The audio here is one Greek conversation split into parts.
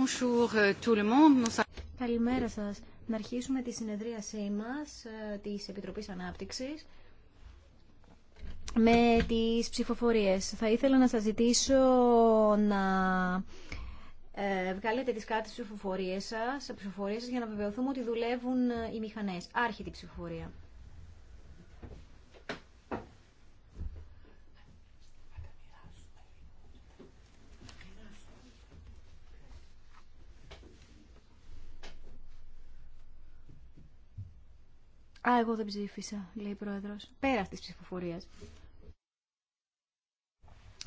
Euh, Καλημέρα σας. Να αρχίσουμε τη συνεδρίασή μας ε, της Επιτροπής Ανάπτυξης με τις ψηφοφορίες. Θα ήθελα να σας ζητήσω να ε, βγάλετε τις κάρτες ψηφοφορίες σας, ψηφοφορίες σας για να βεβαιωθούμε ότι δουλεύουν ε, οι μηχανές. Άρχιτι ψηφοφορία. Α, εγώ δεν ψήφισα, λέει η πρόεδρος. Πέρα τη ψηφοφορία.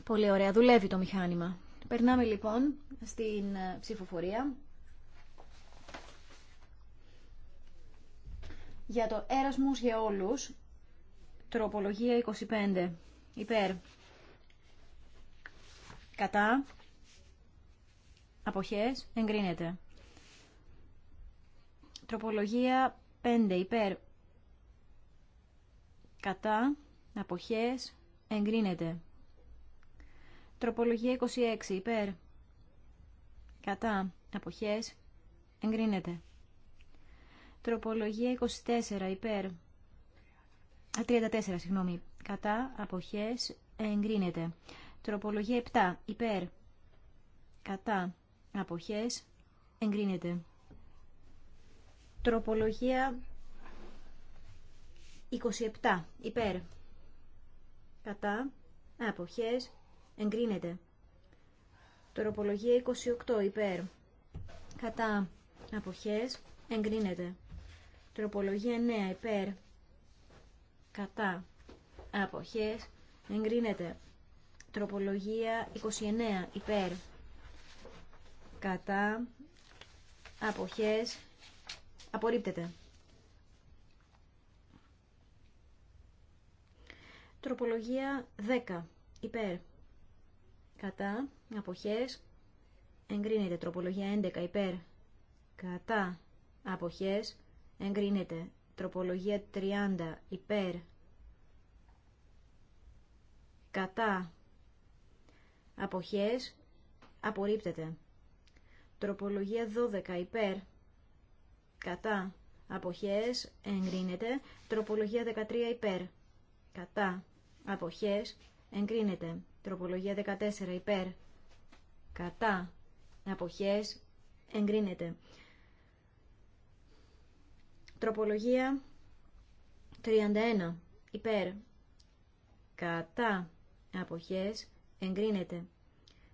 Πολύ ωραία, δουλεύει το μηχάνημα. Περνάμε λοιπόν στην ε, ψηφοφορία. Για το έρασμος για όλους, τροπολογία 25, υπέρ, κατά, αποχές, εγκρίνεται. Τροπολογία 5, υπέρ, κατά, αποχές, εγκρίνεται. Τροπολογία 26 υπέρ, κατά, αποχές, εγκρίνεται. Τροπολογία 24 υπέρ, 34 συγγνώμη, κατά, αποχές, εγκρίνεται. Τροπολογία 7 υπέρ, κατά, αποχές, εγκρίνεται. Τροπολογία 27 υπέρ κατά αποχές εγκρίνεται. Τροπολογία 28 υπέρ κατά απόχέ, εγκρίνεται. Τροπολογία 9 υπέρ κατά αποχές εγκρίνεται. Τροπολογία 29 υπέρ κατά αποχές απορρίπτεται. Τροπολογία 10. Υπέρ. Κατά. Αποχές. Εγκρίνεται. Τροπολογία 11. Υπέρ. Κατά. Αποχές. Εγκρίνεται. Τροπολογία 30. Υπέρ. Κατά. Αποχές. Απορρίπτεται. Τροπολογία 12. Υπέρ. Κατά. Αποχές. Εγκρίνεται. Τροπολογία 13. Υπέρ. Κατά αποχές εγκρίνεται. Τροπολογία 14 υπέρ κατά αποχές εγκρίνεται. Τροπολογία 31 υπέρ κατά αποχές εγκρίνεται.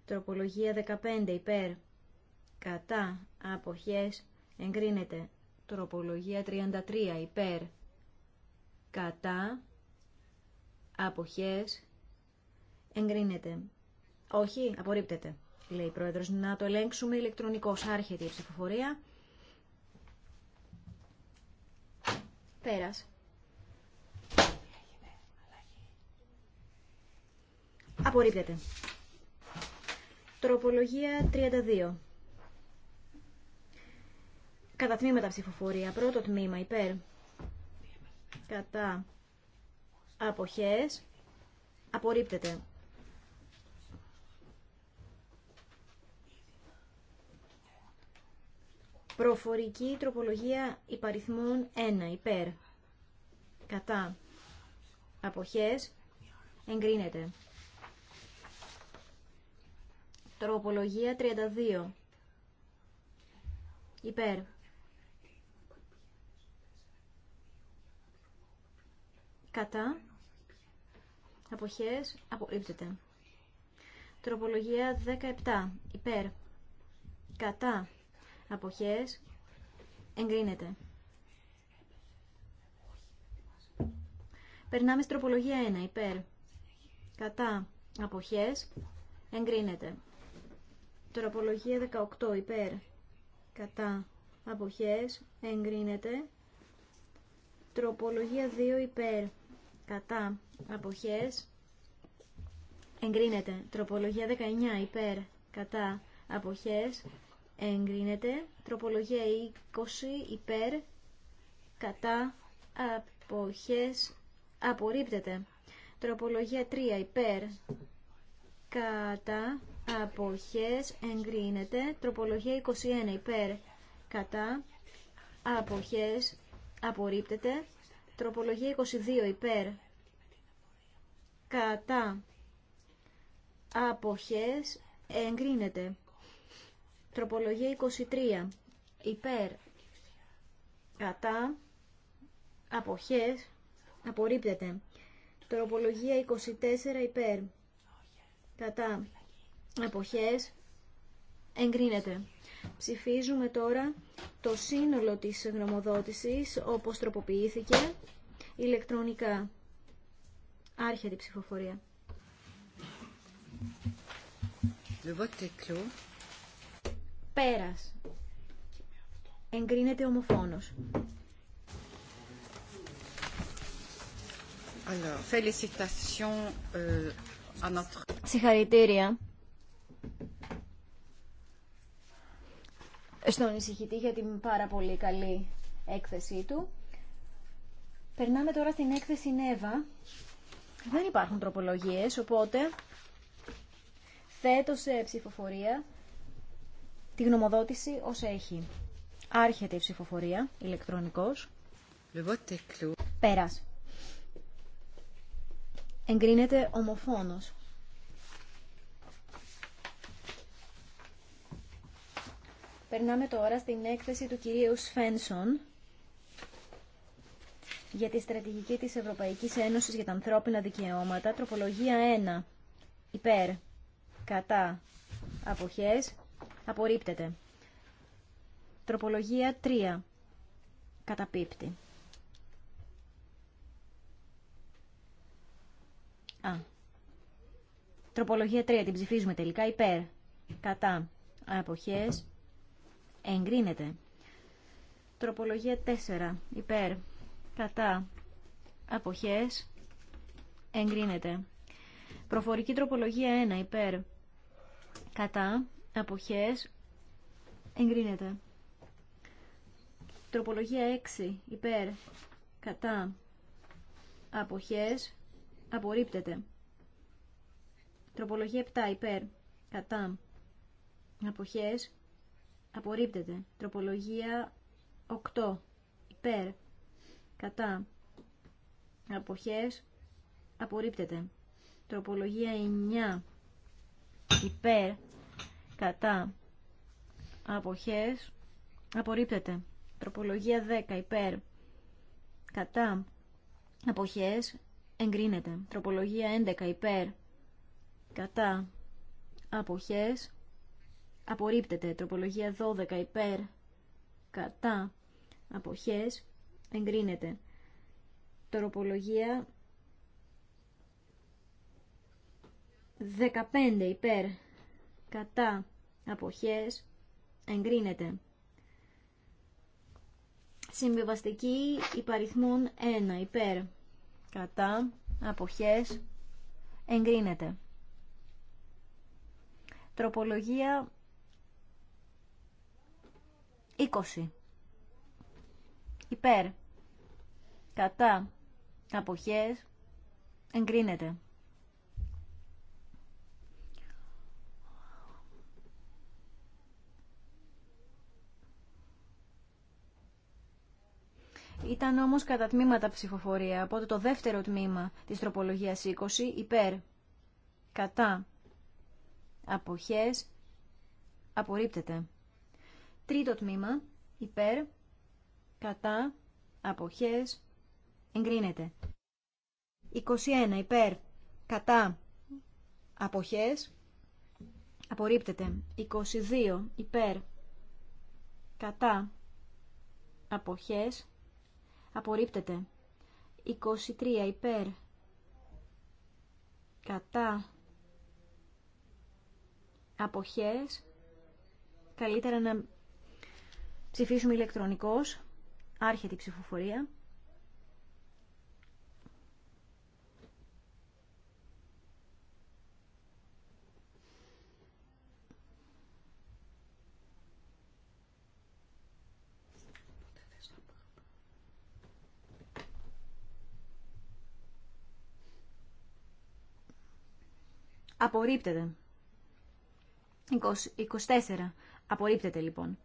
Τροπολογία 15 υπέρ κατά αποχές εγκρίνεται. Τροπολογία 33 υπέρ κατά αποχές εγκρίνεται. Όχι, απορρίπτεται, λέει η Πρόεδρος. Να το ελέγξουμε ηλεκτρονικώς. Άρχεται η ψηφοφορία. Πέρας. Απορρίπτεται. Τροπολογία 32. Κατά τμήματα ψηφοφορία. Πρώτο τμήμα υπέρ. Κατά αποχές απορρίπτεται. Προφορική τροπολογία υπαριθμών 1 υπέρ κατά αποχές εγκρίνεται. Τροπολογία 32 υπέρ κατά αποχές απορρίπτεται. Τροπολογία 17. Υπέρ. Κατά. Αποχές. Εγκρίνεται. Περνάμε στην τροπολογία 1. Υπέρ. Κατά. Αποχές. Εγκρίνεται. Τροπολογία 18. Υπέρ. Κατά. Αποχές. Εγκρίνεται. Τροπολογία 2. Υπέρ κατά αποχές εγκρίνεται. Τροπολογία 19 υπέρ κατά αποχές εγκρίνεται. Τροπολογία 20 υπέρ κατά αποχές απορρίπτεται. Τροπολογία 3 υπέρ κατά αποχές εγκρίνεται. Τροπολογία 21 υπέρ κατά αποχές απορρίπτεται. Τροπολογία 22 υπέρ κατά αποχές εγκρίνεται. Τροπολογία 23 υπέρ κατά αποχές απορρίπτεται. Τροπολογία 24 υπέρ κατά αποχές εγκρίνεται. Ψηφίζουμε τώρα το σύνολο της γνωμοδότησης όπως τροποποιήθηκε ηλεκτρονικά. Άρχεται η ψηφοφορία. Le Πέρας. Εγκρίνεται ομοφόνος. Alors, félicitations, euh, à notre... Συγχαρητήρια στον εισηγητή για την πάρα πολύ καλή έκθεσή του. Περνάμε τώρα στην έκθεση Νέβα. Δεν υπάρχουν τροπολογίες, οπότε θέτω σε ψηφοφορία τη γνωμοδότηση ως έχει. Άρχεται η ψηφοφορία ηλεκτρονικός. Πέρας. Εγκρίνεται ομοφόνος. Περνάμε τώρα στην έκθεση του κυρίου Σφένσον για τη στρατηγική της Ευρωπαϊκής Ένωσης για τα ανθρώπινα δικαιώματα, τροπολογία 1, υπέρ, κατά, αποχές, απορρίπτεται. Τροπολογία 3, καταπίπτει. Α. Τροπολογία 3, την ψηφίζουμε τελικά, υπέρ, κατά, αποχές, εγκρίνεται. Τροπολογία 4 υπέρ κατά αποχές εγκρίνεται. Προφορική τροπολογία 1 υπέρ κατά αποχές εγκρίνεται. Τροπολογία 6 υπέρ κατά αποχές απορρίπτεται. Τροπολογία 7 υπέρ κατά αποχές Απορρίπτεται. Τροπολογία 8. Υπέρ. Κατά. Αποχές. Απορρίπτεται. Τροπολογία 9. Υπέρ. Κατά. Αποχές. Απορρίπτεται. Τροπολογία 10. Υπέρ. Κατά. Αποχές. Εγκρίνεται. Τροπολογία 11. Υπέρ. Κατά. Αποχές απορρίπτεται. Τροπολογία 12 υπέρ κατά αποχές εγκρίνεται. Τροπολογία 15 υπέρ κατά αποχές εγκρίνεται. Συμβιβαστική υπαριθμών 1 υπέρ κατά αποχές εγκρίνεται. Τροπολογία 20. Υπέρ. Κατά. Αποχές. Εγκρίνεται. Ήταν όμως κατά τμήματα ψηφοφορία, οπότε το δεύτερο τμήμα της τροπολογίας 20 υπέρ, κατά, αποχές, απορρίπτεται. Τρίτο τμήμα, υπέρ, κατά, αποχές, εγκρίνεται. 21. Υπέρ, κατά, αποχές, απορρίπτεται. 22. Υπέρ, κατά, αποχές, απορρίπτεται. 23. Υπέρ, κατά, αποχές, καλύτερα να Ψηφίσουμε ηλεκτρονικός Άρχεται η ψηφοφορία. Απορρίπτεται. 20, 24. Απορρίπτεται λοιπόν.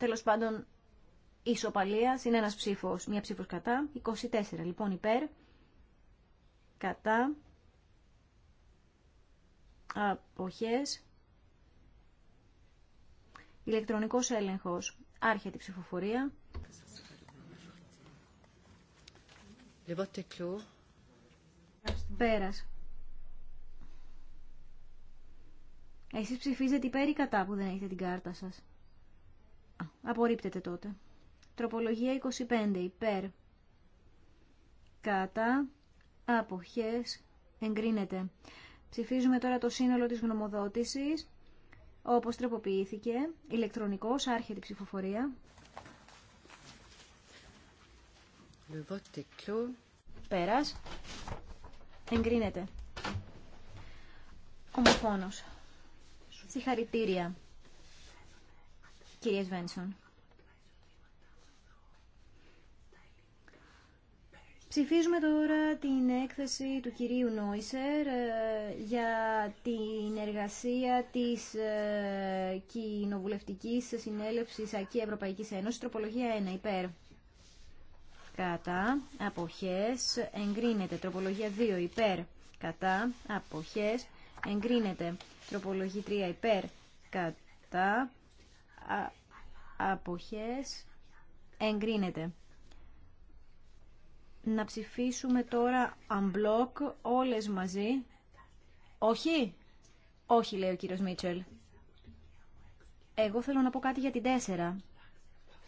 Τέλο πάντων, ισοπαλίας είναι ένας ψήφος, μία ψήφος κατά, 24 λοιπόν υπέρ, κατά, απόχέ. ηλεκτρονικός έλεγχος, άρχεται η ψηφοφορία. Πέρα. Εσείς ψηφίζετε υπέρ ή κατά που δεν έχετε την κάρτα σας. Απορρίπτεται τότε. Τροπολογία 25 υπέρ. Κατά. Αποχές. Εγκρίνεται. Ψηφίζουμε τώρα το σύνολο της γνωμοδότησης, όπως τροποποιήθηκε, ηλεκτρονικός, άρχεται η ψηφοφορία. Le Πέρας. Εγκρίνεται. Ομοφόνος. Συγχαρητήρια κυρία Βένσον. Ψηφίζουμε τώρα την έκθεση του κυρίου Νόισερ ε, για την εργασία της ε, κοινοβουλευτικής συνέλευσης ΑΚΙ Ευρωπαϊκής Ένωσης, τροπολογία 1, υπέρ. Κατά, αποχές, εγκρίνεται. Τροπολογία 2, υπέρ. Κατά, αποχές, εγκρίνεται. Τροπολογία 3, υπέρ. Κατά, αποχές εγκρίνεται. Να ψηφίσουμε τώρα unblock όλες μαζί. Όχι, όχι λέει ο κύριος Μίτσελ. Εγώ θέλω να πω κάτι για την τέσσερα.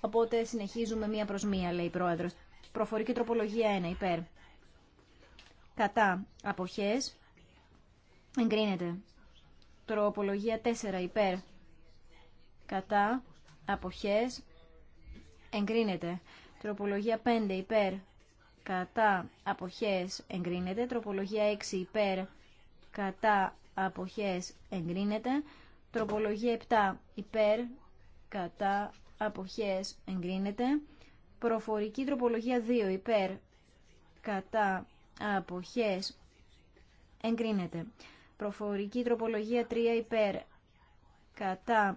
Οπότε συνεχίζουμε μία προς μία λέει η πρόεδρος. Προφορική τροπολογία 1 υπέρ. Κατά αποχές εγκρίνεται. Τροπολογία τέσσερα υπέρ κατά, αποχές, εγκρίνεται. Τροπολογία 5 υπέρ, κατά, αποχές, εγκρίνεται. Τροπολογία 6 υπέρ, κατά, αποχές, εγκρίνεται. Τροπολογία 7 υπέρ, κατά, αποχές, εγκρίνεται. Προφορική τροπολογία 2 υπέρ, κατά, αποχές, εγκρίνεται. Προφορική τροπολογία 3 υπέρ, κατά,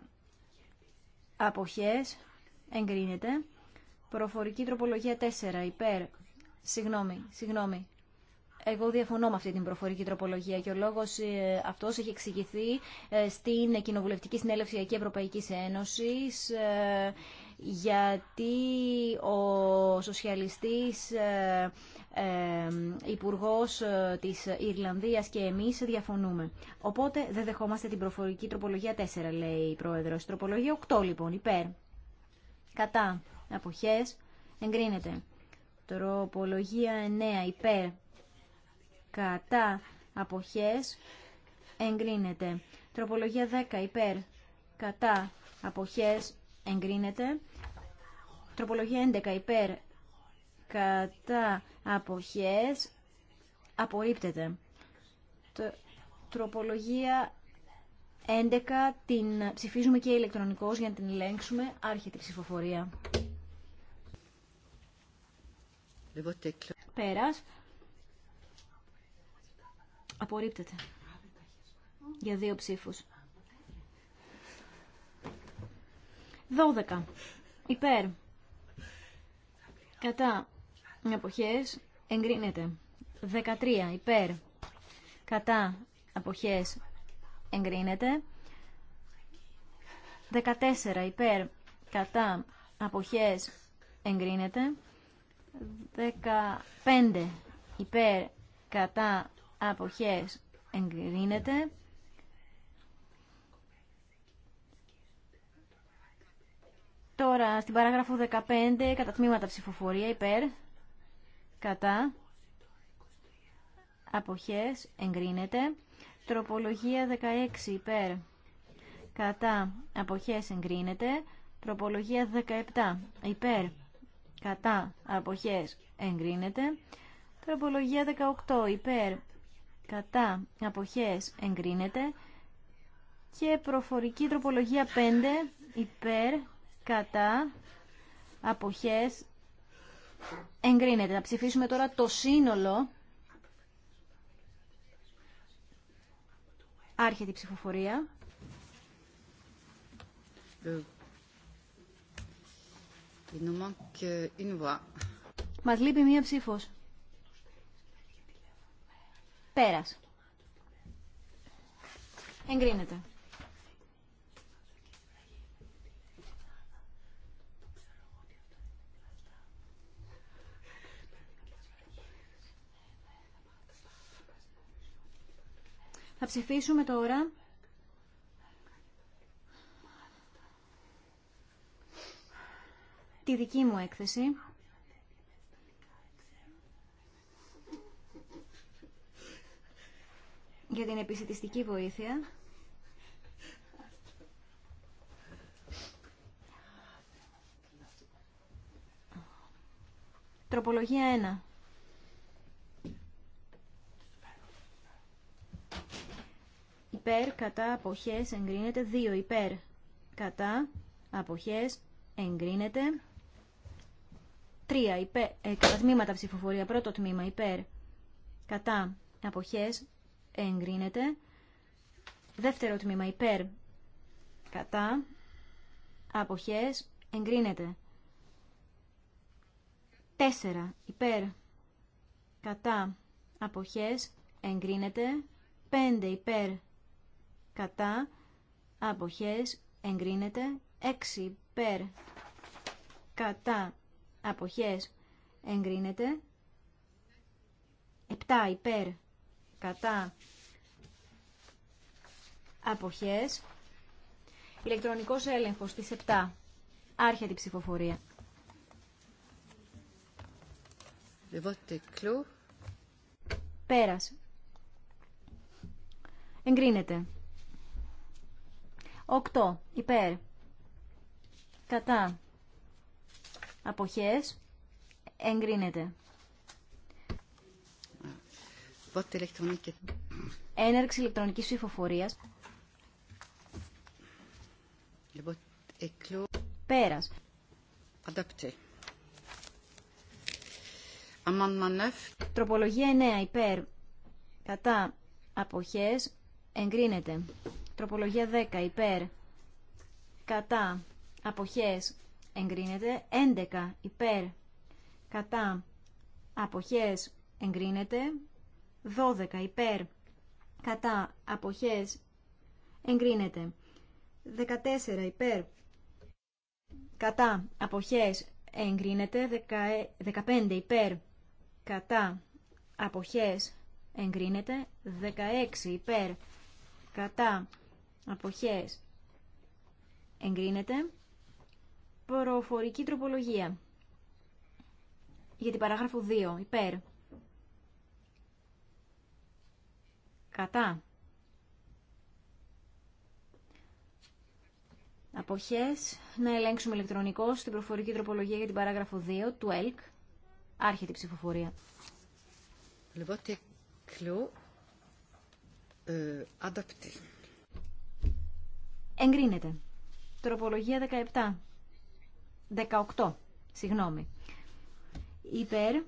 αποχές, εγκρίνεται. Προφορική τροπολογία 4, υπέρ, συγγνώμη, συγγνώμη. Εγώ διαφωνώ με αυτή την προφορική τροπολογία και ο λόγο ε, αυτό έχει εξηγηθεί ε, στην Κοινοβουλευτική Συνέλευση Ευρωπαϊκή Ένωση ε, γιατί ο σοσιαλιστής ε, ε, υπουργός ε, της Ιρλανδίας και εμείς διαφωνούμε. Οπότε δεν δεχόμαστε την προφορική τροπολογία 4, λέει η Πρόεδρος. Τροπολογία 8, λοιπόν, υπέρ. Κατά. Αποχές. Εγκρίνεται. Τροπολογία 9, υπέρ. Κατά. Αποχές. Εγκρίνεται. Τροπολογία 10, υπέρ. Κατά. Αποχές εγκρίνεται. Τροπολογία 11 υπέρ κατά αποχές απορρίπτεται. Τροπολογία 11 την ψηφίζουμε και ηλεκτρονικώς για να την ελέγξουμε. Άρχεται η ψηφοφορία. Πέρας. Απορρίπτεται. Για δύο ψήφους. 12. Υπέρ. Κατά. Αποχές. Εγκρίνεται. 13. Υπέρ. Κατά. Αποχές. Εγκρίνεται. 14. Υπέρ. Κατά. Αποχές. Εγκρίνεται. 15. Υπέρ. Κατά. Αποχές. Εγκρίνεται. Τώρα, στην παράγραφο 15, κατά τμήματα ψηφοφορία, υπέρ, κατά, αποχές, εγκρίνεται. Τροπολογία 16, υπέρ, κατά, αποχές, εγκρίνεται. Τροπολογία 17, υπέρ, κατά, αποχές, εγκρίνεται. Τροπολογία 18, υπέρ, κατά, αποχές, εγκρίνεται. Και προφορική τροπολογία 5, υπέρ, κατά αποχές εγκρίνεται. Να ψηφίσουμε τώρα το σύνολο. Άρχεται η ψηφοφορία. Euh, Μας λείπει μία ψήφος. Πέρας. Εγκρίνεται. Θα ψηφίσουμε τώρα. Τη δική μου έκθεση. Για την επισητιστική βοήθεια. Τροπολογία 1. υπέρ κατά αποχές εγκρίνεται δύο υπέρ κατά αποχές εγκρίνεται τρία υπέρ ε, κατά τμήματα ψηφοφορία πρώτο τμήμα υπέρ κατά αποχές εγκρίνεται δεύτερο τμήμα υπέρ κατά αποχές εγκρίνεται τέσσερα υπέρ κατά αποχές εγκρίνεται 5 υπέρ κατά αποχές εγκρίνεται 6 υπέρ κατά αποχές εγκρίνεται 7 υπέρ κατά αποχές ηλεκτρονικός έλεγχος στις 7 άρχεται η ψηφοφορία Le Πέρασε. Εγκρίνεται. 8 υπέρ κατά αποχές εγκρίνεται. Έναρξη ηλεκτρονικής ψηφοφορίας. Πέρας. Τροπολογία 9 υπέρ κατά αποχές εγκρίνεται. Τροπολογία 10 υπέρ κατά αποχές εγκρίνεται. 11 υπέρ κατά αποχές εγκρίνεται. 12 υπέρ κατά αποχές εγκρίνεται. 14 υπέρ κατά αποχές εγκρίνεται. 15 υπέρ κατά αποχές εγκρίνεται. 16 υπέρ κατά αποχές εγκρίνεται προφορική τροπολογία για την παράγραφο 2 υπέρ κατά αποχές να ελέγξουμε ηλεκτρονικώς την προφορική τροπολογία για την παράγραφο 2 του ΕΛΚ άρχεται η ψηφοφορία Λοιπόν, Εγκρίνεται. Τροπολογία 17. 18. Συγγνώμη. Υπέρ.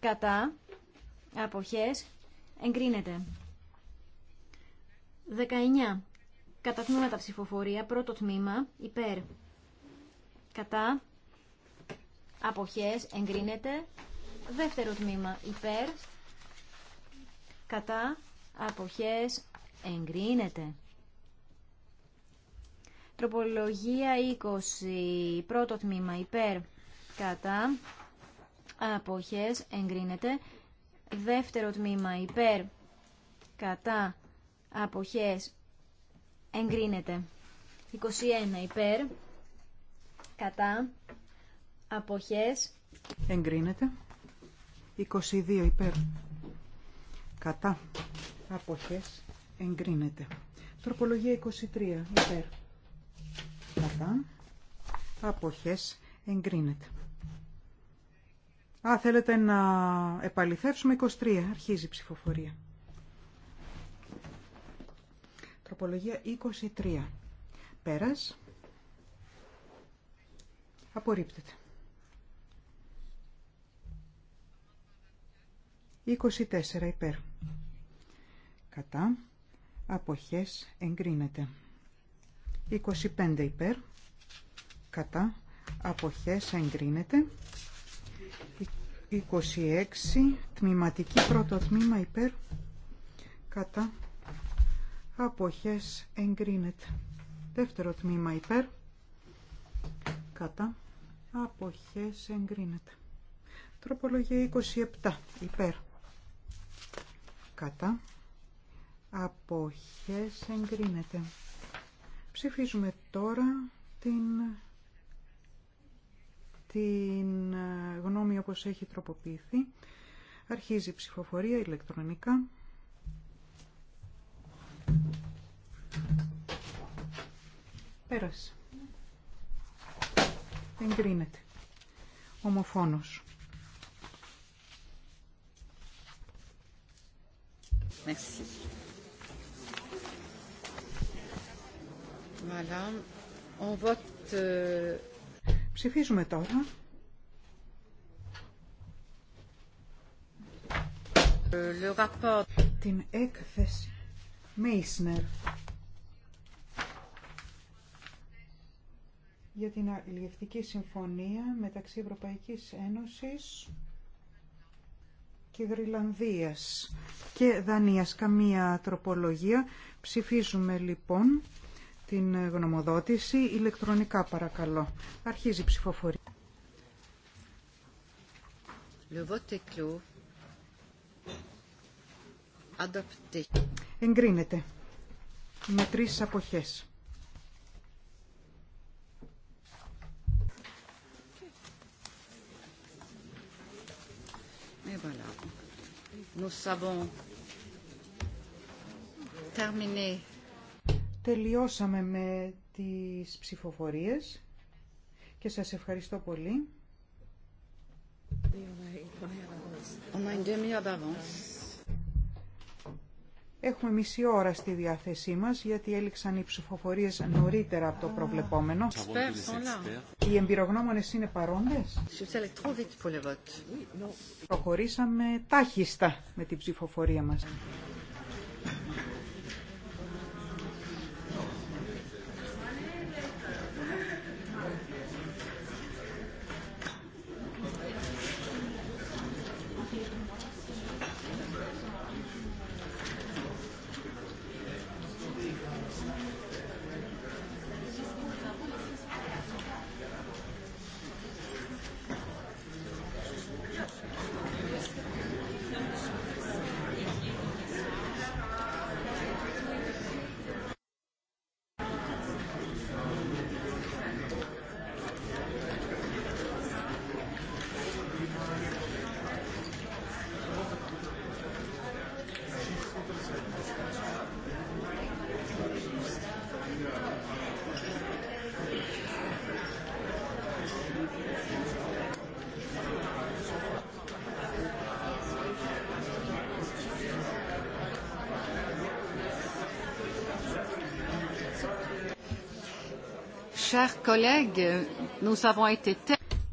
Κατά. Αποχές. Εγκρίνεται. 19. Κατά τμήματα ψηφοφορία. Πρώτο τμήμα. Υπέρ. Κατά. Αποχές. Εγκρίνεται. Δεύτερο τμήμα. Υπέρ. Κατά. Αποχές. Εγκρίνεται. Τροπολογία 20, πρώτο τμήμα υπέρ κατά αποχές εγκρίνεται. Δεύτερο τμήμα υπέρ κατά αποχές εγκρίνεται. 21 υπέρ κατά αποχές εγκρίνεται. 22 υπέρ κατά αποχές εγκρίνεται. Τροπολογία 23 υπέρ Κατά. Αποχές εγκρίνεται. Α, θέλετε να επαληθεύσουμε 23. Αρχίζει η ψηφοφορία. Τροπολογία 23. Πέρας. Απορρίπτεται. 24 υπέρ. Κατά. Αποχές εγκρίνεται. 25 υπέρ, κατά, αποχές εγκρίνεται. 26, τμηματική πρώτο τμήμα υπέρ, κατά, αποχές εγκρίνεται. Δεύτερο τμήμα υπέρ, κατά, αποχές εγκρίνεται. Τροπολογία 27 υπέρ, κατά, αποχές εγκρίνεται. Ψηφίζουμε τώρα την, την ε, γνώμη όπως έχει τροποποιηθεί. Αρχίζει η ψηφοφορία ηλεκτρονικά. Πέρασε. Εγκρίνεται. Ομοφόνος. Merci. Euh, Ψηφίζουμε τώρα. Την έκθεση Μέισνερ για την αλληλευτική συμφωνία μεταξύ Ευρωπαϊκής Ένωσης και Γρυλανδίας και Δανίας. Καμία τροπολογία. Ψηφίζουμε λοιπόν την γνωμοδότηση ηλεκτρονικά παρακαλώ. Αρχίζει η ψηφοφορία. Le vote est clos. Adopté. Εγκρίνεται με τρεις αποχές. Et voilà. Nous avons terminé Τελειώσαμε με τις ψηφοφορίες και σας ευχαριστώ πολύ. Έχουμε μισή ώρα στη διάθεσή μας γιατί έληξαν οι ψηφοφορίες νωρίτερα από το προβλεπόμενο. Οι εμπειρογνώμονες είναι παρόντες. Προχωρήσαμε τάχιστα με την ψηφοφορία μας.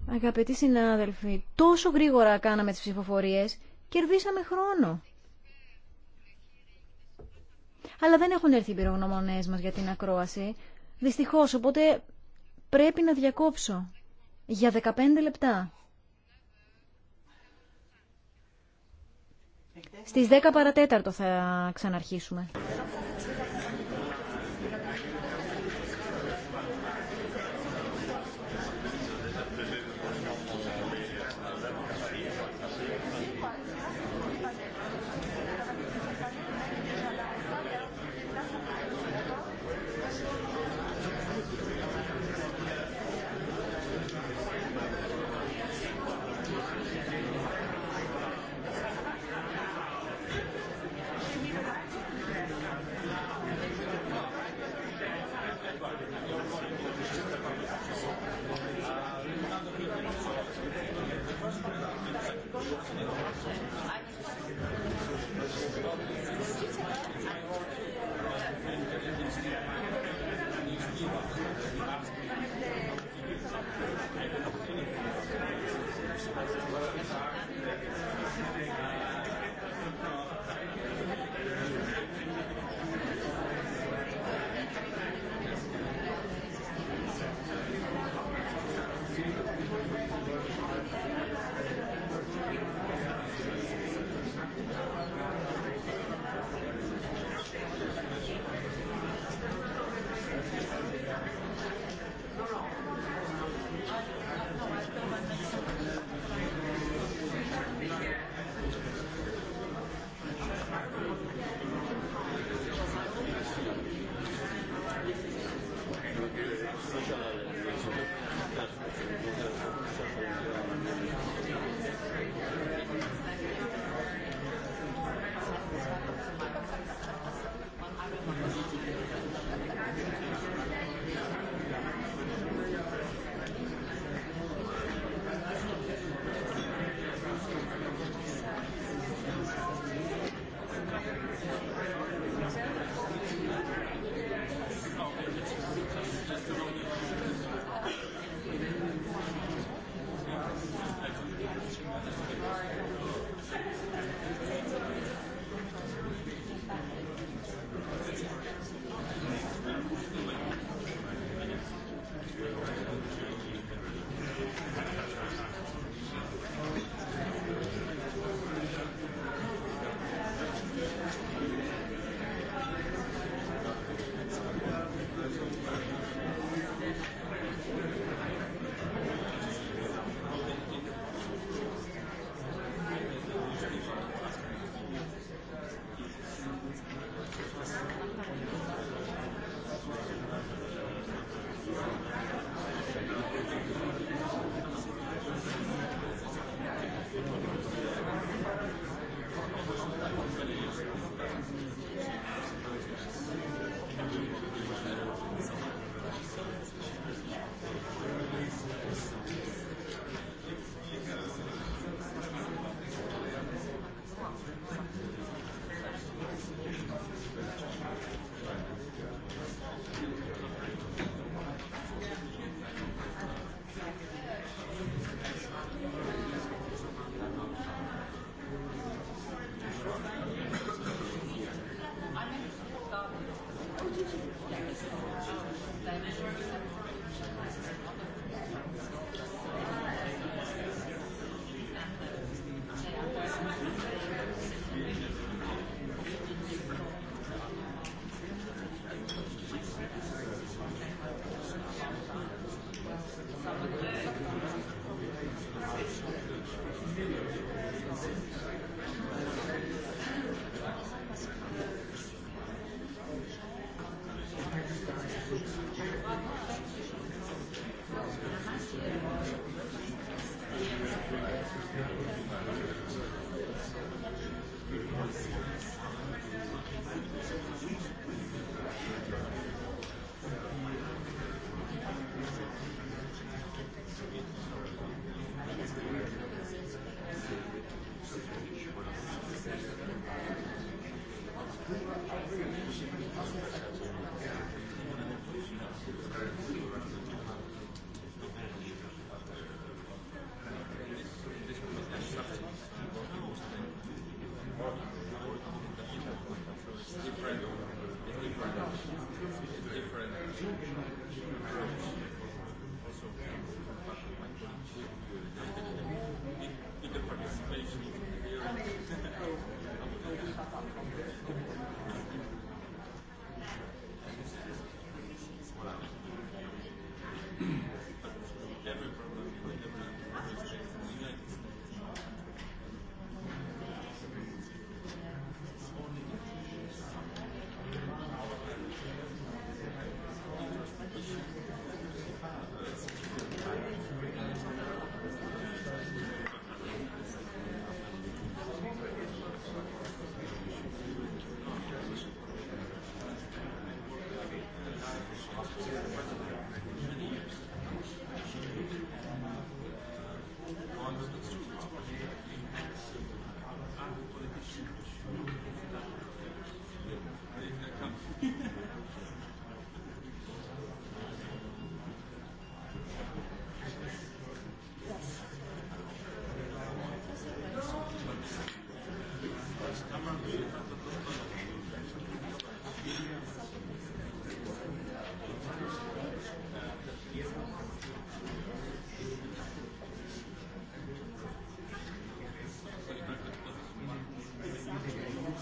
Αγαπητοί συνάδελφοι, τόσο γρήγορα κάναμε τις ψηφοφορίες, κερδίσαμε χρόνο. Αλλά δεν έχουν έρθει οι πυρογνωμονές μας για την ακρόαση, δυστυχώς, οπότε πρέπει να διακόψω για 15 λεπτά. Στις 10 παρατέταρτο θα ξαναρχίσουμε.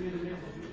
η δική μου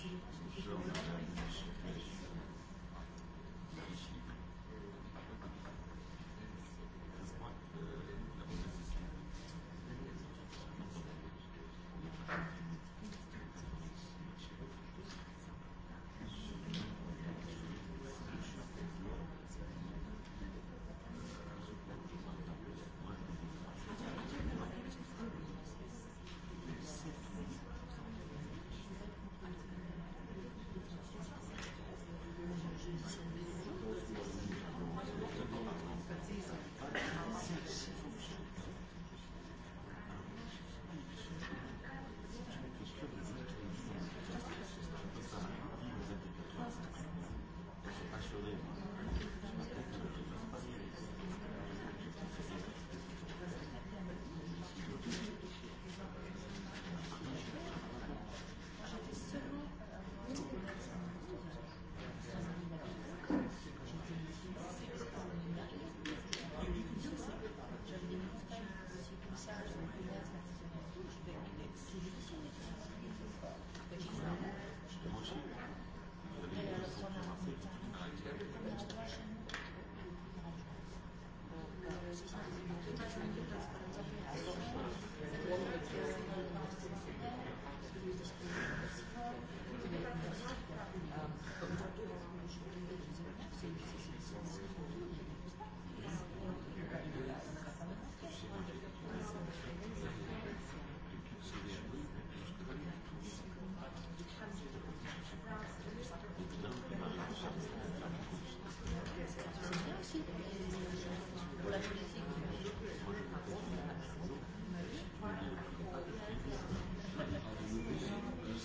Thank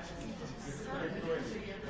δεν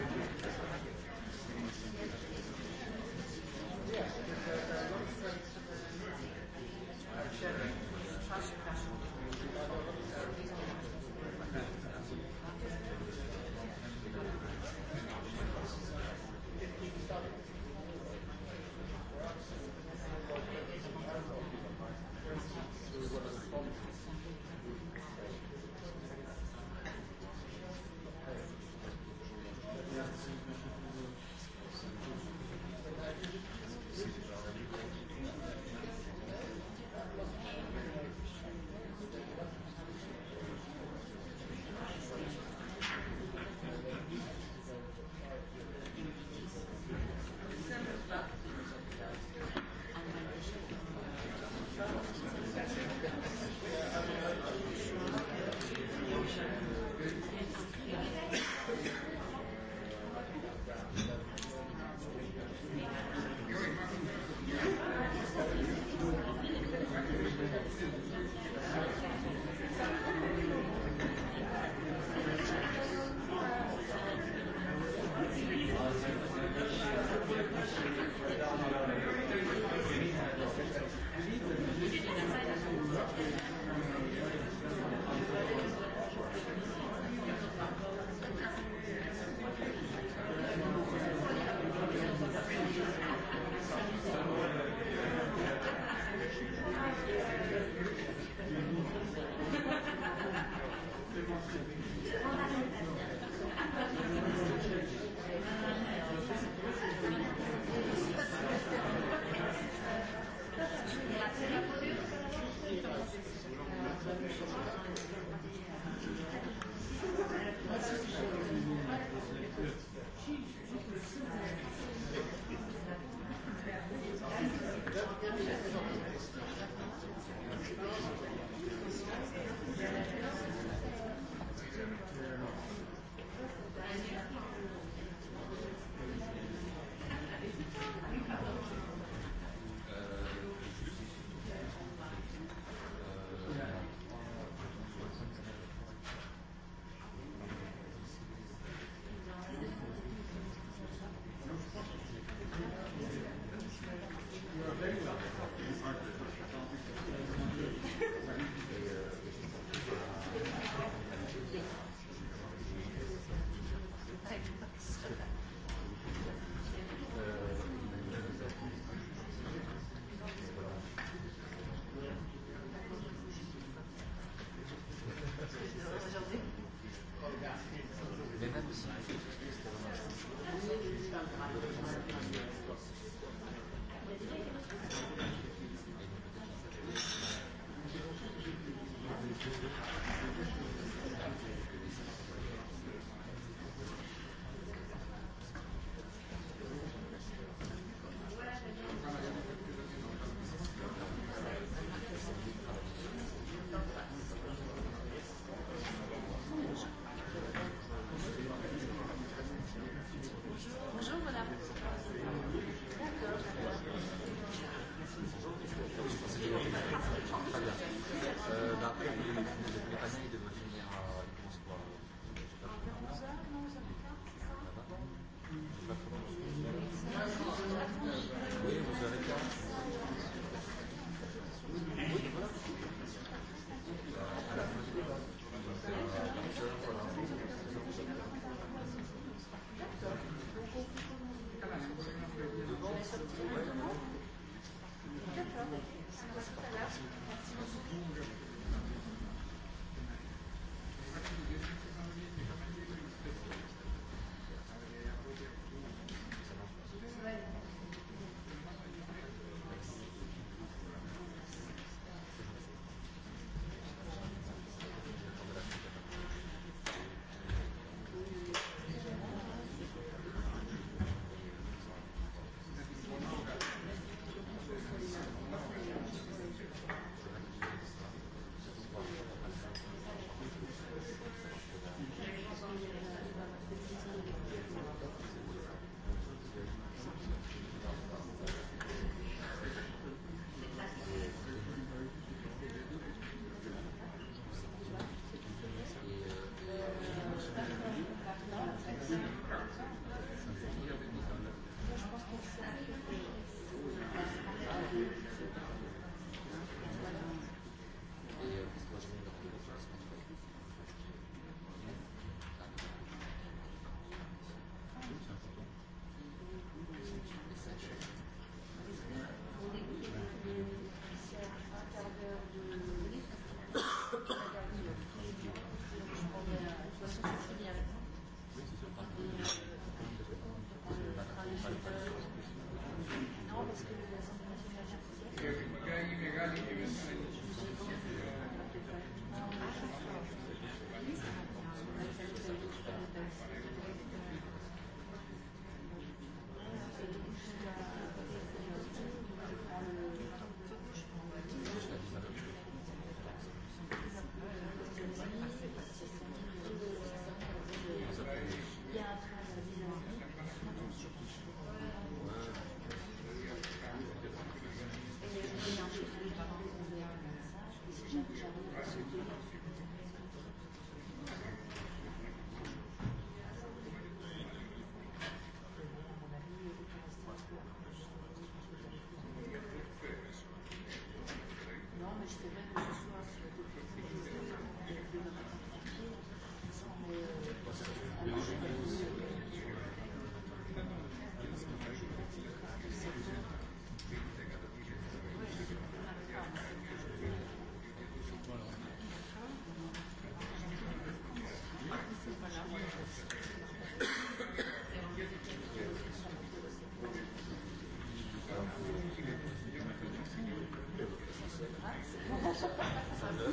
Υπότιτλοι AUTHORWAVE Thank you. Thank you.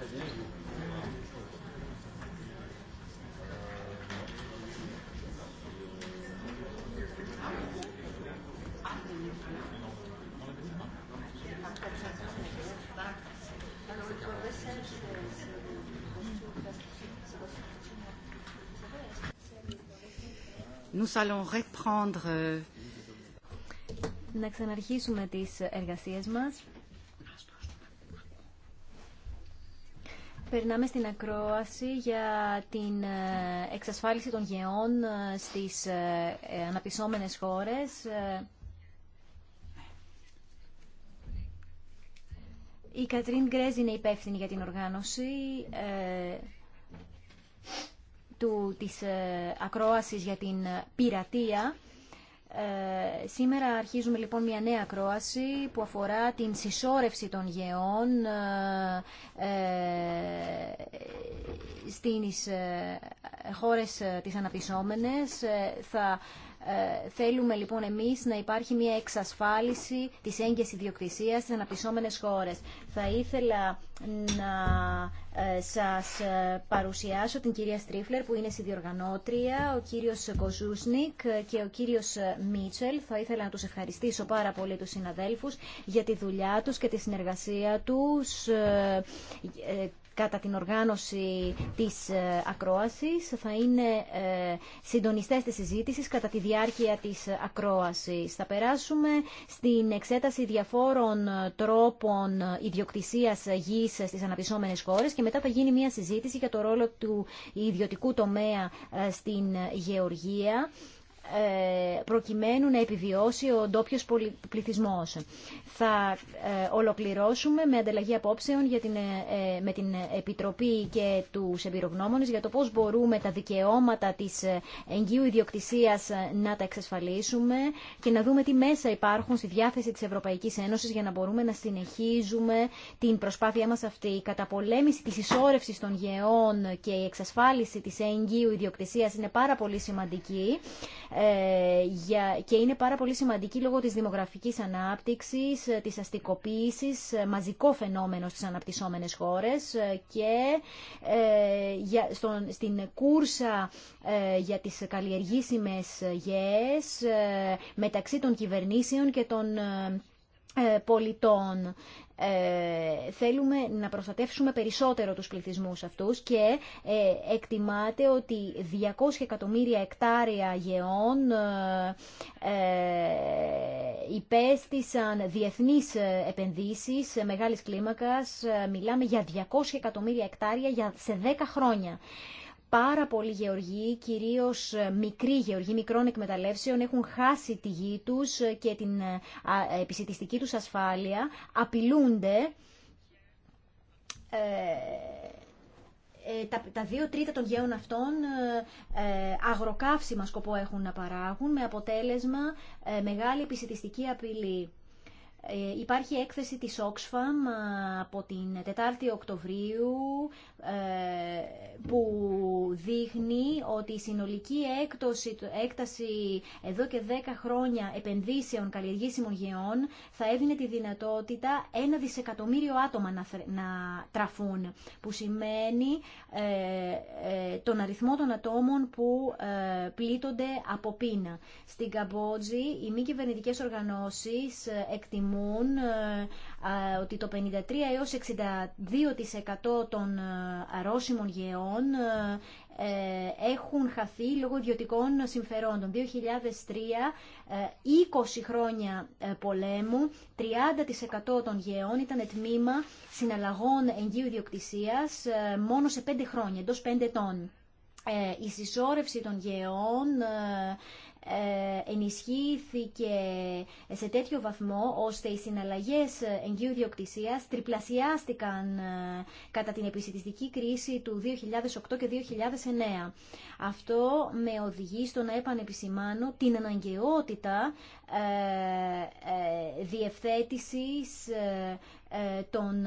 Thank you. Euh, Να ξαναρχίσουμε τις εργασίες μας. Περνάμε στην ακρόαση για την ε, εξασφάλιση των γεών ε, στις ε, αναπτυσσόμενες χώρες. Η Κατρίν Γκρέζ είναι υπεύθυνη για την οργάνωση του, της ε, ακρόασης για την ε, πειρατεία. Ε, σήμερα αρχίζουμε λοιπόν μια νέα ακρόαση που αφορά την συσσόρευση των γεών ε, στις χώρες τις αναπτυσσόμενες. Θα ε, θέλουμε λοιπόν εμείς να υπάρχει μια εξασφάλιση της έγκαιση ιδιοκτησίας στις αναπτυσσόμενες χώρες. Θα ήθελα να ε, σας ε, παρουσιάσω την κυρία Στρίφλερ που είναι συνδιοργανώτρια, ο κύριος Κοζούσνικ και ο κύριος Μίτσελ. Θα ήθελα να τους ευχαριστήσω πάρα πολύ τους συναδέλφους για τη δουλειά τους και τη συνεργασία τους κατά την οργάνωση της ε, ακρόασης. Θα είναι ε, συντονιστές της συζήτησης κατά τη διάρκεια της ακρόασης. Θα περάσουμε στην εξέταση διαφόρων ε, τρόπων ιδιοκτησίας γης στις αναπτυσσόμενες χώρες και μετά θα γίνει μια συζήτηση για το ρόλο του ιδιωτικού τομέα στην γεωργία. Ε, προκειμένου να επιβιώσει ο ντόπιο πληθυσμό. Θα ε, ολοκληρώσουμε με ανταλλαγή απόψεων για την, ε, με την Επιτροπή και του εμπειρογνώμονε για το πώ μπορούμε τα δικαιώματα τη εγγύου ιδιοκτησία να τα εξασφαλίσουμε και να δούμε τι μέσα υπάρχουν στη διάθεση τη Ευρωπαϊκή Ένωση για να μπορούμε να συνεχίζουμε την προσπάθειά μα αυτή. Η καταπολέμηση τη ισόρρευση των γεών και η εξασφάλιση τη εγγύου ιδιοκτησία είναι πάρα πολύ σημαντική. Ε, και είναι πάρα πολύ σημαντική λόγω της δημογραφικής ανάπτυξης, ε, της αστικοποίησης, ε, μαζικό φαινόμενο στις αναπτυσσόμενες χώρες και στην κούρσα για τις καλλιεργήσιμες γεές μεταξύ των κυβερνήσεων και των πολιτών. Ε, θέλουμε να προστατεύσουμε περισσότερο τους πληθυσμούς αυτούς και ε, εκτιμάται ότι 200 εκατομμύρια εκτάρια γεών ε, υπέστησαν διεθνείς επενδύσεις μεγάλης κλίμακας. Μιλάμε για 200 εκατομμύρια εκτάρια σε 10 χρόνια πάρα πολλοί γεωργοί, κυρίως ε, μικροί γεωργοί μικρών εκμεταλλεύσεων, έχουν χάσει τη γη τους και την ε, ε, επισητιστική τους ασφάλεια, απειλούνται. Τα, τα δύο τρίτα των γέων αυτών ε, αγροκαύσιμα σκοπό έχουν να παράγουν με αποτέλεσμα μεγάλη επισητιστική απειλή. Ε, υπάρχει έκθεση της Oxfam ε, από την 4η Οκτωβρίου ε, που δείχνει ότι η συνολική έκτωση, συνολικη εδώ και 10 χρόνια επενδύσεων καλλιεργήσιμων γεών θα έδινε τη δυνατότητα ένα δισεκατομμύριο άτομα να, να τραφούν που σημαίνει τον αριθμό των ατόμων που πλήττονται από πείνα. Στην Καμπότζη οι μη κυβερνητικέ οργανώσεις εκτιμούν ε, ότι το 53 έως 62% των ε, αρρώσιμων γεών ε, έχουν χαθεί λόγω ιδιωτικών συμφερόντων. 2003, 20 χρόνια πολέμου, 30% των γεών ήταν τμήμα συναλλαγών εγγύου ιδιοκτησίας μόνο σε 5 χρόνια, εντός 5 ετών. Η συσσόρευση των γεών ε, ενισχύθηκε σε τέτοιο βαθμό ώστε οι συναλλαγές εγγύου διοκτησίας τριπλασιάστηκαν ε, κατά την επισητιστική κρίση του 2008 και 2009. Αυτό με οδηγεί στο να επανεπισημάνω την αναγκαιότητα ε, ε, διευθέτησης ε, των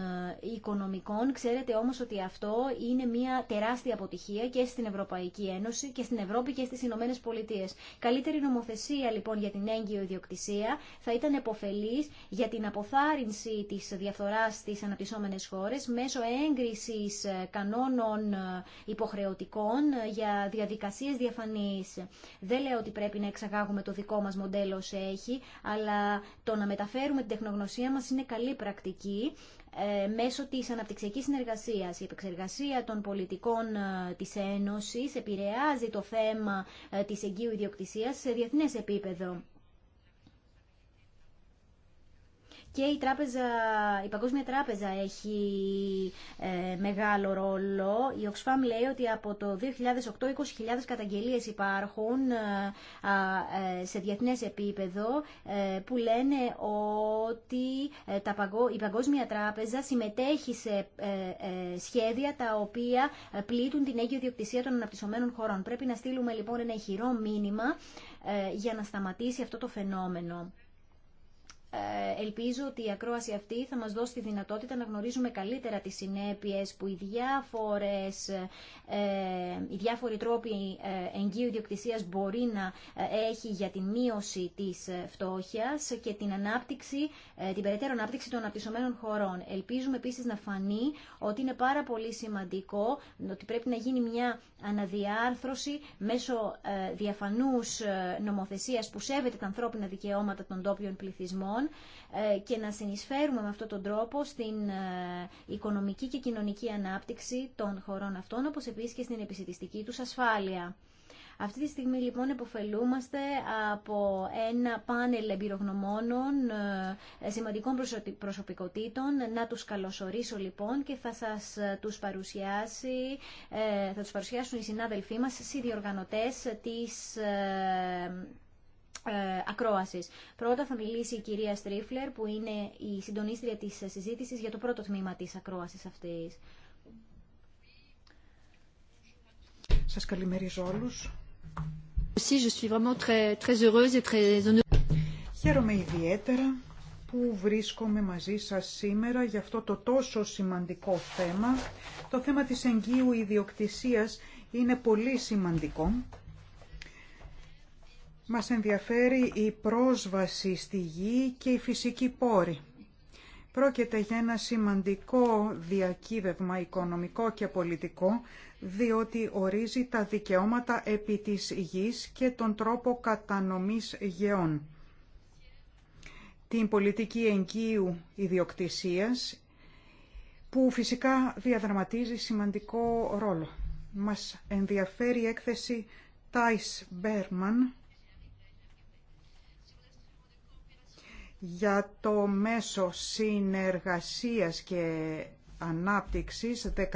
οικονομικών. Ξέρετε όμως ότι αυτό είναι μια τεράστια αποτυχία και στην Ευρωπαϊκή Ένωση και στην Ευρώπη και στις Ηνωμένες Πολιτείες. Καλύτερη νομοθεσία λοιπόν για την έγκυο ιδιοκτησία θα ήταν εποφελής για την αποθάρρυνση της διαφθοράς στις αναπτυσσόμενες χώρες μέσω έγκρισης κανόνων υποχρεωτικών για διαδικασίες διαφανής. Δεν λέω ότι πρέπει να εξαγάγουμε το δικό μας μοντέλο σε αλλά το να μεταφέρουμε την τεχνογνωσία μας είναι καλή πρακτική ε, μέσω της αναπτυξιακής συνεργασίας. Η επεξεργασία των πολιτικών ε, της Ένωσης επηρεάζει το θέμα ε, της εγγύου ιδιοκτησίας σε διεθνές επίπεδο. και η, τράπεζα, η Παγκόσμια Τράπεζα έχει ε, μεγάλο ρόλο. Η Oxfam λέει ότι από το 2008 20.000 καταγγελίες υπάρχουν ε, ε, σε διεθνές επίπεδο που λένε ότι τα η Παγκόσμια Τράπεζα συμμετέχει σε σχέδια τα οποία πλήττουν την έγκυο διοκτησία των αναπτυσσομένων χωρών. Πρέπει να στείλουμε λοιπόν ένα ηχηρό μήνυμα για να σταματήσει αυτό το φαινόμενο. Ε, ελπίζω ότι η ακρόαση αυτή θα μας δώσει τη δυνατότητα να γνωρίζουμε καλύτερα τις συνέπειες που οι, διάφορες, ε, οι διάφοροι τρόποι ε, εγγύου ιδιοκτησίας μπορεί να έχει για τη μείωση της φτώχειας και την, ανάπτυξη, την περαιτέρω ανάπτυξη των αναπτυσσομένων χωρών. Ελπίζουμε επίσης να φανεί ότι είναι πάρα πολύ σημαντικό ότι πρέπει να γίνει μια αναδιάρθρωση μέσω διαφανούς νομοθεσίας που σέβεται τα ανθρώπινα δικαιώματα των τόπιων πληθυσμών ε, και να συνεισφέρουμε με αυτόν τον τρόπο στην ε, οικονομική και κοινωνική ανάπτυξη των χωρών αυτών, όπως επίσης και στην επιστημιστική τους ασφάλεια. Αυτή τη στιγμή λοιπόν εποφελούμαστε από ένα πάνελ εμπειρογνωμόνων ε, σημαντικών προσωπικότητων. Να τους καλωσορίσω λοιπόν και θα σας τους παρουσιάσει, θα τους παρουσιάσουν οι συνάδελφοί μας, οι διοργανωτές της ε, ακρόασης. Πρώτα θα μιλήσει η κυρία Στρίφλερ που είναι η συντονίστρια της συζήτησης για το πρώτο τμήμα της ακρόασης αυτής. Σας καλημερίζω όλους. Χαίρομαι ιδιαίτερα που βρίσκομαι μαζί σας σήμερα για αυτό το τόσο σημαντικό θέμα. Το θέμα της εγγύου ιδιοκτησίας είναι πολύ σημαντικό μας ενδιαφέρει η πρόσβαση στη γη και η φυσική πόρη. Πρόκειται για ένα σημαντικό διακύβευμα οικονομικό και πολιτικό, διότι ορίζει τα δικαιώματα επί της γης και τον τρόπο κατανομής γεών. Την πολιτική εγκύου ιδιοκτησίας, που φυσικά διαδραματίζει σημαντικό ρόλο. Μας ενδιαφέρει η έκθεση Τάις Μπέρμαν, για το μέσο συνεργασίας και ανάπτυξης 14-20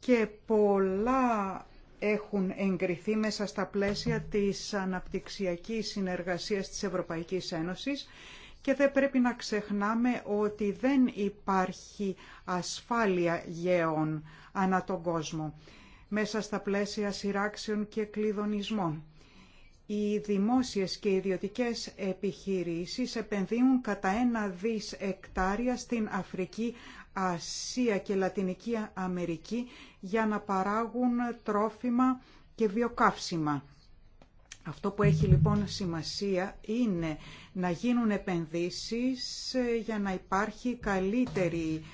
και πολλά έχουν εγκριθεί μέσα στα πλαίσια της αναπτυξιακής συνεργασίας της Ευρωπαϊκής Ένωσης και δεν πρέπει να ξεχνάμε ότι δεν υπάρχει ασφάλεια γεών ανά τον κόσμο μέσα στα πλαίσια σειράξεων και κλειδονισμών οι δημόσιες και ιδιωτικές επιχειρήσεις επενδύουν κατά ένα δις εκτάρια στην Αφρική, Ασία και Λατινική Αμερική για να παράγουν τρόφιμα και βιοκαύσιμα. Αυτό που έχει λοιπόν σημασία είναι να γίνουν επενδύσεις για να υπάρχει καλύτερη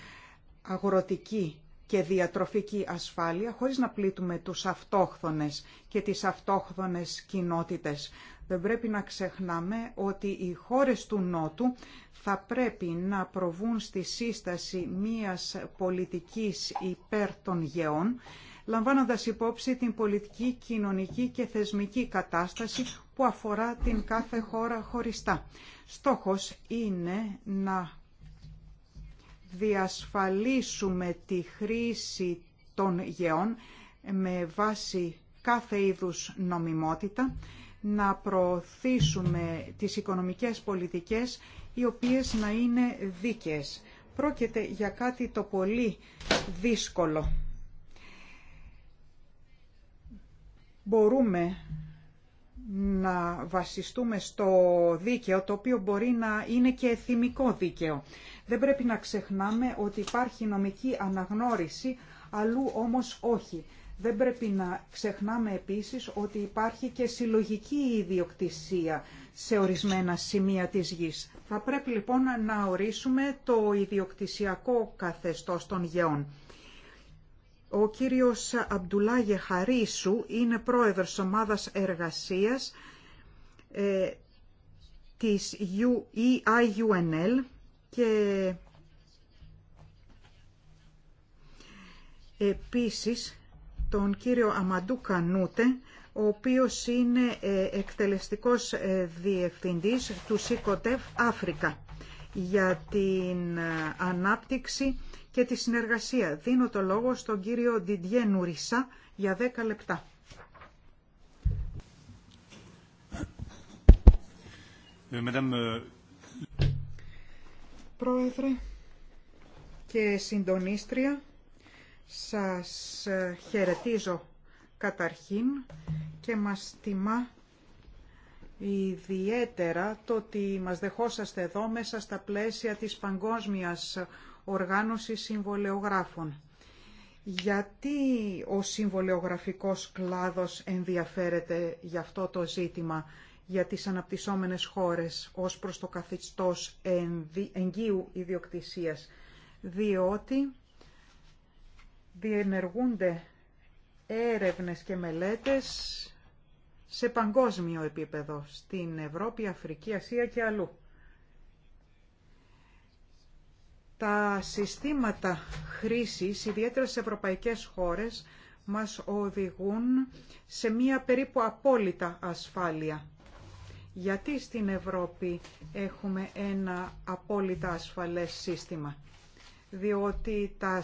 αγροτική και διατροφική ασφάλεια χωρίς να πλήττουμε τους αυτόχθονες και τις αυτόχθονες κοινότητες. Δεν πρέπει να ξεχνάμε ότι οι χώρες του Νότου θα πρέπει να προβούν στη σύσταση μιας πολιτικής υπέρ των γεών, λαμβάνοντας υπόψη την πολιτική, κοινωνική και θεσμική κατάσταση που αφορά την κάθε χώρα χωριστά. Στόχος είναι να διασφαλίσουμε τη χρήση των γεών με βάση κάθε είδους νομιμότητα, να προωθήσουμε τις οικονομικές πολιτικές οι οποίες να είναι δίκαιες. Πρόκειται για κάτι το πολύ δύσκολο. Μπορούμε να βασιστούμε στο δίκαιο το οποίο μπορεί να είναι και θυμικό δίκαιο δεν πρέπει να ξεχνάμε ότι υπάρχει νομική αναγνώριση, αλλού όμως όχι. Δεν πρέπει να ξεχνάμε επίσης ότι υπάρχει και συλλογική ιδιοκτησία σε ορισμένα σημεία της γης. Θα πρέπει λοιπόν να ορίσουμε το ιδιοκτησιακό καθεστώς των γεών. Ο κύριος Αμπτουλάγε Χαρίσου είναι πρόεδρος ομάδας εργασίας ε, της UEIUNL. Και επίσης τον κύριο Αμαντού Κανούτε, ο οποίος είναι ε, εκτελεστικός ε, διευθυντής του ΣΥΚΟΤΕΒ Αφρικα για την ε, ανάπτυξη και τη συνεργασία. Δίνω το λόγο στον κύριο Διντιέ Νουρισά για 10 λεπτά. Πρόεδρε και συντονίστρια. Σας ε, χαιρετίζω καταρχήν και μας τιμά ιδιαίτερα το ότι μας δεχόσαστε εδώ μέσα στα πλαίσια της Παγκόσμιας Οργάνωσης Συμβολεογράφων. Γιατί ο συμβολεογραφικός κλάδος ενδιαφέρεται για αυτό το ζήτημα για τις αναπτυσσόμενες χώρες ως προς το καθιστός εγγύου ιδιοκτησίας, διότι διενεργούνται έρευνες και μελέτες σε παγκόσμιο επίπεδο, στην Ευρώπη, Αφρική, Ασία και αλλού. Τα συστήματα χρήσης, ιδιαίτερα σε ευρωπαϊκές χώρες, μας οδηγούν σε μία περίπου απόλυτα ασφάλεια γιατί στην Ευρώπη έχουμε ένα απόλυτα ασφαλές σύστημα. Διότι τα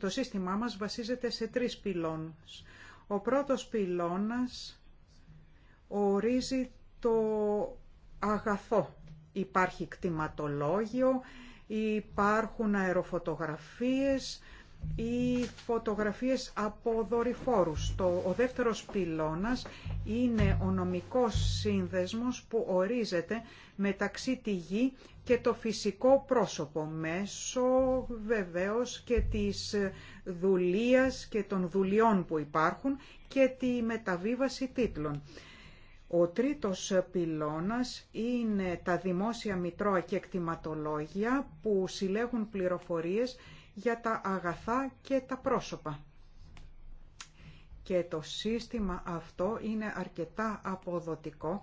το σύστημά μας βασίζεται σε τρεις πυλώνες. Ο πρώτος πυλώνας ορίζει το αγαθό. Υπάρχει κτηματολόγιο, υπάρχουν αεροφωτογραφίες, οι φωτογραφίες από δορυφόρους. Το, ο δεύτερος πυλώνας είναι ο νομικός σύνδεσμος που ορίζεται μεταξύ τη γη και το φυσικό πρόσωπο μέσω βεβαίως και της δουλείας και των δουλειών που υπάρχουν και τη μεταβίβαση τίτλων. Ο τρίτος πυλώνας είναι τα δημόσια μητρώα και εκτιματολόγια που συλλέγουν πληροφορίες για τα αγαθά και τα πρόσωπα. Και το σύστημα αυτό είναι αρκετά αποδοτικό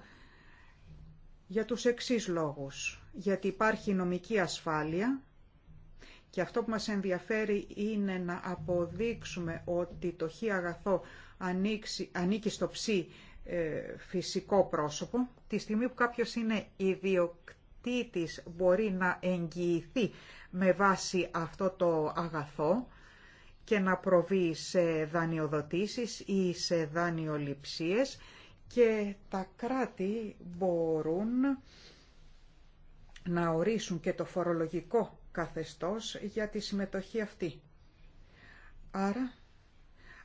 για τους εξής λόγους. Γιατί υπάρχει νομική ασφάλεια και αυτό που μας ενδιαφέρει είναι να αποδείξουμε ότι το χι αγαθό ανήκει, ανήκει στο ψι ε, φυσικό πρόσωπο, τη στιγμή που κάποιος είναι ιδιοκτήτης της μπορεί να εγγυηθεί με βάση αυτό το αγαθό και να προβεί σε δανειοδοτήσεις ή σε δανειοληψίες και τα κράτη μπορούν να ορίσουν και το φορολογικό καθεστώς για τη συμμετοχή αυτή. Άρα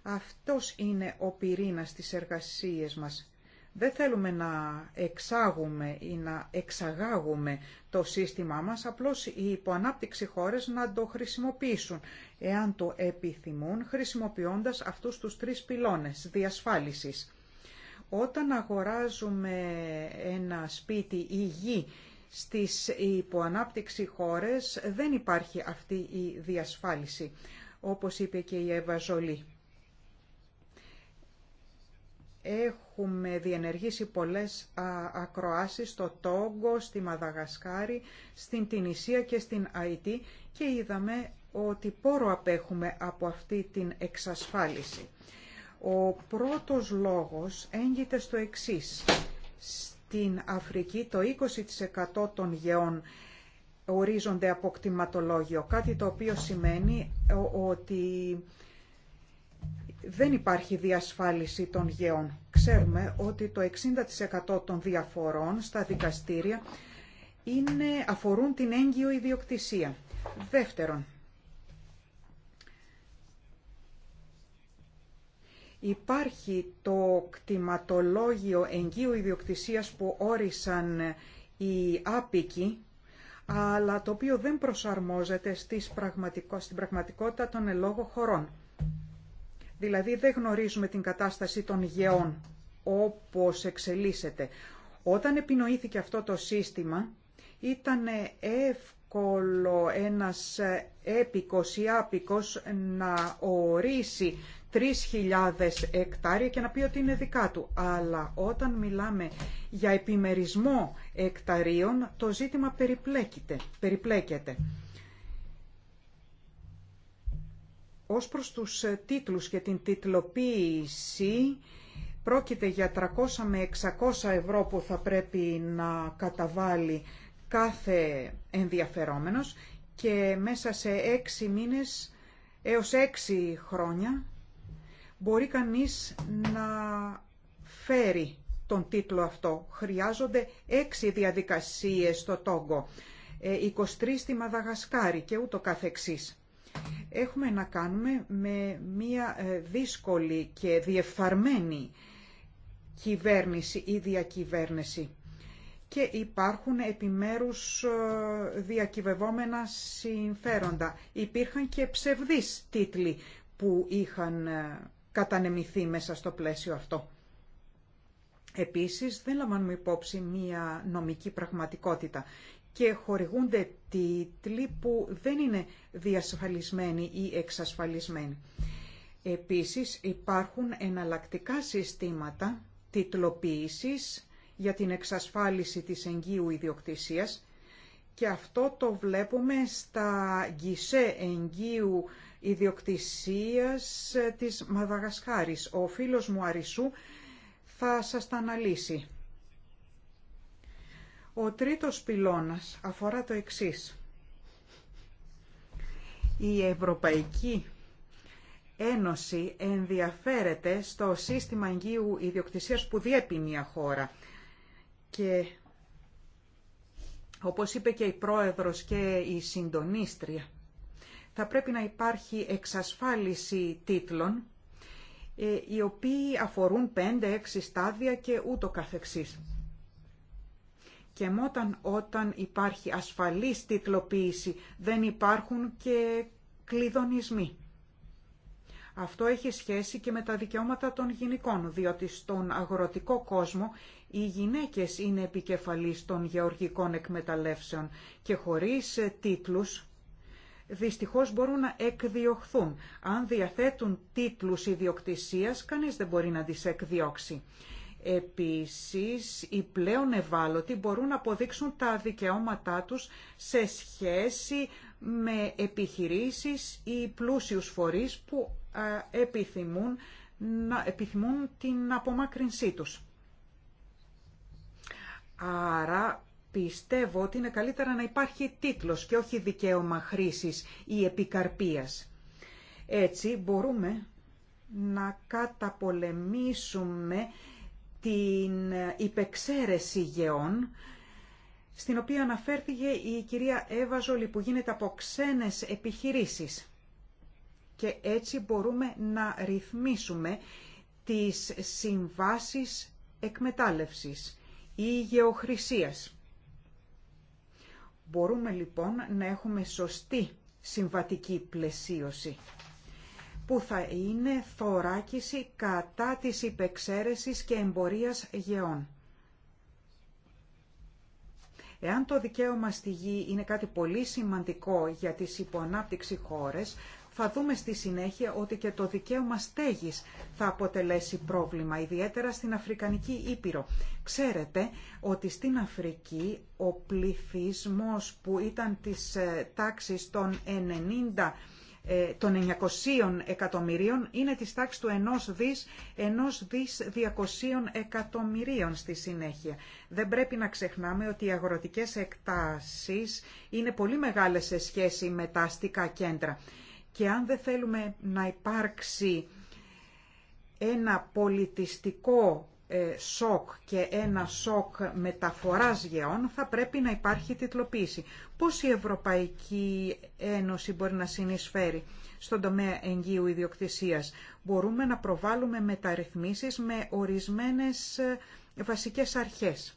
αυτός είναι ο πυρήνας της εργασίας μας. Δεν θέλουμε να εξάγουμε ή να εξαγάγουμε το σύστημά μας, απλώς οι υποανάπτυξη χώρες να το χρησιμοποιήσουν, εάν το επιθυμούν, χρησιμοποιώντας αυτούς τους τρεις πυλώνες διασφάλισης. Όταν αγοράζουμε ένα σπίτι ή γη στις υποανάπτυξη χώρες, δεν υπάρχει αυτή η διασφάλιση, όπως είπε και η Εύα Ζολή. Έχουμε διενεργήσει πολλές ακροάσεις στο Τόγκο, στη Μαδαγασκάρη, στην Τινησία και στην Αϊτή και είδαμε ότι πόρο απέχουμε από αυτή την εξασφάλιση. Ο πρώτος λόγος έγκυται στο εξής. Στην Αφρική το 20% των γεών ορίζονται από κτηματολόγιο, κάτι το οποίο σημαίνει ότι δεν υπάρχει διασφάλιση των γεών. Ξέρουμε ότι το 60% των διαφορών στα δικαστήρια είναι, αφορούν την έγκυο ιδιοκτησία. Δεύτερον, υπάρχει το κτηματολόγιο εγκύου ιδιοκτησίας που όρισαν οι άπικοι, αλλά το οποίο δεν προσαρμόζεται στην πραγματικότητα των ελόγω χωρών. Δηλαδή δεν γνωρίζουμε την κατάσταση των γεών όπως εξελίσσεται. Όταν επινοήθηκε αυτό το σύστημα ήταν εύκολο ένας έπικος ή άπικος να ορίσει 3.000 εκτάρια και να πει ότι είναι δικά του. Αλλά όταν μιλάμε για επιμερισμό εκταρίων, το ζήτημα περιπλέκεται. Ως προς τους ε, τίτλους και την τιτλοποίηση, πρόκειται για 300 με 600 ευρώ που θα πρέπει να καταβάλει κάθε ενδιαφερόμενος και μέσα σε 6 μήνες έως 6 χρόνια μπορεί κανείς να φέρει τον τίτλο αυτό. Χρειάζονται 6 διαδικασίες στο Τόγκο, 23 ε, στη Μαδαγασκάρη και ούτω καθεξής. Έχουμε να κάνουμε με μία ε, δύσκολη και διεφθαρμένη κυβέρνηση ή διακυβέρνηση και υπάρχουν επιμέρους ε, διακυβευόμενα συμφέροντα. Υπήρχαν και ψευδείς τίτλοι που είχαν ε, κατανεμηθεί μέσα στο πλαίσιο αυτό. Επίσης, δεν λαμβάνουμε υπόψη μία νομική πραγματικότητα και χορηγούνται τίτλοι που δεν είναι διασφαλισμένοι ή εξασφαλισμένοι. Επίσης υπάρχουν εναλλακτικά συστήματα τιτλοποίησης για την εξασφάλιση της εγγύου ιδιοκτησίας και αυτό το βλέπουμε στα γκισέ εγγύου ιδιοκτησίας της Μαδαγασκάρης. Ο φίλος μου Αρισού θα σας τα αναλύσει. Ο τρίτος πυλώνας αφορά το εξής. Η Ευρωπαϊκή Ένωση ενδιαφέρεται στο σύστημα εγγύου ιδιοκτησίας που διέπει μια χώρα. Και όπως είπε και η πρόεδρος και η συντονίστρια, θα πρέπει να υπάρχει εξασφάλιση τίτλων, ε, οι οποίοι αφορούν 5-6 στάδια και ούτω καθεξής. Και μόταν όταν υπάρχει ασφαλής τιτλοποίηση δεν υπάρχουν και κλειδονισμοί. Αυτό έχει σχέση και με τα δικαιώματα των γυναικών, διότι στον αγροτικό κόσμο οι γυναίκες είναι επικεφαλής των γεωργικών εκμεταλλεύσεων και χωρίς ε, τίτλους δυστυχώς μπορούν να εκδιωχθούν. Αν διαθέτουν τίτλους ιδιοκτησίας, κανείς δεν μπορεί να τις εκδιώξει. Επίσης, οι πλέον ευάλωτοι μπορούν να αποδείξουν τα δικαιώματά τους σε σχέση με επιχειρήσεις ή πλούσιους φορείς που επιθυμούν, να, επιθυμούν την απομάκρυνσή τους. Άρα πιστεύω ότι είναι καλύτερα να υπάρχει τίτλος και όχι δικαίωμα χρήσης ή επικαρπίας. Έτσι μπορούμε να καταπολεμήσουμε την υπεξαίρεση γεών, στην οποία αναφέρθηκε η κυρία Εύαζολη που γίνεται από ξένες επιχειρήσεις. Και έτσι μπορούμε να ρυθμίσουμε τις συμβάσεις εκμετάλλευσης ή γεωχρησίας. Μπορούμε λοιπόν να έχουμε σωστή συμβατική πλαισίωση που θα είναι θωράκιση κατά της υπεξαίρεσης και εμπορίας γεών. Εάν το δικαίωμα στη γη είναι κάτι πολύ σημαντικό για τις υποανάπτυξη χώρες, θα δούμε στη συνέχεια ότι και το δικαίωμα στέγης θα αποτελέσει πρόβλημα, ιδιαίτερα στην Αφρικανική Ήπειρο. Ξέρετε ότι στην Αφρική ο πληθυσμός που ήταν της ε, τάξης των 90 ε, των 900 εκατομμυρίων είναι της τάξης του 1 δις, δις 200 εκατομμυρίων στη συνέχεια. Δεν πρέπει να ξεχνάμε ότι οι αγροτικές εκτάσεις είναι πολύ μεγάλες σε σχέση με τα αστικά κέντρα. Και αν δεν θέλουμε να υπάρξει ένα πολιτιστικό ε, σοκ και ένα σοκ μεταφοράς γεών θα πρέπει να υπάρχει τιτλοποίηση. Πώς η Ευρωπαϊκή Ένωση μπορεί να συνεισφέρει στον τομέα εγγύου ιδιοκτησίας. Μπορούμε να προβάλλουμε μεταρρυθμίσεις με ορισμένες ε, βασικές αρχές.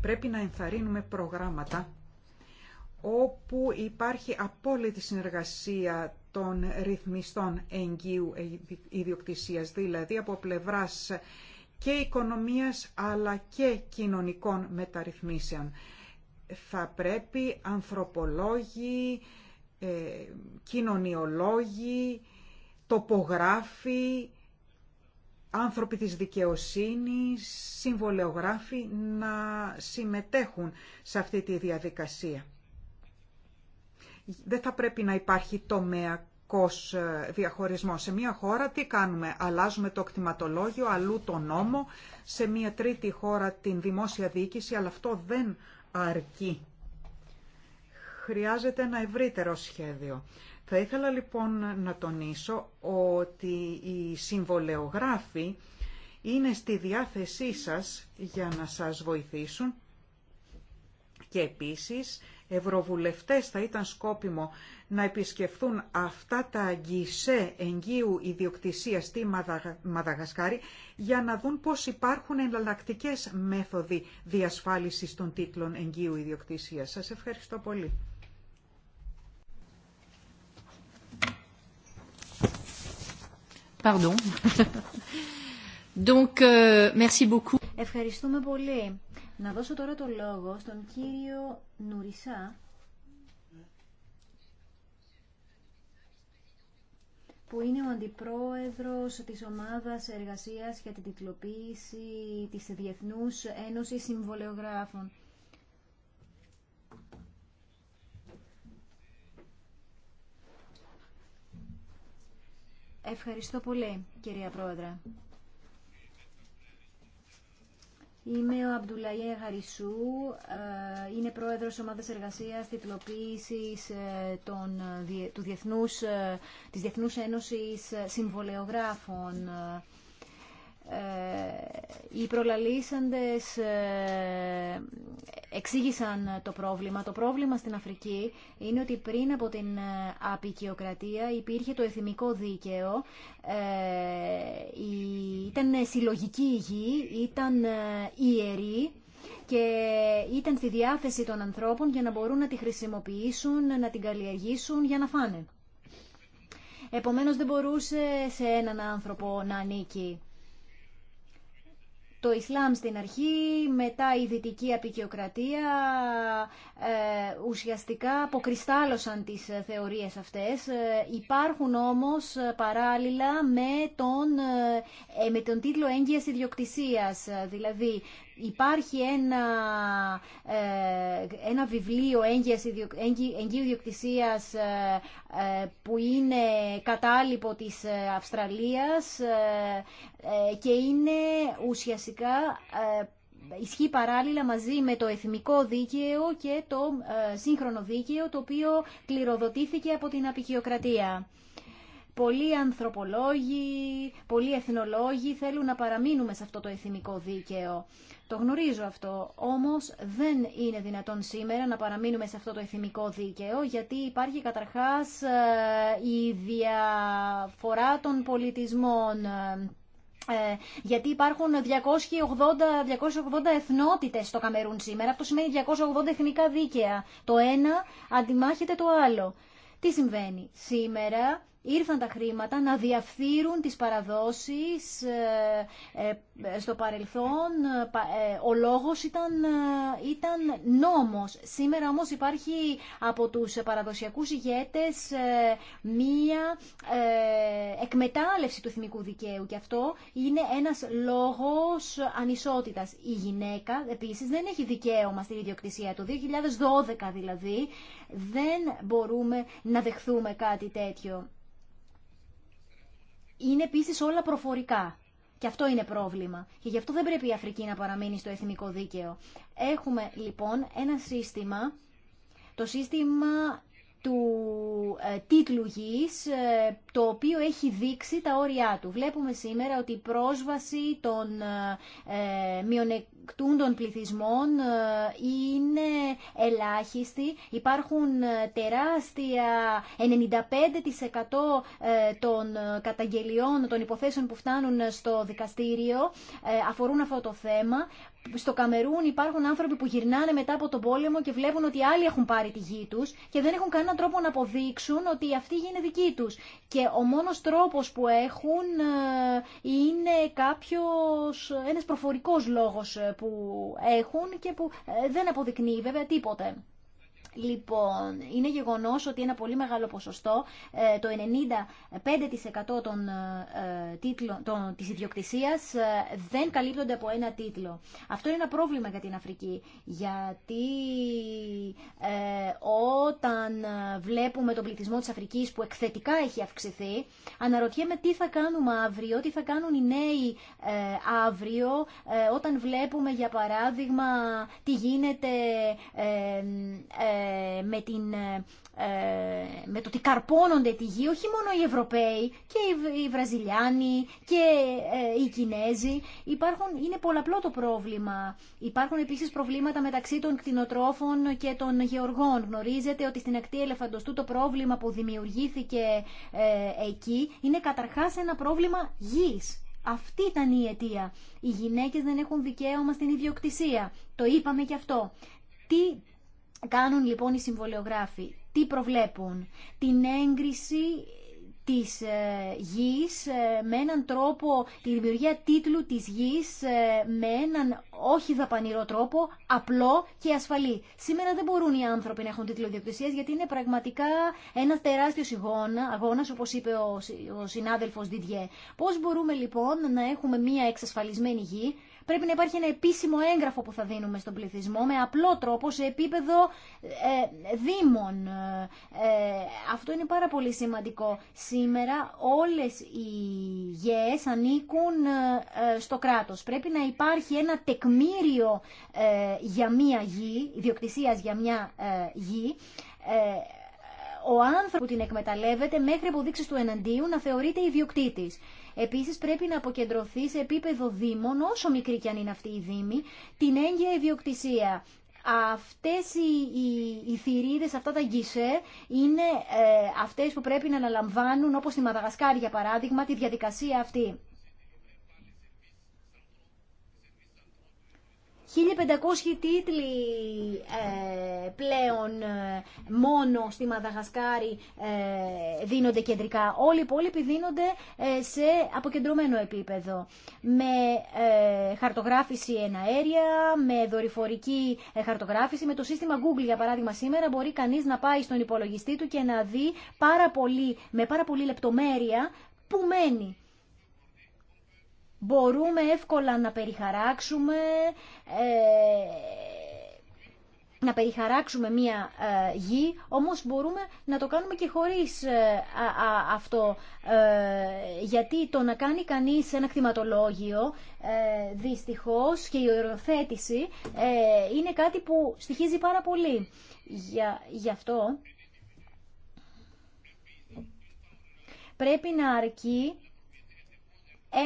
Πρέπει να ενθαρρύνουμε προγράμματα όπου υπάρχει απόλυτη συνεργασία των ρυθμιστών εγγύου ιδιοκτησίας, δηλαδή από πλευράς και οικονομίας αλλά και κοινωνικών μεταρρυθμίσεων. Θα πρέπει ανθρωπολόγοι, ε, κοινωνιολόγοι, τοπογράφοι, άνθρωποι της δικαιοσύνης, συμβολεογράφοι να συμμετέχουν σε αυτή τη διαδικασία δεν θα πρέπει να υπάρχει τομεακός ε, διαχωρισμός. Σε μία χώρα τι κάνουμε, αλλάζουμε το κτηματολόγιο, αλλού το νόμο, σε μία τρίτη χώρα την δημόσια διοίκηση, αλλά αυτό δεν αρκεί. Χρειάζεται ένα ευρύτερο σχέδιο. Θα ήθελα λοιπόν να τονίσω ότι οι συμβολεογράφοι είναι στη διάθεσή σας για να σας βοηθήσουν και επίσης, ευρωβουλευτές θα ήταν σκόπιμο να επισκεφθούν αυτά τα αγγισέ εγγύου ιδιοκτησία στη Μαδαγασκάρη για να δουν πώς υπάρχουν εναλλακτικέ μέθοδοι διασφάλισης των τίτλων εγγύου ιδιοκτησία. Σας ευχαριστώ πολύ. Pardon. Donc, euh, merci beaucoup. Ευχαριστούμε πολύ. Να δώσω τώρα το λόγο στον κύριο Νουρισά, που είναι ο αντιπρόεδρος της ομάδας εργασίας για την τιτλοποίηση της Διεθνούς Ένωσης Συμβολεογράφων. Ευχαριστώ πολύ, κυρία Πρόεδρα. Είμαι ο Αμπτουλαϊέ Γαρισού, ε, είναι πρόεδρος ομάδας εργασίας τιτλοποίησης ε, των, ε, του Διεθνούς, της Διεθνούς Ένωσης Συμβολεογράφων. Ε, οι προλαλήσαντες ε, εξήγησαν το πρόβλημα. Το πρόβλημα στην Αφρική είναι ότι πριν από την ε, απεικιοκρατία υπήρχε το εθνικό δίκαιο, ήταν συλλογική γη, ήταν ιερή και ήταν στη διάθεση των ανθρώπων για να μπορούν να τη χρησιμοποιήσουν, να την καλλιεργήσουν για να φάνε. Επομένως δεν μπορούσε σε έναν άνθρωπο να ανήκει το Ισλάμ στην αρχή, μετά η δυτική απεικιοκρατία ε, ουσιαστικά αποκριστάλλωσαν τις ε, θεωρίες αυτές. Ε, υπάρχουν όμως ε, παράλληλα με τον, με τον τίτλο έγκυας ιδιοκτησίας, δηλαδή υπάρχει ένα, ε, ένα βιβλίο εγγύου διοκτησίας ε, ε, που είναι κατάλοιπο της Αυστραλίας και είναι ουσιαστικά ισχύει παράλληλα μαζί με το εθνικό δίκαιο και το σύγχρονο δίκαιο το οποίο κληροδοτήθηκε από την απεικιοκρατία πολλοί ανθρωπολόγοι, πολλοί εθνολόγοι θέλουν να παραμείνουμε σε αυτό το εθνικό δίκαιο. Το γνωρίζω αυτό, όμως δεν είναι δυνατόν σήμερα να παραμείνουμε σε αυτό το εθνικό δίκαιο, γιατί υπάρχει καταρχάς ε, η διαφορά των πολιτισμών ε, γιατί υπάρχουν 280, 280 εθνότητες στο Καμερούν σήμερα. Αυτό σημαίνει 280 εθνικά δίκαια. Το ένα αντιμάχεται το άλλο. Τι συμβαίνει. Σήμερα ήρθαν τα χρήματα να διαφθείρουν τις παραδόσεις ε, ε, ε, στο παρελθόν. Ο λόγος ήταν, ήταν νόμος. Σήμερα όμως υπάρχει από τους παραδοσιακούς ηγέτες μία εκμετάλλευση του θυμικού δικαίου και αυτό είναι ένας λόγος ανισότητας. Η γυναίκα επίσης δεν έχει δικαίωμα στην ιδιοκτησία. Το 2012 δηλαδή δεν μπορούμε να δεχθούμε κάτι τέτοιο είναι επίση όλα προφορικά. Και αυτό είναι πρόβλημα. Και γι' αυτό δεν πρέπει η Αφρική να παραμείνει στο εθνικό δίκαιο. Έχουμε λοιπόν ένα σύστημα, το σύστημα του ε, τίτλου γης, ε, το οποίο έχει δείξει τα όρια του. Βλέπουμε σήμερα ότι η πρόσβαση των ε, μειονεκτούντων πληθυσμών ε, είναι ελάχιστη. Υπάρχουν ε, τεράστια 95% ε, των καταγγελιών των υποθέσεων που φτάνουν στο δικαστήριο αφορούν αυτό το θέμα. Στο Καμερούν υπάρχουν άνθρωποι που γυρνάνε μετά από τον πόλεμο και βλέπουν ότι άλλοι έχουν πάρει τη γη τους και δεν έχουν κανέναν τρόπο να αποδείξουν ότι αυτή γη είναι δική τους. Και ο μόνος τρόπος που έχουν ε, είναι κάποιος, ένας προφορικός λόγος ε, που έχουν και που ε, δεν αποδεικνύει βέβαια τίποτε. Λοιπόν, είναι γεγονός ότι ένα πολύ μεγάλο ποσοστό, ε, το 95% των, ε, τίτλων, των, της ιδιοκτησίας ε, δεν καλύπτονται από ένα τίτλο. Αυτό είναι ένα πρόβλημα για την Αφρική, γιατί όταν βλέπουμε τον πληθυσμό της Αφρικής που εκθετικά έχει αυξηθεί, αναρωτιέμαι τι θα κάνουμε αύριο, τι θα κάνουν οι νέοι αύριο, όταν βλέπουμε για παράδειγμα τι γίνεται ε, με, την, ε, ε, με το ότι καρπώνονται τη γη όχι μόνο οι Ευρωπαίοι και οι Βραζιλιάνοι και οι Κινέζοι. Υπάρχουν, είναι πολλαπλό το πρόβλημα. Υπάρχουν επίσης προβλήματα μεταξύ των κτηνοτρόφων και των γεωργών. Γνωρίζετε ότι στην ακτή ελεφαντοστού το πρόβλημα που δημιουργήθηκε εκεί είναι καταρχάς ένα πρόβλημα γης. Αυτή ήταν η αιτία. Οι γυναίκες δεν έχουν δικαίωμα στην ιδιοκτησία. Το είπαμε και αυτό. Τι κάνουν λοιπόν οι συμβολιογράφοι. Τι προβλέπουν. Την έγκριση της ε, γης ε, με έναν τρόπο, τη δημιουργία τίτλου της γης ε, με έναν όχι δαπανηρό τρόπο, απλό και ασφαλή. Σήμερα δεν μπορούν οι άνθρωποι να έχουν τίτλο διοκτησίας γιατί είναι πραγματικά ένα τεράστιο αγώνα, όπως είπε ο συνάδελφος Διδιέ. Πώς μπορούμε λοιπόν να έχουμε μία εξασφαλισμένη γη πρέπει να υπάρχει ένα επίσημο έγγραφο που θα δίνουμε στον πληθυσμό με απλό τρόπο σε επίπεδο ε, δήμων. Ε, αυτό είναι πάρα πολύ σημαντικό. Σήμερα όλες οι γεές ανήκουν ε, στο κράτος. Πρέπει να υπάρχει ένα τεκμήριο για μία γη, ιδιοκτησίας για μία γη, ο άνθρωπο που την εκμεταλλεύεται μέχρι αποδείξει του εναντίου να θεωρείται ιδιοκτήτη. Επίση, πρέπει να αποκεντρωθεί σε επίπεδο δήμων, όσο μικρή και αν είναι αυτή η δήμη, την έγκαια ιδιοκτησία. Αυτές οι, οι, οι αυτά τα γκισέ, είναι ε, αυτές που πρέπει να αναλαμβάνουν, όπω στη Μαδαγασκάρη για παράδειγμα, τη διαδικασία αυτή. 1500 τίτλοι ε, πλέον ε, μόνο στη Μαδαγασκάρη ε, δίνονται κεντρικά. Όλοι οι υπόλοιποι δίνονται ε, σε αποκεντρωμένο επίπεδο. Με χαρτογράφηση αέρια, με δορυφορική χαρτογράφηση, με το σύστημα Google για παράδειγμα σήμερα μπορεί κανείς να πάει στον υπολογιστή του και να δει πάρα πολύ, με πάρα πολύ λεπτομέρεια που μένει μπορούμε εύκολα να περιχαράξουμε ε, να περιχαράξουμε μία ε, γη, όμως μπορούμε να το κάνουμε και χωρίς ε, αυτό. Γιατί το να κάνει κανείς ένα κτηματολόγιο, δυστυχώς, και η οριοθέτηση είναι κάτι που στοιχίζει πάρα πολύ. Γι' αυτό πρέπει να αρκεί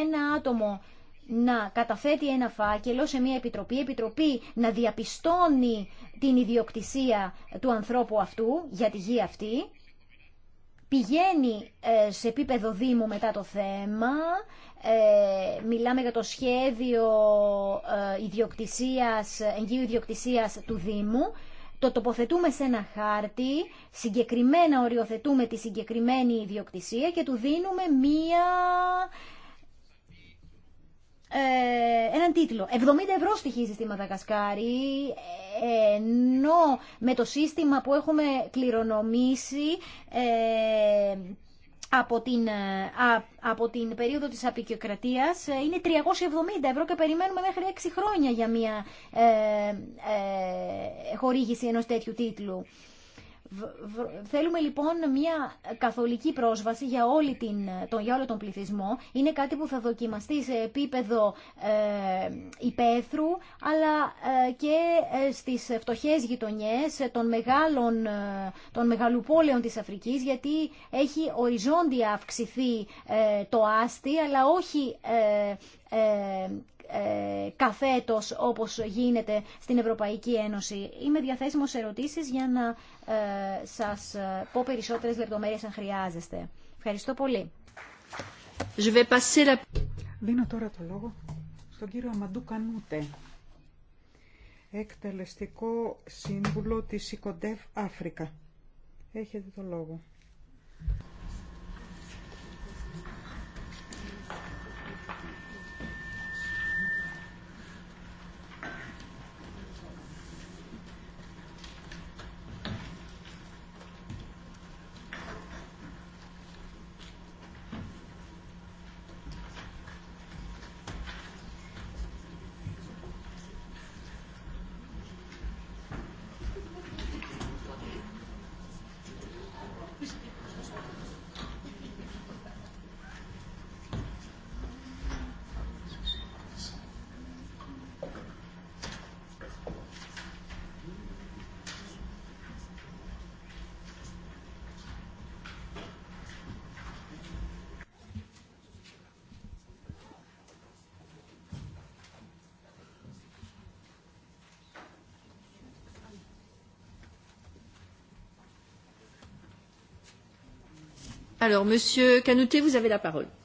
ένα άτομο να καταθέτει ένα φάκελο σε μια επιτροπή, επιτροπή να διαπιστώνει την ιδιοκτησία του ανθρώπου αυτού για τη γη αυτή, πηγαίνει ε, σε επίπεδο Δήμου μετά το θέμα, ε, μιλάμε για το σχέδιο ε, ιδιοκτησίας, εγγύου ιδιοκτησίας του Δήμου, το τοποθετούμε σε ένα χάρτη, συγκεκριμένα οριοθετούμε τη συγκεκριμένη ιδιοκτησία και του δίνουμε μία ε, έναν τίτλο. 70 ευρώ στοιχίζει στη Μαδαγασκάρη, ενώ με το σύστημα που έχουμε κληρονομήσει ε, από την, ε, από την περίοδο της απεικιοκρατίας είναι 370 ευρώ και περιμένουμε μέχρι 6 χρόνια για μια χορήγηση ενός τέτοιου τίτλου. Θέλουμε λοιπόν μια καθολική πρόσβαση για, όλη την, το για όλο τον πληθυσμό. Είναι κάτι που θα δοκιμαστεί σε επίπεδο ε, υπαίθρου, αλλά ε, και ε, στις φτωχές γειτονιές των, μεγάλων, ε, των μεγαλοπόλεων της Αφρικής, γιατί έχει οριζόντια αυξηθεί το άστι, αλλά όχι ε, καφέτος όπως γίνεται στην Ευρωπαϊκή Ένωση. Είμαι διαθέσιμος σε ερωτήσεις για να ε, σας ε, πω περισσότερες λεπτομέρειες αν χρειάζεστε. Ευχαριστώ πολύ. Δίνω τώρα το λόγο στον κύριο Αμαντού Κανούτε, εκτελεστικό σύμβουλο της ΙΚΟΝΤΕΒ Αφρικα. Έχετε το λόγο.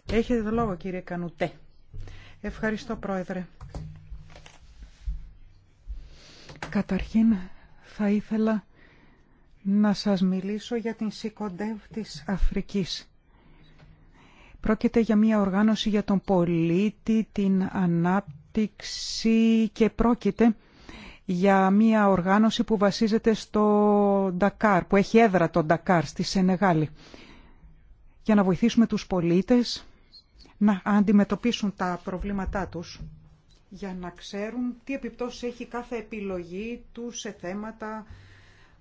Έχετε το λόγο, κύριε Κανουτέ. Ευχαριστώ, Πρόεδρε. Καταρχήν, θα ήθελα να σας μιλήσω για την ΣΥΚΟΝΤΕΒ της Αφρικής. Πρόκειται για μια οργάνωση για τον πολίτη, την ανάπτυξη και πρόκειται για μια οργάνωση που βασίζεται στο Ντακάρ, που έχει έδρα το Ντακάρ στη Σενεγάλη για να βοηθήσουμε τους πολίτες να αντιμετωπίσουν τα προβλήματά τους, για να ξέρουν τι επιπτώσεις έχει κάθε επιλογή τους σε θέματα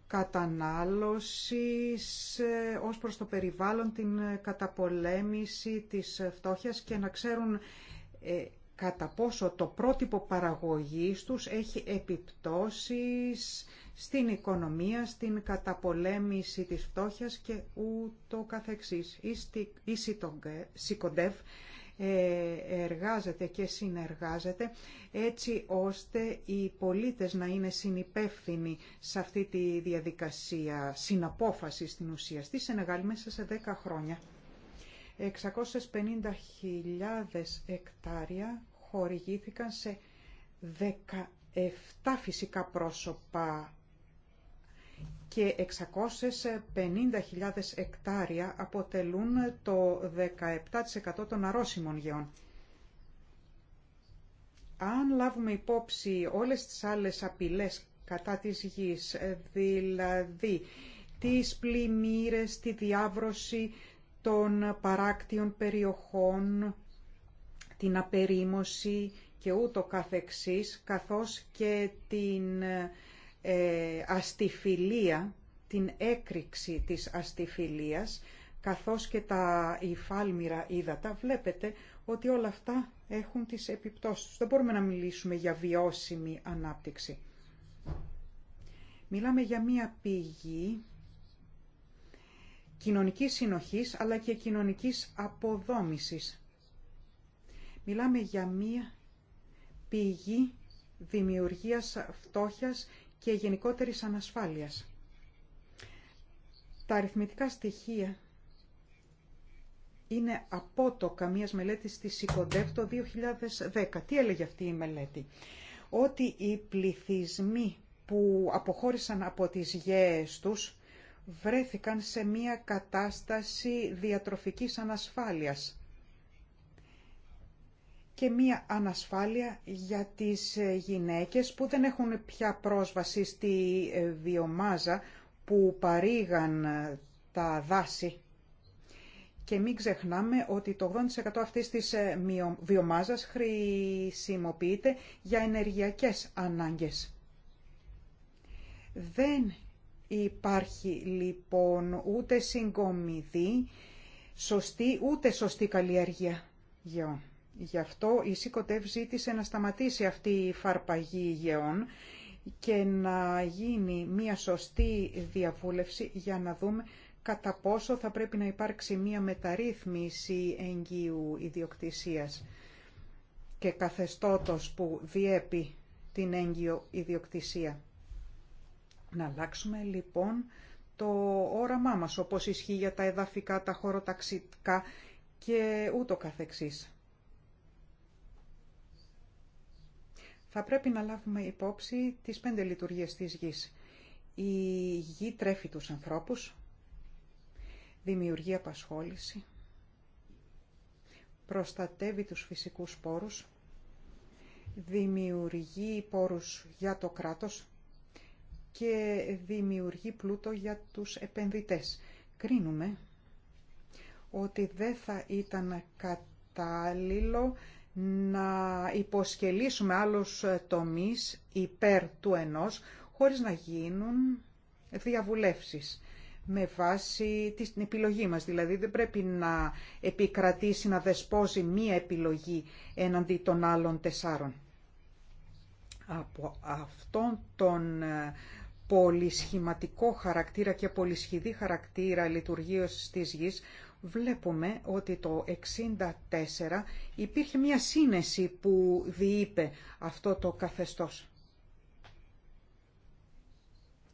κατανάλωσης ε, ως προς το περιβάλλον, την ε, καταπολέμηση της ε, φτώχειας και να ξέρουν κατά πόσο το πρότυπο παραγωγής τους έχει επιπτώσεις στην οικονομία, στην καταπολέμηση της φτώχειας και ούτω καθεξής. Η ΣΥΚΟΝΤΕΒ ε, εργάζεται και συνεργάζεται έτσι ώστε οι πολίτες να είναι συνυπεύθυνοι σε αυτή τη διαδικασία συναπόφαση στην ουσία στη Σενεγάλη μέσα σε 10 χρόνια. 650.000 εκτάρια χορηγήθηκαν σε 17 φυσικά πρόσωπα και 650.000 εκτάρια αποτελούν το 17% των αρρώσιμων γεών. Αν λάβουμε υπόψη όλες τις άλλες απειλές κατά της γης, δηλαδή τις πλημμύρες, τη διάβρωση των παράκτιων περιοχών, την απερίμωση και ούτω καθεξής, καθώς και την ε, την έκρηξη της αστιφιλίας, καθώς και τα υφάλμυρα ύδατα, βλέπετε ότι όλα αυτά έχουν τις επιπτώσεις τους. Δεν μπορούμε να μιλήσουμε για βιώσιμη ανάπτυξη. Μιλάμε για μία πηγή κοινωνικής συνοχής αλλά και κοινωνικής αποδόμησης. Μιλάμε για μία πηγή δημιουργίας φτώχειας και γενικότερης ανασφάλειας. Τα αριθμητικά στοιχεία είναι από το καμίας μελέτης της ΣΥΚΟΝΤΕΦ το 2010. Τι έλεγε αυτή η μελέτη. Ότι οι πληθυσμοί που αποχώρησαν από τις γέες τους βρέθηκαν σε μια κατάσταση διατροφικής ανασφάλειας και μία ανασφάλεια για τις ε, γυναίκες που δεν έχουν πια πρόσβαση στη ε, βιομάζα που παρήγαν ε, τα δάση. Και μην ξεχνάμε ότι το 80% αυτής της βιομάζας χρησιμοποιείται για ενεργειακές ανάγκες. Δεν υπάρχει λοιπόν ούτε συγκομιδή, σωστή ούτε σωστή καλλιέργεια γεών. Γι' αυτό η ΣΥΚΟΤΕΒ ζήτησε να σταματήσει αυτή η φαρπαγή υγεών και να γίνει μια σωστή διαβούλευση για να δούμε κατά πόσο θα πρέπει να υπάρξει μια μεταρρύθμιση εγγύου ιδιοκτησίας και καθεστώτος που διέπει την έγκυο ιδιοκτησία. Να αλλάξουμε λοιπόν το όραμά μας, όπως ισχύει για τα εδαφικά, τα χωροταξικά και ούτω καθεξής. θα πρέπει να λάβουμε υπόψη τις πέντε λειτουργίες της γης. Η γη τρέφει τους ανθρώπους, δημιουργεί απασχόληση, προστατεύει τους φυσικούς πόρους, δημιουργεί πόρους για το κράτος και δημιουργεί πλούτο για τους επενδυτές. Κρίνουμε ότι δεν θα ήταν κατάλληλο να υποσκελίσουμε άλλους τομείς υπέρ του ενός χωρίς να γίνουν διαβουλεύσεις με βάση την επιλογή μας. Δηλαδή δεν πρέπει να επικρατήσει, να δεσπόζει μία επιλογή έναντι των άλλων τεσσάρων. Από αυτόν τον ε, πολυσχηματικό χαρακτήρα και πολυσχηδή χαρακτήρα λειτουργίας της γης, βλέπουμε ότι το 64 υπήρχε μια σύνεση που διείπε αυτό το καθεστώς.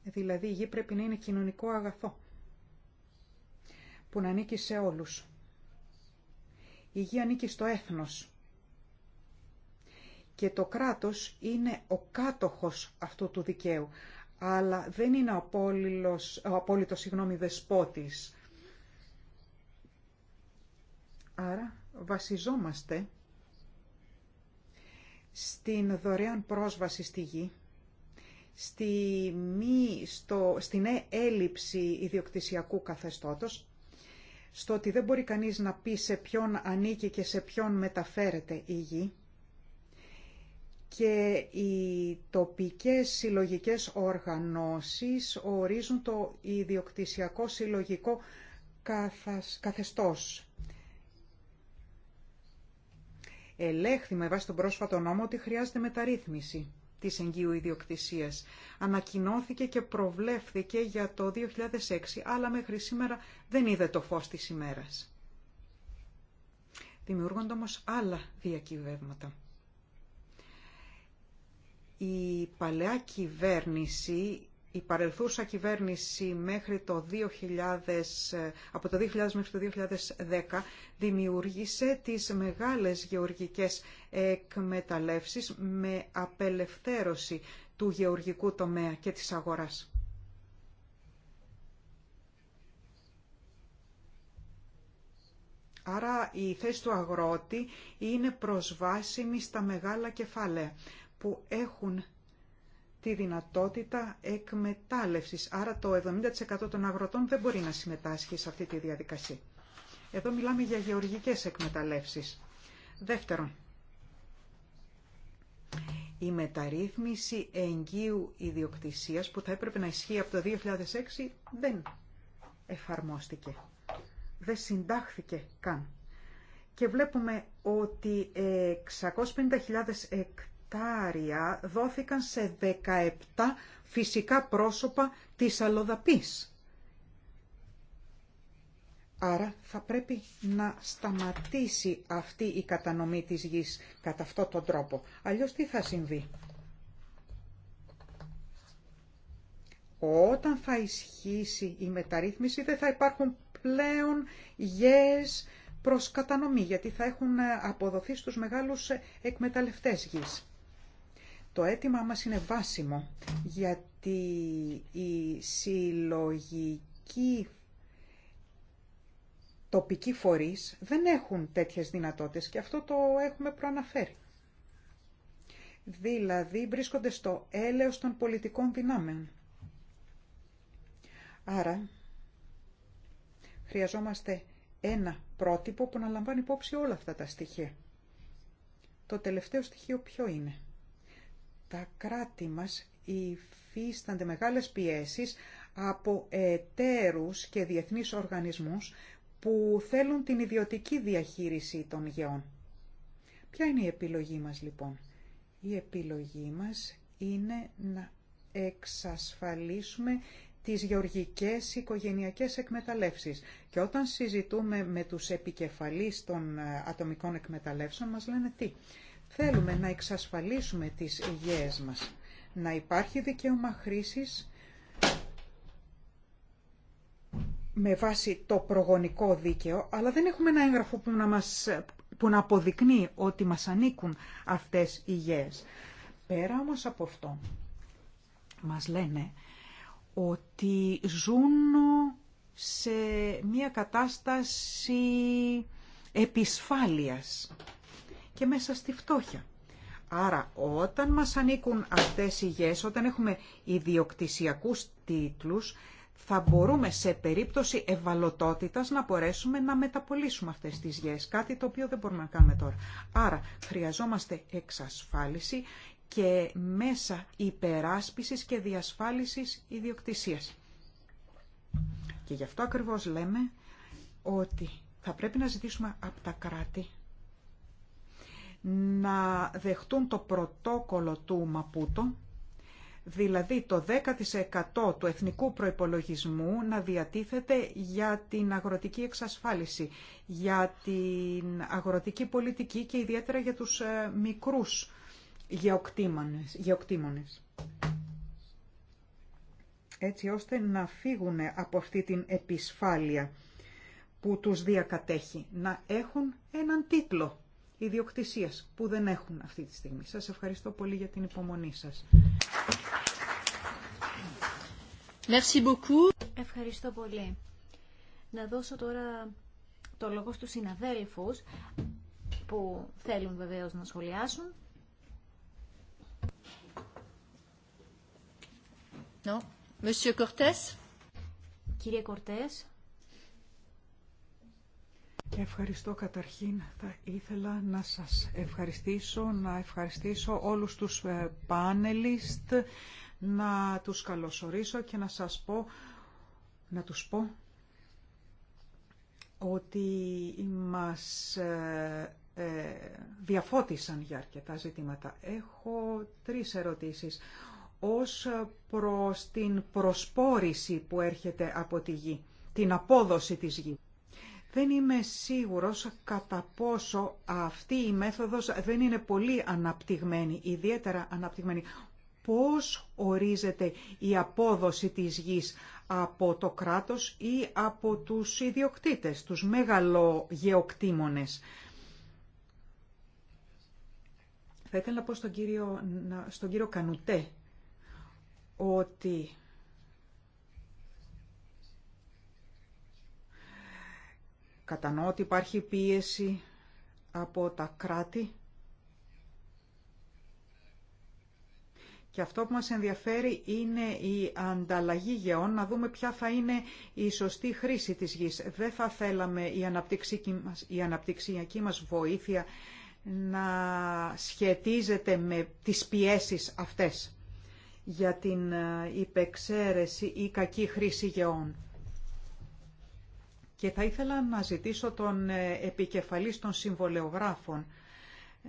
Δηλαδή η γη πρέπει να είναι κοινωνικό αγαθό που να ανήκει σε όλους. Η γη ανήκει στο έθνος και το κράτος είναι ο κάτοχος αυτού του δικαίου, αλλά δεν είναι ο απόλυτος, ο απόλυτος συγγνώμη, δεσπότης Άρα βασιζόμαστε στην δωρεάν πρόσβαση στη γη, στη στο, στην ε, έλλειψη ιδιοκτησιακού καθεστώτος, στο ότι δεν μπορεί κανείς να πει σε ποιον ανήκει και σε ποιον μεταφέρεται η γη και οι τοπικές συλλογικές οργανώσεις ορίζουν το ιδιοκτησιακό συλλογικό καθεστώς ελέγχθη με βάση τον πρόσφατο νόμο ότι χρειάζεται μεταρρύθμιση της εγγύου ιδιοκτησίας. Ανακοινώθηκε και προβλέφθηκε για το 2006, αλλά μέχρι σήμερα δεν είδε το φως της ημέρας. Δημιούργονται όμως άλλα διακυβεύματα. Η παλαιά κυβέρνηση η παρελθούσα κυβέρνηση μέχρι το 2000, από το 2000 μέχρι το 2010 δημιούργησε τις μεγάλες γεωργικές εκμεταλλεύσεις με απελευθέρωση του γεωργικού τομέα και της αγοράς. Άρα η θέση του αγρότη είναι προσβάσιμη στα μεγάλα κεφάλαια που έχουν τη δυνατότητα εκμετάλλευσης. Άρα το 70% των αγροτών δεν μπορεί να συμμετάσχει σε αυτή τη διαδικασία. Εδώ μιλάμε για γεωργικές εκμεταλλεύσεις. Δεύτερον, η μεταρρύθμιση εγγύου ιδιοκτησίας που θα έπρεπε να ισχύει από το 2006 δεν εφαρμόστηκε. Δεν συντάχθηκε καν. Και βλέπουμε ότι 650.000 εκτάσεις δόθηκαν σε 17 φυσικά πρόσωπα της αλοδαπής. Άρα θα πρέπει να σταματήσει αυτή η κατανομή της γης κατά αυτόν τον τρόπο. Αλλιώς τι θα συμβεί. Όταν θα ισχύσει η μεταρρύθμιση δεν θα υπάρχουν πλέον γης προς κατανομή, γιατί θα έχουν αποδοθεί στους μεγάλους εκμεταλλευτές γης. Το αίτημά μας είναι βάσιμο, γιατί οι συλλογική τοπικοί φορείς δεν έχουν τέτοιες δυνατότητες και αυτό το έχουμε προαναφέρει. Δηλαδή βρίσκονται στο έλεος των πολιτικών δυνάμεων. Άρα χρειαζόμαστε ένα πρότυπο που να λαμβάνει υπόψη όλα αυτά τα στοιχεία. Το τελευταίο στοιχείο ποιο είναι τα κράτη μας υφίστανται μεγάλες πιέσεις από εταίρους και διεθνείς οργανισμούς που θέλουν την ιδιωτική διαχείριση των γεών. Ποια είναι η επιλογή μας λοιπόν. Η επιλογή μας είναι να εξασφαλίσουμε τις γεωργικές οικογενειακές εκμεταλλεύσεις. Και όταν συζητούμε με τους επικεφαλείς των ατομικών εκμεταλλεύσεων μας λένε τι. Θέλουμε να εξασφαλίσουμε τις υγιές μας, να υπάρχει δικαίωμα χρήσης με βάση το προγονικό δίκαιο, αλλά δεν έχουμε ένα έγγραφο που να, μας, που να αποδεικνύει ότι μας ανήκουν αυτές οι υγιές. Πέρα όμως από αυτό, μας λένε ότι ζουν σε μια κατάσταση επισφάλειας και μέσα στη φτώχεια. Άρα όταν μας ανήκουν αυτές οι γές, όταν έχουμε ιδιοκτησιακούς τίτλους, θα μπορούμε σε περίπτωση ευαλωτότητας να μπορέσουμε να μεταπολίσουμε αυτές τις γές. κάτι το οποίο δεν μπορούμε να κάνουμε τώρα. Άρα χρειαζόμαστε εξασφάλιση και μέσα υπεράσπισης και διασφάλισης ιδιοκτησίας. Και γι' αυτό ακριβώς λέμε ότι θα πρέπει να ζητήσουμε από τα κράτη να δεχτούν το πρωτόκολλο του Μαπούτο, δηλαδή το 10% του εθνικού προϋπολογισμού να διατίθεται για την αγροτική εξασφάλιση, για την αγροτική πολιτική και ιδιαίτερα για τους ε, μικρούς γεωκτήμονες. Έτσι ώστε να φύγουν από αυτή την επισφάλεια που τους διακατέχει, να έχουν έναν τίτλο ιδιοκτησίας που δεν έχουν αυτή τη στιγμή. Σας ευχαριστώ πολύ για την υπομονή σας. Merci beaucoup. Ευχαριστώ πολύ. Να δώσω τώρα το λόγο στους συναδέλφους που θέλουν βεβαίως να σχολιάσουν. Non. Monsieur Cortés. Κύριε Κορτές. Ευχαριστώ καταρχήν. Θα ήθελα να σας ευχαριστήσω, να ευχαριστήσω όλους τους ε, πάνελιστ, να τους καλωσορίσω και να σας πω, να τους πω ότι μας ε, ε, διαφώτισαν για αρκετά ζητήματα. Έχω τρεις ερωτήσεις. Ως προς την προσπόρηση που έρχεται από τη γη, την απόδοση της γη. Δεν είμαι σίγουρος κατά πόσο αυτή η μέθοδος δεν είναι πολύ αναπτυγμένη, ιδιαίτερα αναπτυγμένη. Πώς ορίζεται η απόδοση της γης από το κράτος ή από τους ιδιοκτήτες, τους μεγαλογεοκτήμονες. Θα ήθελα να πω στον κύριο, στον κύριο Κανουτέ ότι Κατανοώ ότι υπάρχει πίεση από τα κράτη Και αυτό που μας ενδιαφέρει είναι η ανταλλαγή γεών, να δούμε ποια θα είναι η σωστή χρήση της γης. Δεν θα θέλαμε η, μας, η αναπτυξιακή μας βοήθεια να σχετίζεται με τις πιέσεις αυτές για την ε, υπεξαίρεση ή κακή χρήση γεών. Και θα ήθελα να ζητήσω τον ε, επικεφαλής των συμβολεογράφων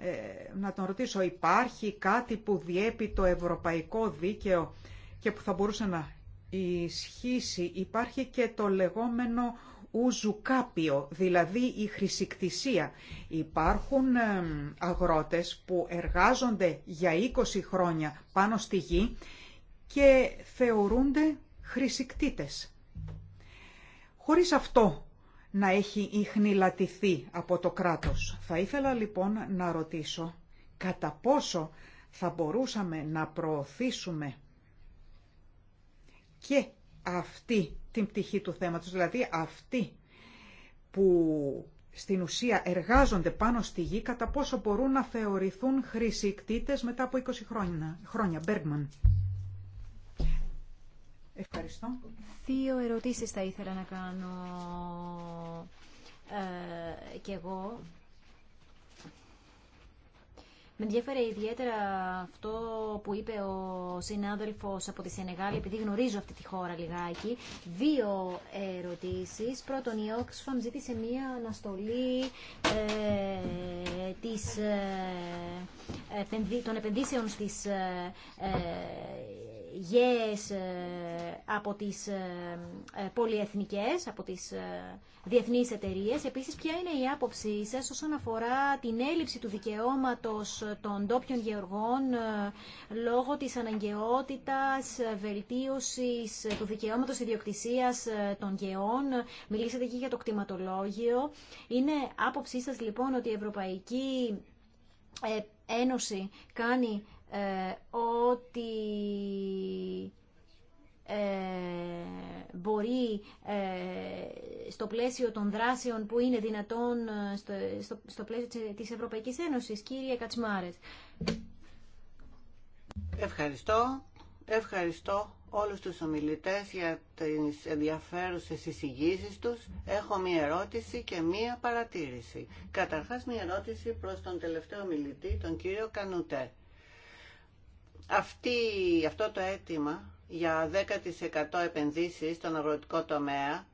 ε, να τον ρωτήσω, υπάρχει κάτι που διέπει το ευρωπαϊκό δίκαιο και που θα μπορούσε να ισχύσει. Υπάρχει και το λεγόμενο ουζουκάπιο, δηλαδή η χρησικτησία. Υπάρχουν ε, αγρότες που εργάζονται για 20 χρόνια πάνω στη γη και θεωρούνται χρησικτήτες χωρίς αυτό να έχει ιχνηλατηθεί από το κράτος. Θα ήθελα λοιπόν να ρωτήσω κατά πόσο θα μπορούσαμε να προωθήσουμε και αυτή την πτυχή του θέματος, δηλαδή αυτή που στην ουσία εργάζονται πάνω στη γη, κατά πόσο μπορούν να θεωρηθούν χρησικτήτες μετά από 20 χρόνια. Χρόνια, Bergman. Ευχαριστώ. Δύο ερωτήσεις θα ήθελα να κάνω ε, κι εγώ. Με ενδιαφέρει ιδιαίτερα αυτό που είπε ο συνάδελφος από τη Σενεγάλη, επειδή γνωρίζω αυτή τη χώρα λιγάκι. Δύο ερωτήσεις. Πρώτον, η Oxfam ζήτησε μία αναστολή ε, της, ε, των επενδύσεων στις ε, ε, γέες ε, από τις ε, ε, πολυεθνικές, από τις διεθνείς εταιρείες. Επίσης, ποια είναι η άποψή σας όσον αφορά την έλλειψη του δικαιώματος των ντόπιων γεωργών λόγω της αναγκαιότητας βελτίωσης του δικαιώματος ιδιοκτησίας των γεών. Μιλήσατε και για το κτηματολόγιο. Είναι άποψή σας λοιπόν ότι η Ευρωπαϊκή Ένωση κάνει ε, ότι ε, μπορεί ε, στο πλαίσιο των δράσεων που είναι δυνατόν στο πλαίσιο της Ευρωπαϊκής Ένωσης. Κύριε Κατσμάρες. Ευχαριστώ. Ευχαριστώ όλους τους ομιλητές για τις ενδιαφέρουσες εισηγήσεις τους. Έχω μία ερώτηση και μία παρατήρηση. Καταρχάς μία ερώτηση προς τον τελευταίο ομιλητή, τον κύριο Κανούτε αυτό το αίτημα για 10% επενδύσεις στον αγροτικό τομέα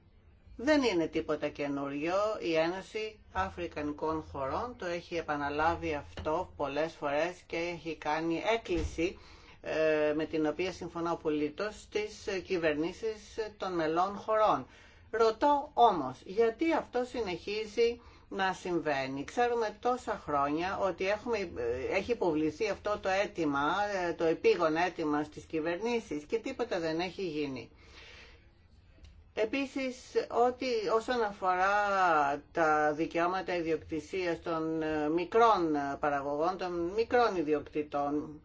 δεν είναι τίποτα καινούριο. Η Ένωση Αφρικανικών Χωρών το έχει επαναλάβει αυτό πολλές φορές και έχει κάνει έκκληση ε, με την οποία συμφωνώ απολύτως στις κυβερνήσεις των μελών χωρών. Ρωτώ όμως, γιατί αυτό συνεχίζει να συμβαίνει. Ξέρουμε τόσα χρόνια ότι έχουμε, έχει υποβληθεί αυτό το αίτημα, ε, το επίγον αίτημα στις κυβερνήσεις και τίποτα δεν έχει γίνει. Επίσης, ότι όσον αφορά τα δικαιώματα ιδιοκτησίας των ε, μικρών παραγωγών, των μικρών ιδιοκτητών,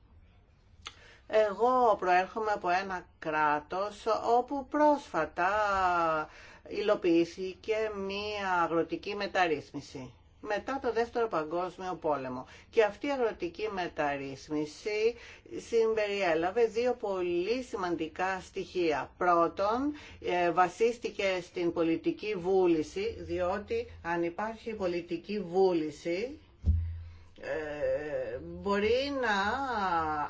εγώ προέρχομαι από ένα κράτος όπου πρόσφατα υλοποιήθηκε μία αγροτική μεταρρύθμιση μετά το Δεύτερο Παγκόσμιο Πόλεμο. Και αυτή η αγροτική μεταρρύθμιση συμπεριέλαβε δύο πολύ σημαντικά στοιχεία. Πρώτον, ε, βασίστηκε στην πολιτική βούληση, διότι αν υπάρχει πολιτική βούληση ε, μπορεί να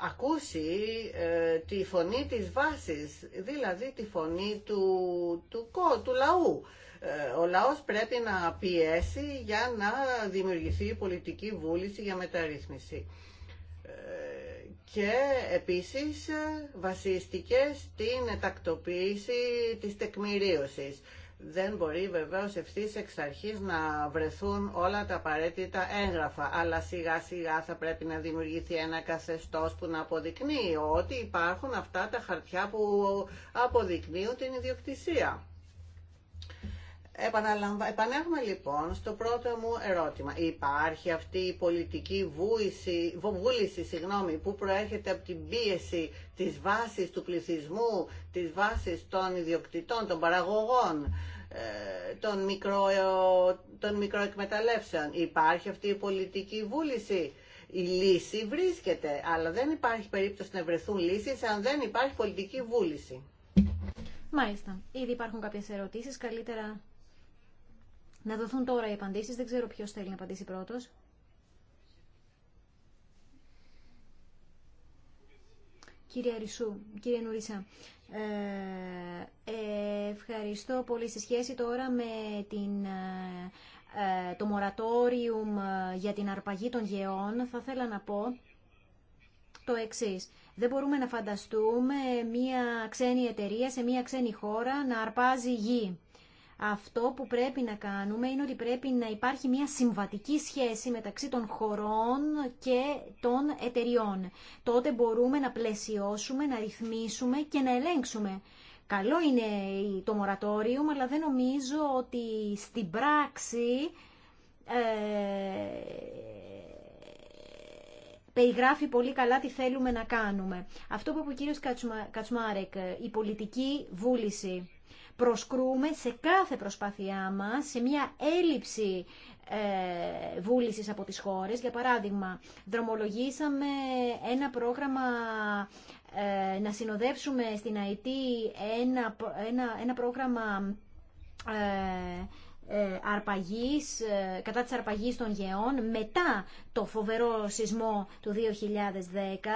ακούσει ε, τη φωνή της βάσης, δηλαδή τη φωνή του, του, του λαού. Ε, ο λαός πρέπει να πιέσει για να δημιουργηθεί πολιτική βούληση για μεταρρύθμιση. Και επίσης βασίστηκε στην τακτοποίηση της τεκμηρίωσης δεν μπορεί βεβαίω ευθύ εξ αρχή να βρεθούν όλα τα απαραίτητα έγγραφα, αλλά σιγά σιγά θα πρέπει να δημιουργηθεί ένα καθεστώ που να αποδεικνύει ότι υπάρχουν αυτά τα χαρτιά που αποδεικνύουν την ιδιοκτησία. Επαναλαμβα... Επανέρχομαι λοιπόν στο πρώτο μου ερώτημα. Υπάρχει αυτή η πολιτική βούληση που προέρχεται από την πίεση της βάσης του πληθυσμού, της βάσης των ιδιοκτητών, των παραγωγών, ε, των, μικρο, των μικροεκμεταλλεύσεων. Υπάρχει αυτή η πολιτική βούληση. Η λύση βρίσκεται, αλλά δεν υπάρχει περίπτωση να βρεθούν λύσεις αν δεν υπάρχει πολιτική βούληση. Μάλιστα. Ήδη υπάρχουν κάποιες ερωτήσεις. Καλύτερα να δοθούν τώρα οι απαντήσεις. Δεν ξέρω ποιος θέλει να απαντήσει πρώτος. Κύριε, Αρισού, κύριε Νουρίσα, ε, ε, ευχαριστώ πολύ. Στη σχέση τώρα με την, ε, το μορατόριουμ για την αρπαγή των γεών, θα ήθελα να πω το εξής. Δεν μπορούμε να φανταστούμε μία ξένη εταιρεία σε μία ξένη χώρα να αρπάζει γη. Αυτό που πρέπει να κάνουμε είναι ότι πρέπει να υπάρχει μια συμβατική σχέση μεταξύ των χωρών και των εταιριών. Τότε μπορούμε να πλαισιώσουμε, να ρυθμίσουμε και να ελέγξουμε. Καλό είναι το μορατόριο, αλλά δεν νομίζω ότι στην πράξη ε, περιγράφει πολύ καλά τι θέλουμε να κάνουμε. Αυτό που είπε ο κύριος Κατσμάρεκ, η πολιτική βούληση προσκρούμε σε κάθε προσπάθειά μας, σε μια έλλειψη ε, βούλησης από τις χώρες. Για παράδειγμα, δρομολογήσαμε ένα πρόγραμμα ε, να συνοδεύσουμε στην ΑΕΤ ένα, ένα, ένα πρόγραμμα ε, ε αρπαγής, ε, κατά της αρπαγής των γεών μετά το φοβερό σεισμό του 2010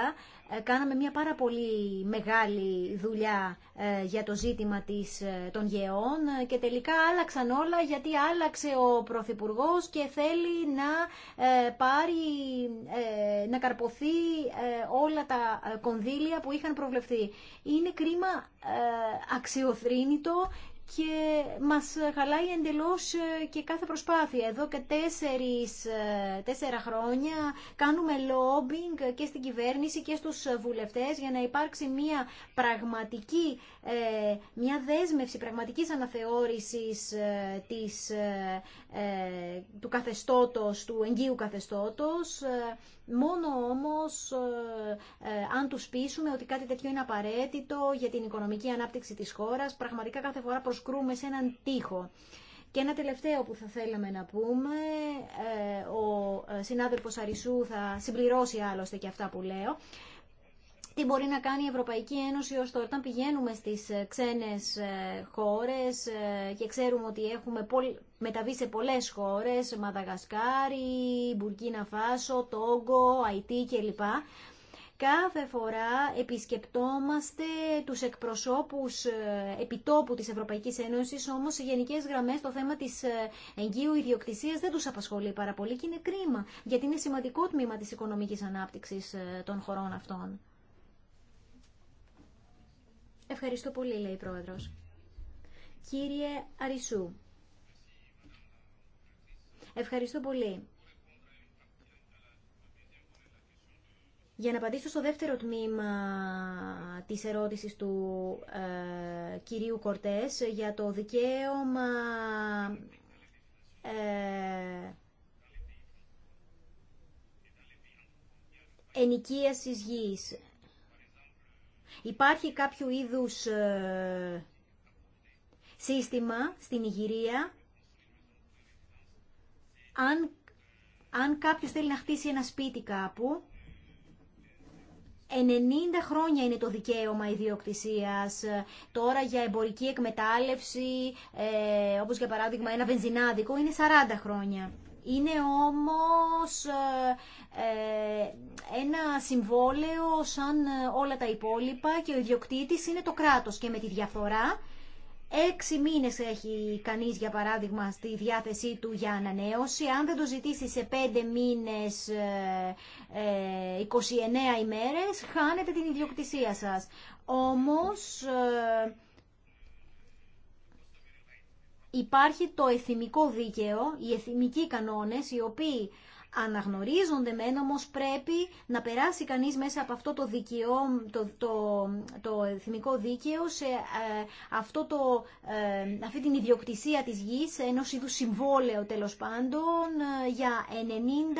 ε, κάναμε μια πάρα πολύ μεγάλη δουλειά ε, για το ζήτημα της, ε, των γεών και τελικά άλλαξαν όλα γιατί άλλαξε ο Πρωθυπουργό και θέλει να πάρει, να καρποθεί όλα τα κονδύλια που είχαν προβλεφθεί. Είναι κρίμα αξιοθρύνητο και μας χαλάει εντελώς ε, και κάθε προσπάθεια. Εδώ και τέσσερις, ε, τέσσερα χρόνια κάνουμε lobbying ε, και στην κυβέρνηση και στους βουλευτές για να υπάρξει μια πραγματική ε, μια δέσμευση πραγματικής αναθεώρησης ε, της, ε, του καθεστώτος, του εγγύου καθεστώτος, μόνο όμως αν τους πείσουμε ότι κάτι τέτοιο είναι απαραίτητο για την οικονομική ανάπτυξη της χώρας, πραγματικά κάθε φορά προσκρούμε σε έναν τοίχο. Και ένα τελευταίο που θα θέλαμε να πούμε, ο συνάδελφος Αρισού θα συμπληρώσει άλλωστε και αυτά που λέω, τι μπορεί να κάνει η Ευρωπαϊκή Ένωση ως τώρα. Όταν πηγαίνουμε στις ε, ξένες ε, χώρες ε, και ξέρουμε ότι έχουμε μεταβεί σε πολλές χώρες, Μαδαγασκάρι, Μπουρκίνα Φάσο, Τόγκο, Αϊτή κλπ. Κάθε φορά επισκεπτόμαστε τους εκπροσώπους επιτόπου της Ευρωπαϊκής Ένωσης, όμως σε γενικές γραμμές το θέμα της εγγύου ιδιοκτησίας δεν τους απασχολεί πάρα πολύ και είναι κρίμα, γιατί είναι σημαντικό τμήμα της οικονομικής ανάπτυξης των χωρών αυτών. Ευχαριστώ πολύ, λέει η Πρόεδρος. Κύριε Αρισού, ευχαριστώ πολύ. Για να απαντήσω στο δεύτερο τμήμα της ερώτησης του ε, κυρίου Κορτές για το δικαίωμα ε, ενοικίασης γης. Υπάρχει κάποιο είδους ε, σύστημα στην Ιγυρία αν, αν κάποιος θέλει να χτίσει ένα σπίτι κάπου 90 χρόνια είναι το δικαίωμα ιδιοκτησίας. Τώρα για εμπορική εκμετάλλευση, ε, όπως για παράδειγμα ένα βενζινάδικο, είναι 40 χρόνια. Είναι όμως ε, ε, ένα συμβόλαιο σαν ε, όλα τα υπόλοιπα και ο ιδιοκτήτης είναι το κράτος και με τη διαφορά Έξι μήνες έχει κανείς, για παράδειγμα, στη διάθεσή του για ανανέωση. Αν δεν το ζητήσει σε πέντε μήνες, 29 ημέρες, χάνετε την ιδιοκτησία σας. Όμως υπάρχει το εθιμικό δίκαιο, οι εθιμικοί κανόνες, οι οποίοι αναγνωρίζονται μεν, όμως πρέπει να περάσει κανείς μέσα από αυτό το, δικαιό, το, το, το εθνικό δίκαιο σε ε, αυτό το, ε, αυτή την ιδιοκτησία της γης, ενός είδους συμβόλαιο τέλος πάντων, ε, για 90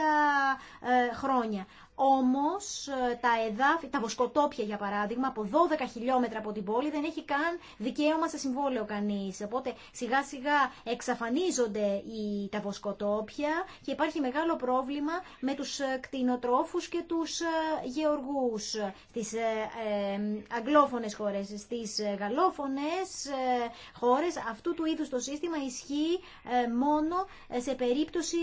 χρόνια όμως ε, τα εδάφη, τα βοσκοτόπια για παράδειγμα, από 12 χιλιόμετρα από την πόλη δεν έχει καν δικαίωμα σε συμβόλαιο κανείς. Οπότε σιγά σιγά εξαφανίζονται οι, τα βοσκοτόπια και υπάρχει μεγάλο πρόβλημα με τους ε, κτηνοτρόφους και τους ε, γεωργούς στις ε, αγγλόφωνες χώρες, στις γαλλόφωνες χώρες. Αυτού του είδους το σύστημα ισχύει μόνο σε περίπτωση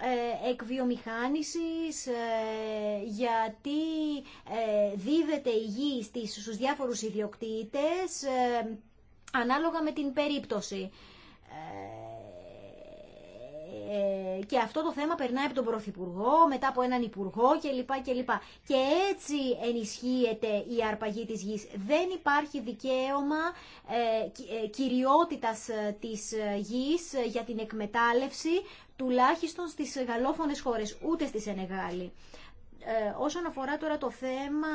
ε, εκβιομηχάνησης ε, γιατί ε, δίδεται η γη στους διάφορους ιδιοκτήτες ανάλογα με την περίπτωση. Ε, και αυτό το θέμα περνάει από τον Πρωθυπουργό, μετά από έναν Υπουργό κλπ. Και έτσι ενισχύεται η αρπαγή της γης. Δεν υπάρχει δικαίωμα ε, ε, κυριότητας της γης για την εκμετάλλευση, τουλάχιστον στις γαλλόφωνες χώρες, ούτε στις Σενεγάλη. Όσον αφορά τώρα το θέμα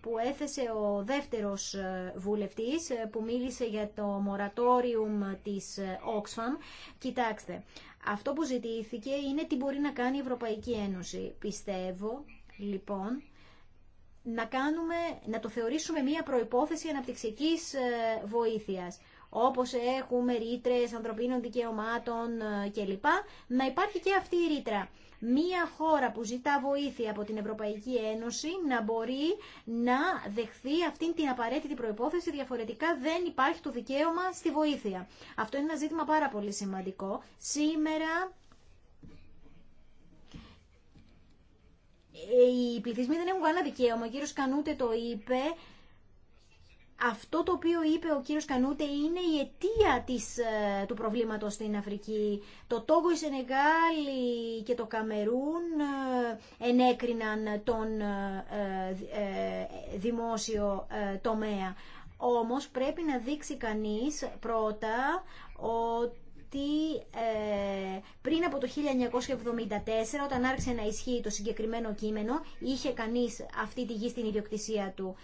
που έθεσε ο δεύτερος βουλευτής που μίλησε για το μορατόριουμ της Oxfam, κοιτάξτε, αυτό που ζητήθηκε είναι τι μπορεί να κάνει η Ευρωπαϊκή Ένωση. Πιστεύω, λοιπόν, να, κάνουμε, να το θεωρήσουμε μία προϋπόθεση αναπτυξιακής ε, βοήθειας όπως έχουμε ρήτρε ανθρωπίνων δικαιωμάτων ε, κλπ. Να υπάρχει και αυτή η ρήτρα μία χώρα που ζητά βοήθεια από την Ευρωπαϊκή Ένωση να μπορεί να δεχθεί αυτή την απαραίτητη προϋπόθεση, διαφορετικά δεν υπάρχει το δικαίωμα στη βοήθεια. Αυτό είναι ένα ζήτημα πάρα πολύ σημαντικό. Σήμερα οι πληθυσμοί δεν έχουν κανένα δικαίωμα. Ο κύριος Κανούτε το είπε. Αυτό το οποίο είπε ο κύριος Κανούτε είναι η αιτία της, ε, του προβλήματος στην Αφρική. Το Τόγκο, η Σενεγάλη και το Καμερούν ε, ενέκριναν τον ε, δημόσιο τομέα. Όμως πρέπει να δείξει κανείς πρώτα ότι πριν από το 1974, όταν άρχισε να ισχύει το συγκεκριμένο κείμενο, είχε κανείς αυτή τη γη στην ιδιοκτησία του.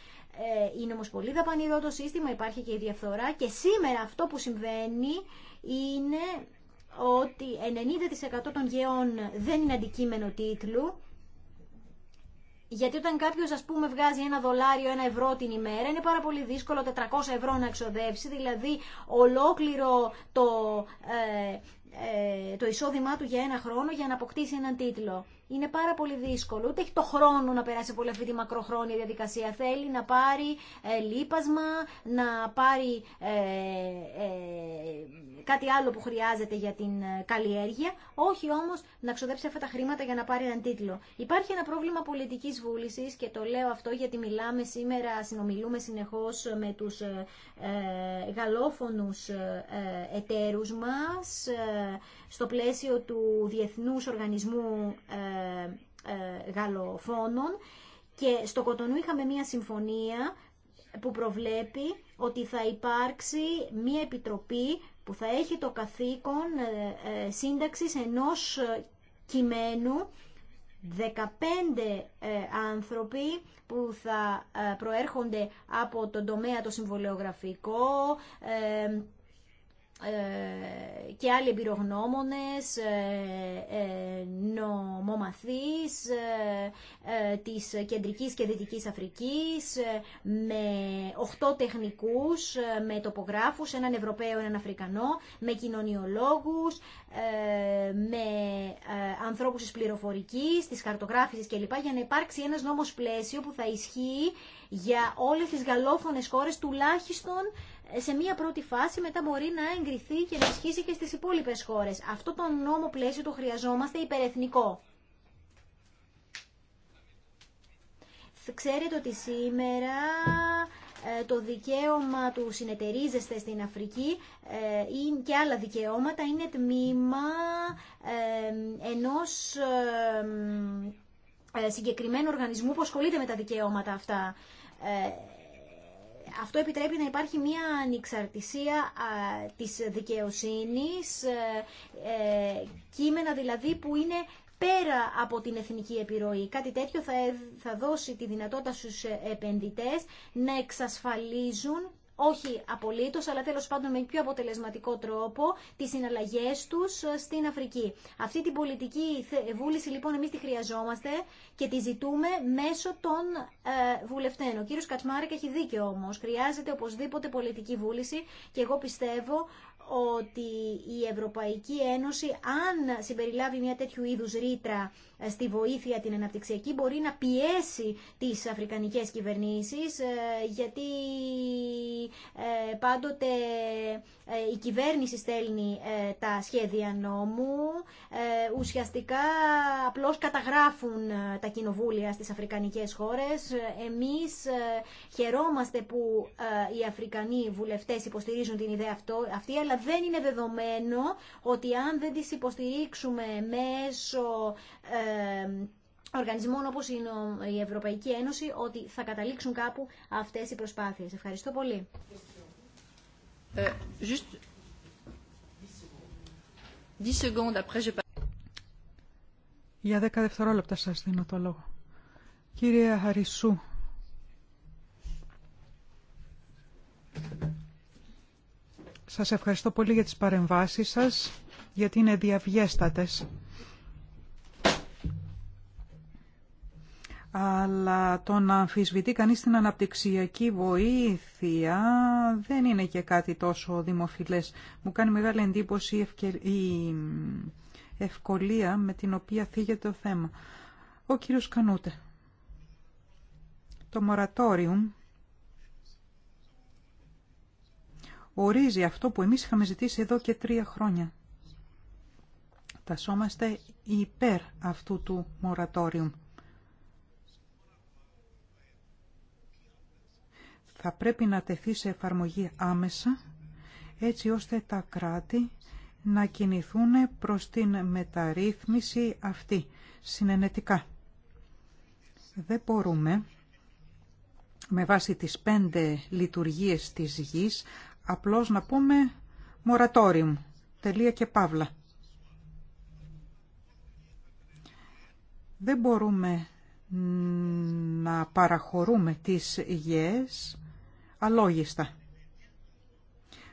Ε, είναι όμως πολύ δαπανηρό το σύστημα, υπάρχει και η διαφθορά και σήμερα αυτό που συμβαίνει είναι ότι 90% των γεών δεν είναι αντικείμενο τίτλου γιατί όταν κάποιο, ας πούμε, βγάζει ένα δολάριο, ένα ευρώ την ημέρα, είναι πάρα πολύ δύσκολο 400 ευρώ να εξοδεύσει. Δηλαδή, ολόκληρο το, ε, ε, το εισόδημά του για ένα χρόνο για να αποκτήσει έναν τίτλο είναι πάρα πολύ δύσκολο. Ούτε έχει το χρόνο να περάσει από όλη αυτή τη μακροχρόνια διαδικασία. Θέλει να πάρει ε, λίπασμα, να πάρει ε, ε, κάτι άλλο που χρειάζεται για την ε, καλλιέργεια. Όχι όμω να ξοδέψει αυτά τα χρήματα για να πάρει έναν τίτλο. Υπάρχει ένα πρόβλημα πολιτική βούληση και το λέω αυτό γιατί μιλάμε σήμερα, συνομιλούμε συνεχώ με του ε, γαλλόφωνου εταίρου μα στο πλαίσιο του Διεθνούς Οργανισμού ε, ε, Γαλλοφώνων και στο Κοτονού είχαμε μία συμφωνία που προβλέπει ότι θα υπάρξει μία επιτροπή που θα έχει το καθήκον ε, σύνταξης ενός κειμένου 15 άνθρωποι που θα προέρχονται από τον τομέα το συμβολεογραφικό, ε, και άλλοι εμπειρογνώμονες, ε, ε, νομομαθείς της Κεντρικής και Δυτικής Αφρικής, με 8 τεχνικούς, με τοπογράφους, έναν Ευρωπαίο, έναν Αφρικανό, με κοινωνιολόγους, με ανθρώπους της πληροφορικής, της χαρτογράφησης κλπ. για να υπάρξει ένας νόμος πλαίσιο που θα ισχύει για όλες τις γαλλόφωνες χώρες τουλάχιστον σε μία πρώτη φάση μετά μπορεί να εγκριθεί και να ισχύσει και στις υπόλοιπες χώρες. Αυτό το νόμο πλαίσιο το χρειαζόμαστε υπερεθνικό. Ξέρετε ότι σήμερα ε, το δικαίωμα του συνεταιρίζεστε στην Αφρική ε, ή και άλλα δικαιώματα είναι τμήμα ε, ενός συγκεκριμένου οργανισμού που ασχολείται με τα δικαιώματα αυτά αυτό επιτρέπει να υπάρχει μια ανεξαρτησία της δικαιοσύνης, ε, ε, κείμενα δηλαδή που είναι πέρα από την εθνική επιρροή. Κάτι τέτοιο θα δώσει τη δυνατότητα στους επενδυτές να εξασφαλίζουν όχι απολύτως, αλλά τέλος πάντων με πιο αποτελεσματικό τρόπο τις συναλλαγές τους ε, στην Αφρική. Αυτή την πολιτική βούληση λοιπόν εμείς τη χρειαζόμαστε και τη ζητούμε μέσω των ε, βουλευτών. Ο κύριος Κατσμάρικ έχει δίκιο όμως. Χρειάζεται οπωσδήποτε πολιτική βούληση και εγώ πιστεύω ότι η Ευρωπαϊκή Ένωση, αν συμπεριλάβει μια τέτοιου είδους ρήτρα ε, στη βοήθεια την αναπτυξιακή, μπορεί να πιέσει τις αφρικανικές κυβερνήσεις, ε, γιατί ε, πάντοτε η κυβέρνηση στέλνει τα σχέδια νόμου, ουσιαστικά απλώς καταγράφουν τα κοινοβούλια στις αφρικανικές χώρες. Εμείς χαιρόμαστε που οι Αφρικανοί βουλευτές υποστηρίζουν την ιδέα αυτή, αλλά δεν είναι δεδομένο ότι αν δεν τις υποστηρίξουμε μέσω οργανισμών όπως είναι η Ευρωπαϊκή Ένωση, ότι θα καταλήξουν κάπου αυτές οι προσπάθειες. Ευχαριστώ πολύ. Ε, Για δέκα δευτερόλεπτα σας δίνω το λόγο. Κύριε Χαρισού, Σας ευχαριστώ πολύ για τις παρεμβάσεις σας, γιατί είναι διαβιέστατες. Αλλά το να αμφισβητεί κανείς την αναπτυξιακή βοήθεια δεν είναι και κάτι τόσο δημοφιλές. Μου κάνει μεγάλη εντύπωση η, ευκολία με την οποία θίγεται το θέμα. Ο κύριος Κανούτε. Το moratorium... ορίζει αυτό που εμείς είχαμε ζητήσει εδώ και τρία χρόνια. Τασόμαστε υπέρ αυτού του μορατόριου. Θα πρέπει να τεθεί σε εφαρμογή άμεσα, έτσι ώστε τα κράτη να κινηθούν προς την μεταρρύθμιση αυτή, συνενετικά. Δεν μπορούμε με βάση τις πέντε λειτουργίες της γης απλώς να πούμε moratorium, τελεία και παύλα. Δεν μπορούμε να παραχωρούμε τις γιές αλόγιστα.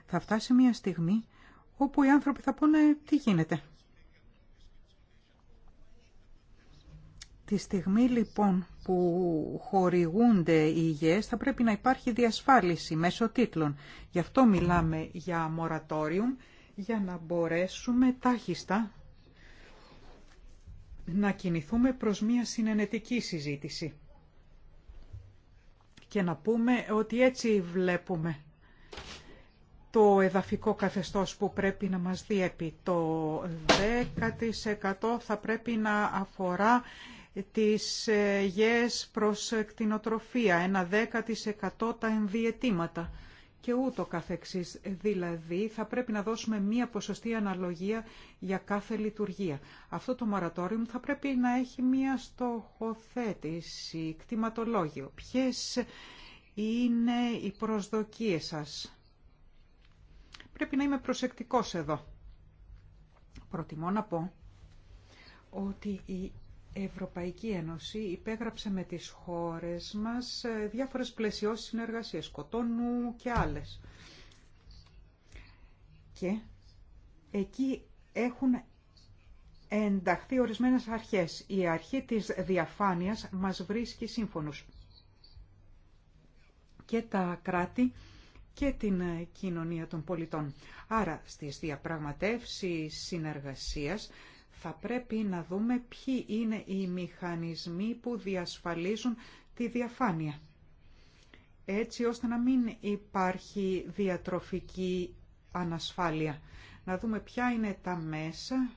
Θα φτάσει μια στιγμή όπου οι άνθρωποι θα πούνε τι γίνεται. Τη στιγμή λοιπόν που χορηγούνται οι υγιές θα πρέπει να υπάρχει διασφάλιση μέσω τίτλων. Γι' αυτό μιλάμε για μορατόριου για να μπορέσουμε τάχιστα να κινηθούμε προς μια συνενετική συζήτηση και να πούμε ότι έτσι βλέπουμε το εδαφικό καθεστώς που πρέπει να μας διέπει. Το 10% θα πρέπει να αφορά τις ε, γές προς κτηνοτροφία, ένα 10% τα ενδιαιτήματα και ούτω καθεξής. Δηλαδή θα πρέπει να δώσουμε μία ποσοστή αναλογία για κάθε λειτουργία. Αυτό το μορατόριο θα πρέπει να έχει μία στοχοθέτηση, κτηματολόγιο. Ποιες είναι οι προσδοκίες σας. Πρέπει να είμαι προσεκτικός εδώ. Προτιμώ να πω ότι η Ευρωπαϊκή Ένωση υπέγραψε με τις χώρες μας ε, διάφορες πλαισιώσεις συνεργασίες, κοτόνου και άλλες. Και εκεί έχουν ενταχθεί ορισμένες αρχές. Η αρχή της διαφάνειας μας βρίσκει σύμφωνος. Και τα κράτη και την ε, κοινωνία των πολιτών. Άρα στις διαπραγματεύσεις συνεργασίας θα πρέπει να δούμε ποιοι είναι οι μηχανισμοί που διασφαλίζουν τη διαφάνεια. Έτσι ώστε να μην υπάρχει διατροφική ανασφάλεια. Να δούμε ποια είναι τα μέσα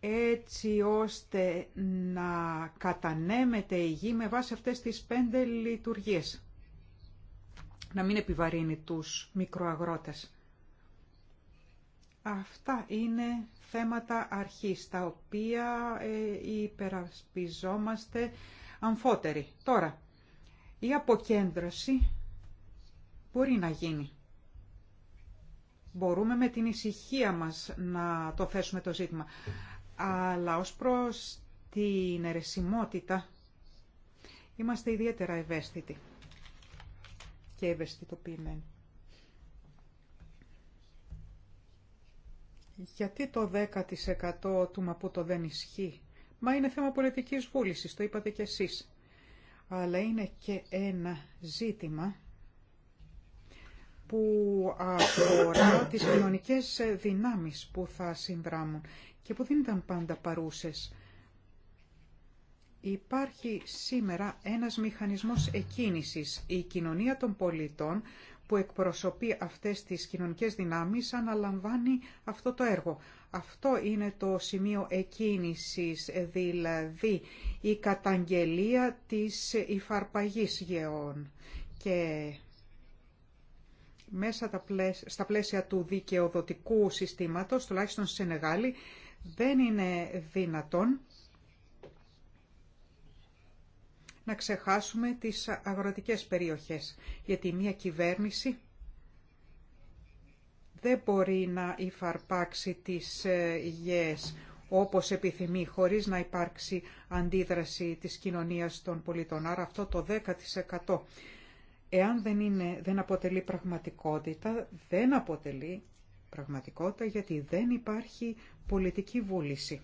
έτσι ώστε να κατανέμεται η γη με βάση αυτές τις πέντε λειτουργίες. Να μην επιβαρύνει τους μικροαγρότες. Αυτά είναι θέματα αρχής, τα οποία ε, υπερασπιζόμαστε αμφότεροι. Τώρα, η αποκέντρωση μπορεί να γίνει. Μπορούμε με την ησυχία μας να το θέσουμε το ζήτημα. Αλλά ως προς την ερεσιμότητα είμαστε ιδιαίτερα ευαίσθητοι και ευαισθητοποιημένοι. Γιατί το 10% του Μαπούτο δεν ισχύει. Μα είναι θέμα πολιτικής βούλησης, το είπατε κι εσείς. Αλλά είναι και ένα ζήτημα που αφορά τις κοινωνικές δυνάμεις που θα συνδράμουν και που δεν ήταν πάντα παρούσες. Υπάρχει σήμερα ένας μηχανισμός εκκίνησης. Η κοινωνία των πολιτών που εκπροσωπεί αυτές τις κοινωνικές δυνάμεις αναλαμβάνει αυτό το έργο. Αυτό είναι το σημείο εκκίνησης, δηλαδή η καταγγελία της υφαρπαγής γεών. Και μέσα στα πλαίσια του δικαιοδοτικού συστήματος, τουλάχιστον σε Σενεγάλη, δεν είναι δυνατόν να ξεχάσουμε τις αγροτικές περιοχές, γιατί μια κυβέρνηση δεν μπορεί να υφαρπάξει τις ε, ΓΕΣ όπως επιθυμεί, χωρίς να υπάρξει αντίδραση της κοινωνίας των πολιτών. Άρα αυτό το 10% εάν δεν, είναι, δεν αποτελεί πραγματικότητα, δεν αποτελεί πραγματικότητα γιατί δεν υπάρχει πολιτική βούληση.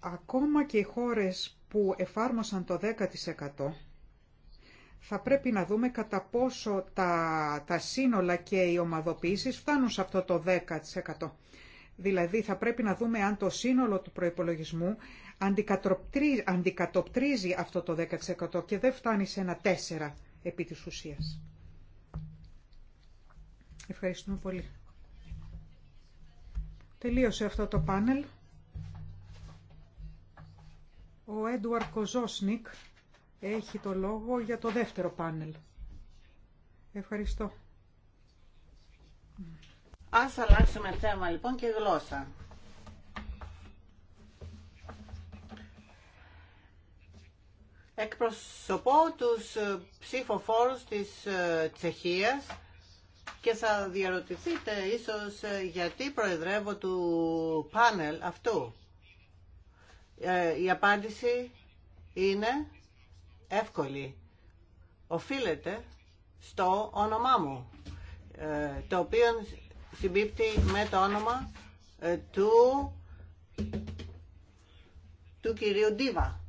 Ακόμα και οι χώρες που εφάρμοσαν το 10% θα πρέπει να δούμε κατά πόσο τα, τα σύνολα και οι ομαδοποιήσεις φτάνουν σε αυτό το 10%. Δηλαδή θα πρέπει να δούμε αν το σύνολο του προϋπολογισμού αντικατοπτρίζει αυτό το 10% και δεν φτάνει σε ένα 4% επί της ουσίας. Ευχαριστούμε πολύ. Τελείωσε αυτό το πάνελ. Ο Έντουαρ Κοζόσνικ έχει το λόγο για το δεύτερο πάνελ. Ευχαριστώ. Ας αλλάξουμε θέμα λοιπόν και γλώσσα. Εκπροσωπώ τους ε, ψηφοφόρους της ε, Τσεχίας και θα διαρωτηθείτε ίσως ε, γιατί προεδρεύω του πάνελ αυτού. Ε, η απάντηση είναι εύκολη. Οφείλεται στο όνομά μου, ε, το οποίο συμπίπτει με το όνομα ε, του, του κυρίου Ντίβα,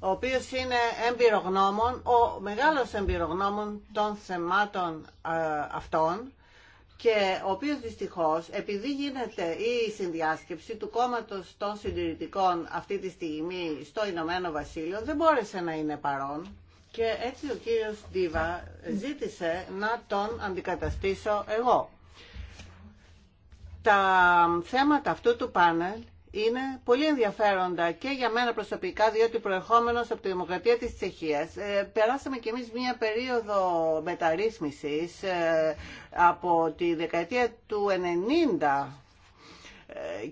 ο οποίος είναι εμπειρογνώμων, ο μεγάλος εμπειρογνώμων των θεμάτων αυτών, και ο οποίος δυστυχώς, επειδή γίνεται η συνδιάσκεψη του κόμματος των συντηρητικών αυτή τη στιγμή στο Ηνωμένο Βασίλειο, δεν μπόρεσε να είναι παρόν. Και έτσι ο κύριος Ντίβα ζήτησε να τον αντικαταστήσω εγώ. Τα θέματα αυτού του πάνελ είναι πολύ ενδιαφέροντα και για μένα προσωπικά, διότι προερχόμενος από τη Δημοκρατία της Τσεχίας, ε, περάσαμε κι εμείς μία περίοδο μεταρρύθμισης ε, από τη δεκαετία του 90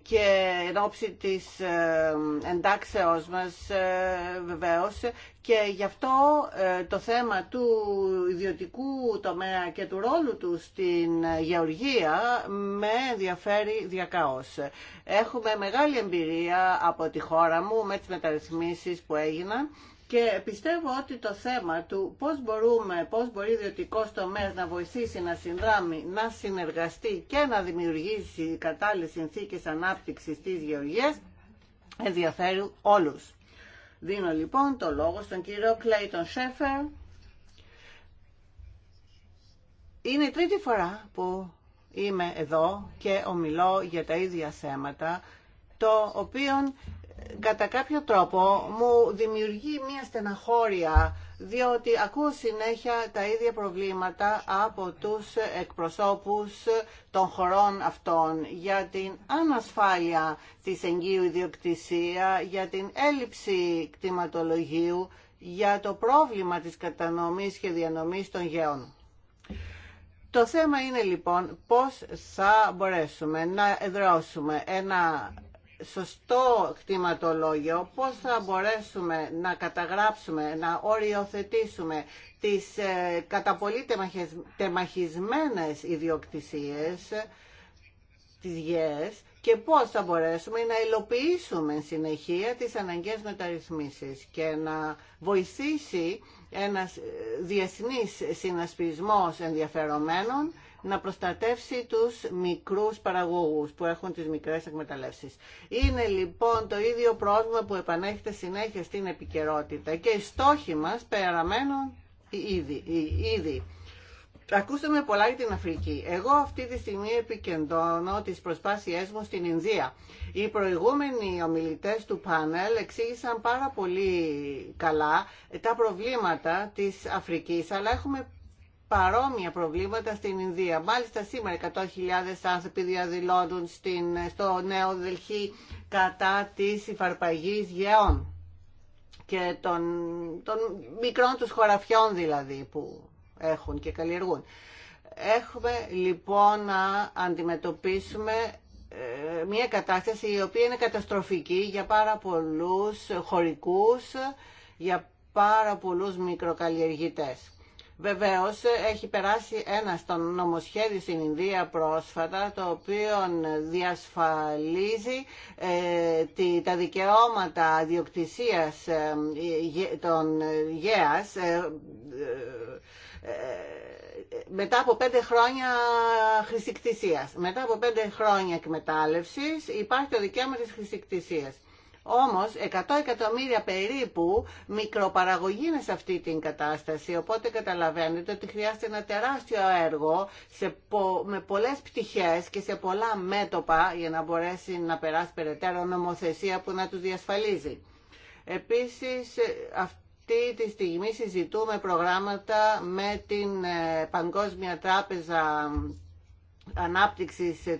και εν ώψη της ε, εντάξεώς μας ε, βεβαίως και γι' αυτό ε, το θέμα του ιδιωτικού τομέα και του ρόλου του στην γεωργία με ενδιαφέρει διακαώς. Έχουμε μεγάλη εμπειρία από τη χώρα μου με τις μεταρρυθμίσεις που έγιναν και πιστεύω ότι το θέμα του πώς μπορούμε, πώς μπορεί ο ιδιωτικό τομέα να βοηθήσει, να συνδράμει, να συνεργαστεί και να δημιουργήσει κατάλληλες συνθήκες ανάπτυξης της γεωργίας ενδιαφέρει όλους. Δίνω λοιπόν το λόγο στον κύριο Κλέιτον Σέφερ. Είναι η τρίτη φορά που είμαι εδώ και ομιλώ για τα ίδια θέματα, το οποίο κατά κάποιο τρόπο μου δημιουργεί μια στεναχώρια διότι ακούω συνέχεια τα ίδια προβλήματα από τους εκπροσώπους των χωρών αυτών για την ανασφάλεια της εγγύου ιδιοκτησία, για την έλλειψη κτηματολογίου, για το πρόβλημα της κατανομής και διανομής των γεών. Το θέμα είναι λοιπόν πώς θα μπορέσουμε να εδραιώσουμε ένα σωστό κτηματολόγιο, πώς θα μπορέσουμε να καταγράψουμε, να οριοθετήσουμε τις ε, κατά πολύ τεμαχισμένες ιδιοκτησίες, τις ΓΕΕΣ, και πώς θα μπορέσουμε να υλοποιήσουμε συνεχεία τις αναγκαίες μεταρρυθμίσεις και να βοηθήσει ένας ε, διεθνής συνασπισμός ενδιαφερομένων να προστατεύσει τους μικρούς παραγωγούς που έχουν τις μικρές εκμεταλλεύσεις. Είναι λοιπόν το ίδιο πρόβλημα που επανέρχεται συνέχεια στην επικαιρότητα και οι στόχοι μας περαμένουν ήδη. Ακούσαμε πολλά για την Αφρική. Εγώ αυτή τη στιγμή επικεντρώνω τις προσπάθειές μου στην Ινδία. Οι προηγούμενοι ομιλητές του πάνελ εξήγησαν πάρα πολύ καλά τα προβλήματα της Αφρικής, αλλά έχουμε παρόμοια προβλήματα στην Ινδία. Μάλιστα σήμερα 100.000 άνθρωποι διαδηλώνουν στην, στο Νέο Δελχή κατά της υφαρπαγής γεών και των, των μικρών τους χωραφιών δηλαδή που έχουν και καλλιεργούν. Έχουμε λοιπόν να αντιμετωπίσουμε ε, μια κατάσταση η οποία είναι καταστροφική για πάρα πολλούς χωρικούς, για πάρα πολλούς μικροκαλλιεργητές. Βεβαίω έχει περάσει ένα στο νομοσχέδιο στην Ινδία πρόσφατα το οποίο διασφαλίζει ε, τη, τα δικαιώματα διοκτησία ε, των ΓΕΑΣ ε, μετά από πέντε χρόνια χρησικτησίας. Μετά από πέντε χρόνια εκμετάλλευσης υπάρχει το δικαίωμα της χρησικτησίας. Όμως 100 εκατομμύρια περίπου μικροπαραγωγή είναι σε αυτή την κατάσταση, οπότε καταλαβαίνετε ότι χρειάζεται ένα τεράστιο έργο σε με πολλές πτυχές και σε πολλά μέτωπα για να μπορέσει να περάσει περαιτέρω νομοθεσία που να τους διασφαλίζει. Επίσης, ε, αυτή τη στιγμή συζητούμε προγράμματα με την ε, Παγκόσμια Τράπεζα ανάπτυξης ε,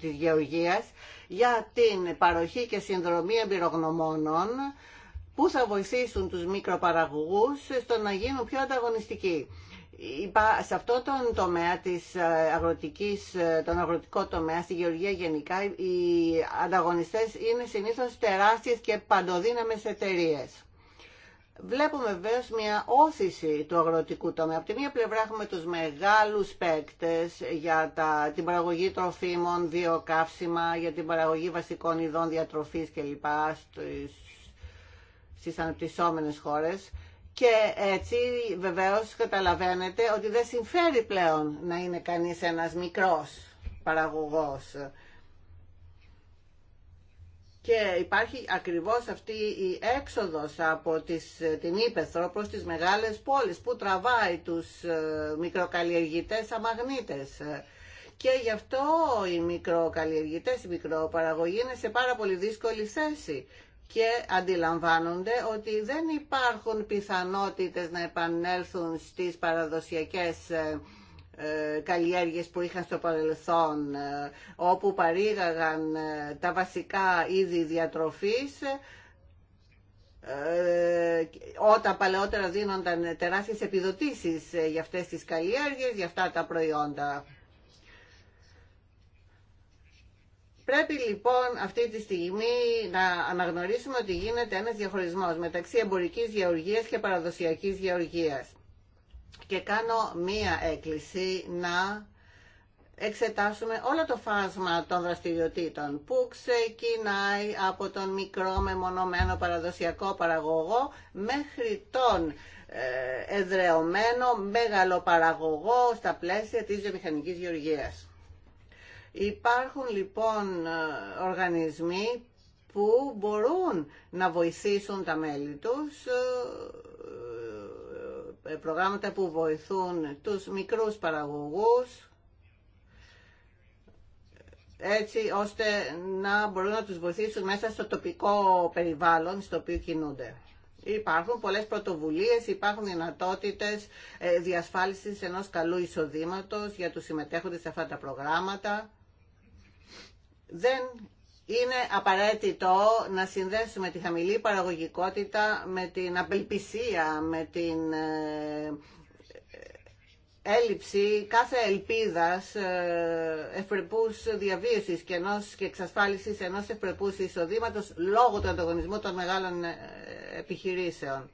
της γεωργίας για την παροχή και συνδρομή εμπειρογνωμόνων που θα βοηθήσουν τους μικροπαραγωγούς στο να γίνουν πιο ανταγωνιστικοί. Σε αυτό τον τομέα της ε, αγροτικής, ε, τον αγροτικό τομέα, στη γεωργία γενικά, οι ανταγωνιστές είναι συνήθως τεράστιες και παντοδύναμες εταιρείες. Βλέπουμε βεβαίω μια όθηση του αγροτικού τομέα. Από τη μία πλευρά έχουμε τους μεγάλους παίκτες για τα, την παραγωγή τροφίμων, βιοκαύσιμα, για την παραγωγή βασικών ειδών διατροφής κλπ. Στις, στις χώρε. χώρες. Και έτσι βεβαίως καταλαβαίνετε ότι δεν συμφέρει πλέον να είναι κανείς ένας μικρός παραγωγός και υπάρχει ακριβώς αυτή η έξοδος από τις, την Ήπεθρο προς τις μεγάλες πόλεις που τραβάει τους ε, μικροκαλλιεργητές αμαγνήτες. Και γι' αυτό οι μικροκαλλιεργητές, οι μικροπαραγωγοί είναι σε πάρα πολύ δύσκολη θέση και αντιλαμβάνονται ότι δεν υπάρχουν πιθανότητες να επανέλθουν στις παραδοσιακές ε, ε, καλλιέργειες που είχαν στο παρελθόν ε, όπου παρήγαγαν ε, τα βασικά είδη διατροφής όταν παλαιότερα δίνονταν τεράστιες επιδοτήσεις για αυτές τις καλλιέργειες, για αυτά τα προϊόντα. Πρέπει λοιπόν αυτή τη στιγμή να αναγνωρίσουμε ότι γίνεται ένας διαχωρισμός μεταξύ εμπορικής γεωργίας και παραδοσιακής γεωργίας και κάνω μία έκκληση να εξετάσουμε όλο το φάσμα των δραστηριοτήτων που ξεκινάει από τον μικρό μεμονωμένο παραδοσιακό παραγωγό μέχρι τον ε, εδρεωμένο μεγάλο παραγωγό στα πλαίσια της βιομηχανικής γεωργίας. Υπάρχουν λοιπόν ε, οργανισμοί που μπορούν να βοηθήσουν τα μέλη τους ε, ε, προγράμματα που βοηθούν τους μικρούς παραγωγούς έτσι ώστε να μπορούν να τους βοηθήσουν μέσα στο τοπικό περιβάλλον στο οποίο κινούνται. Υπάρχουν πολλές πρωτοβουλίες, υπάρχουν δυνατότητες ε, διασφάλισης ενός καλού εισοδήματος για τους συμμετέχοντες σε αυτά τα προγράμματα. Δεν είναι απαραίτητο να συνδέσουμε τη χαμηλή παραγωγικότητα με την απελπισία, με την ε, έλλειψη κάθε ελπίδας ε, ευπρεπούς διαβίωσης και, ενός, και εξασφάλισης ενός ευπρεπούς εισοδήματος λόγω του ανταγωνισμού των μεγάλων ε, επιχειρήσεων.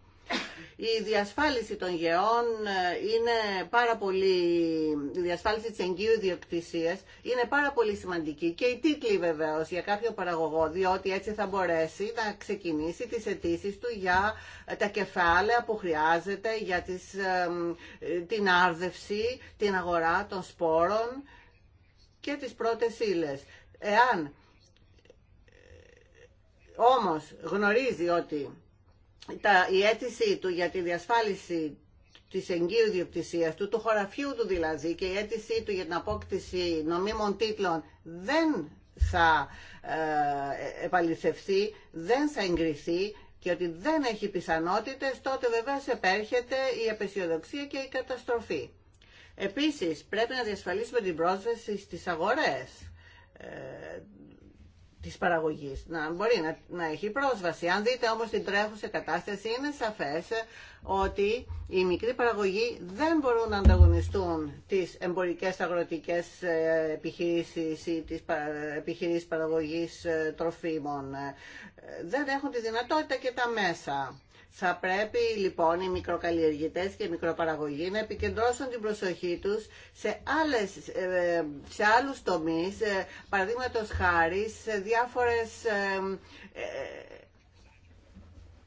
Η διασφάλιση των γεών ε, είναι πάρα πολύ, η διασφάλιση της εγγύου διοκτησίας είναι πάρα πολύ σημαντική και η τίτλη βεβαίω για κάποιο παραγωγό, διότι έτσι θα μπορέσει να ξεκινήσει τις αιτήσει του για ε, τα κεφάλαια που χρειάζεται, για τις, ε, την άρδευση, την αγορά των σπόρων και τις πρώτες ύλες. Εάν όμως γνωρίζει ότι η αίτησή του για τη διασφάλιση της εγκύου διοκτησία του, του χωραφιού του δηλαδή και η αίτησή του για την απόκτηση νομίμων τίτλων δεν θα ε, επαληθευθεί, δεν θα εγκριθεί και ότι δεν έχει πιθανότητες, τότε βεβαίως επέρχεται η απεσιοδοξία και η καταστροφή. Επίσης, πρέπει να διασφαλίσουμε την πρόσβαση στις αγορές. Ε, της παραγωγής. Να μπορεί να, να έχει πρόσβαση. Αν δείτε όμως την τρέχουσα κατάσταση είναι σαφές ότι οι μικροί παραγωγοί δεν μπορούν να ανταγωνιστούν τις εμπορικές αγροτικές ε, επιχειρήσεις ή τις επιχειρήσεις παραγωγής ε, τροφίμων. Ε, δεν έχουν τη δυνατότητα και τα μέσα. Θα πρέπει λοιπόν οι μικροκαλλιεργητές και οι μικροπαραγωγοί να επικεντρώσουν την προσοχή τους σε, άλλες, ε, σε άλλους τομείς, ε, παραδείγματος χάρη σε διάφορες ε,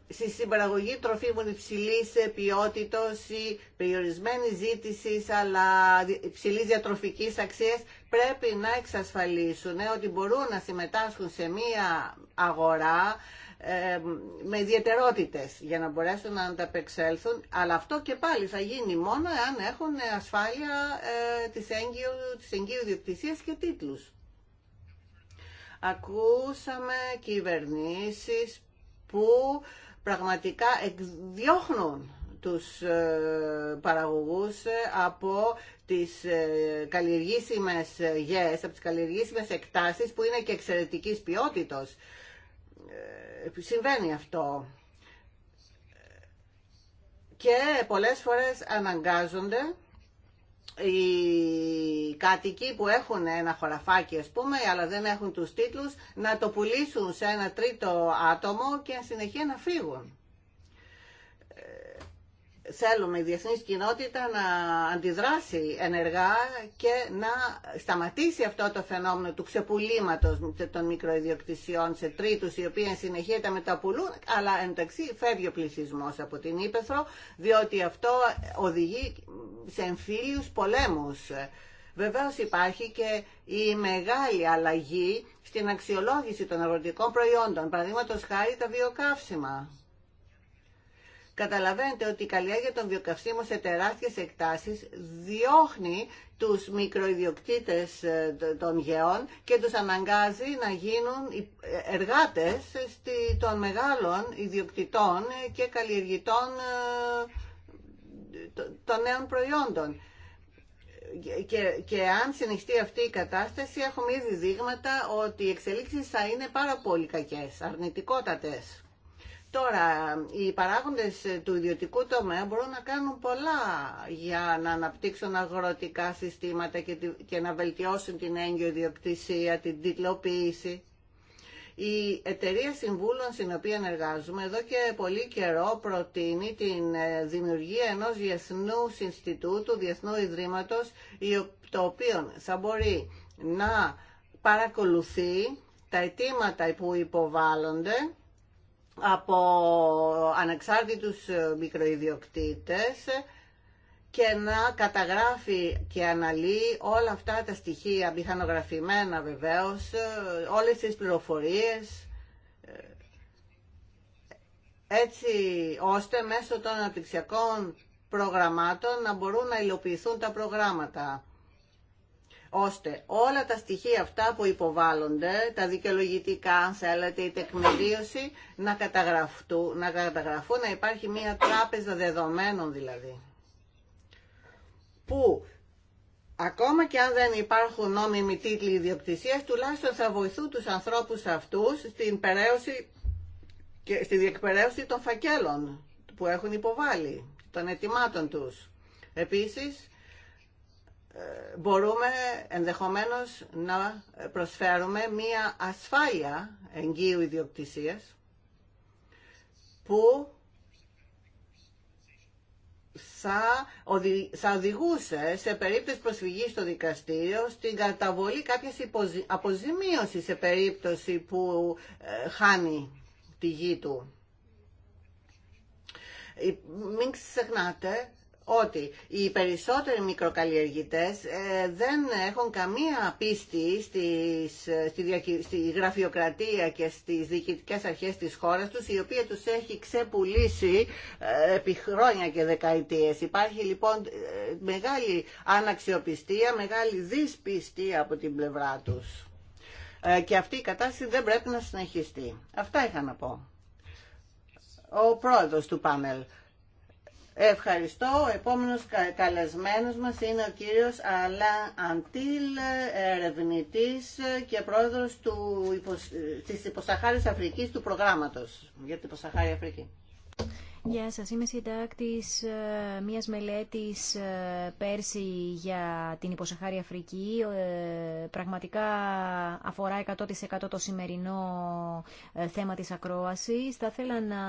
στη συμπαραγωγή τροφίμων υψηλή ποιότητα ή περιορισμένη ζήτηση αλλά υψηλή διατροφική αξία πρέπει να εξασφαλίσουν ότι μπορούν να συμμετάσχουν σε μία αγορά ε, με ιδιαιτερότητες για να μπορέσουν να ανταπεξέλθουν αλλά αυτό και πάλι θα γίνει μόνο εάν έχουν ασφάλεια ε, της, έγκυου, της και τίτλους. Ακούσαμε κυβερνήσεις που πραγματικά εκδιώχνουν τους ε, παραγωγούς από τις ε, καλλιεργήσιμες γέες, από τις καλλιεργήσιμες εκτάσεις που είναι και εξαιρετικής ποιότητος συμβαίνει αυτό και πολλές φορές αναγκάζονται οι κάτοικοι που έχουν ένα χωραφάκι ας πούμε αλλά δεν έχουν τους τίτλους να το πουλήσουν σε ένα τρίτο άτομο και συνεχεία να φύγουν θέλουμε η διεθνή κοινότητα να αντιδράσει ενεργά και να σταματήσει αυτό το φαινόμενο του ξεπουλήματος των μικροϊδιοκτησιών σε τρίτους οι οποίοι συνεχεία τα μεταπουλούν αλλά εντάξει φεύγει ο πληθυσμό από την Ήπεθρο διότι αυτό οδηγεί σε εμφύλιους πολέμους. Βεβαίως υπάρχει και η μεγάλη αλλαγή στην αξιολόγηση των αγροτικών προϊόντων, παραδείγματος χάρη τα βιοκαύσιμα Καταλαβαίνετε ότι η καλλιέργεια των βιοκαυσίμων σε τεράστιες εκτάσεις διώχνει τους μικροϊδιοκτήτες ε, των γεών και τους αναγκάζει να γίνουν ε, εργάτες των μεγάλων ιδιοκτητών ε, και καλλιεργητών των νέων προϊόντων. Και, και αν συνεχιστεί αυτή η κατάσταση έχουμε ήδη δείγματα ότι οι εξελίξεις θα είναι πάρα πολύ κακές, αρνητικότατες. Τώρα, οι παράγοντες του ιδιωτικού τομέα μπορούν να κάνουν πολλά για να αναπτύξουν αγροτικά συστήματα και να βελτιώσουν την έγκυο ιδιοκτησία, την διτλοποίηση. Η εταιρεία συμβούλων στην οποία εργάζομαι εδώ και πολύ καιρό προτείνει την ε, δημιουργία ενός διεθνού Ινστιτούτου, Διεθνού Ιδρύματος, το οποίο θα μπορεί να παρακολουθεί τα αιτήματα που υποβάλλονται από ανεξάρτητους ε, μικροϊδιοκτήτες και να καταγράφει και αναλύει όλα αυτά τα στοιχεία, μηχανογραφημένα βεβαίως, ε, όλες τις πληροφορίες, ε, έτσι ώστε μέσω των αναπτυξιακών προγραμμάτων να μπορούν να υλοποιηθούν τα προγράμματα ώστε όλα τα στοιχεία αυτά που υποβάλλονται, τα δικαιολογητικά, αν θέλετε, η τεκμηρίωση, να καταγραφούν, να, καταγραφούν, να υπάρχει μια τράπεζα δεδομένων δηλαδή. Που ακόμα και αν δεν υπάρχουν νόμιμοι τίτλοι ιδιοκτησία, τουλάχιστον θα βοηθούν τους ανθρώπους αυτούς στην περαίωση και στη διεκπαιρέωση των φακέλων που έχουν υποβάλει, των ετοιμάτων τους. Επίσης, ε, μπορούμε ενδεχομένως να προσφέρουμε μία ασφάλεια εγγύου ιδιοκτησίας που θα οδηγούσε σε περίπτωση προσφυγής στο δικαστήριο στην καταβολή κάποιας αποζημίωσης σε περίπτωση που ε, χάνει τη γη του. Μην ξεχνάτε ότι οι περισσότεροι μικροκαλλιεργητές ε, δεν έχουν καμία πίστη ε, στη γραφειοκρατία και στις διοικητικές αρχές της χώρας τους, η οποία τους έχει ξεπουλήσει ε, επί χρόνια και δεκαετίες. Υπάρχει λοιπόν μεγάλη αναξιοπιστία, μεγάλη δυσπιστία από την πλευρά τους. Και αυτή η κατάσταση δεν πρέπει να συνεχιστεί. Αυτά είχα να πω. Ο πρόεδρος του πάνελ. Ευχαριστώ. Ο επόμενος καλεσμένος μας είναι ο κύριος Αλάν Αντίλ, ερευνητής και πρόεδρος του, της Υποσαχάρης Αφρικής του προγράμματος για την Υποσαχάρη Αφρική. Γεια σας, είμαι συντάκτης ε, μιας μελέτης ε, πέρσι για την υποσαχάρη Αφρική. Ε, πραγματικά αφορά 100% το σημερινό θέμα της ακρόασης. Θα ήθελα να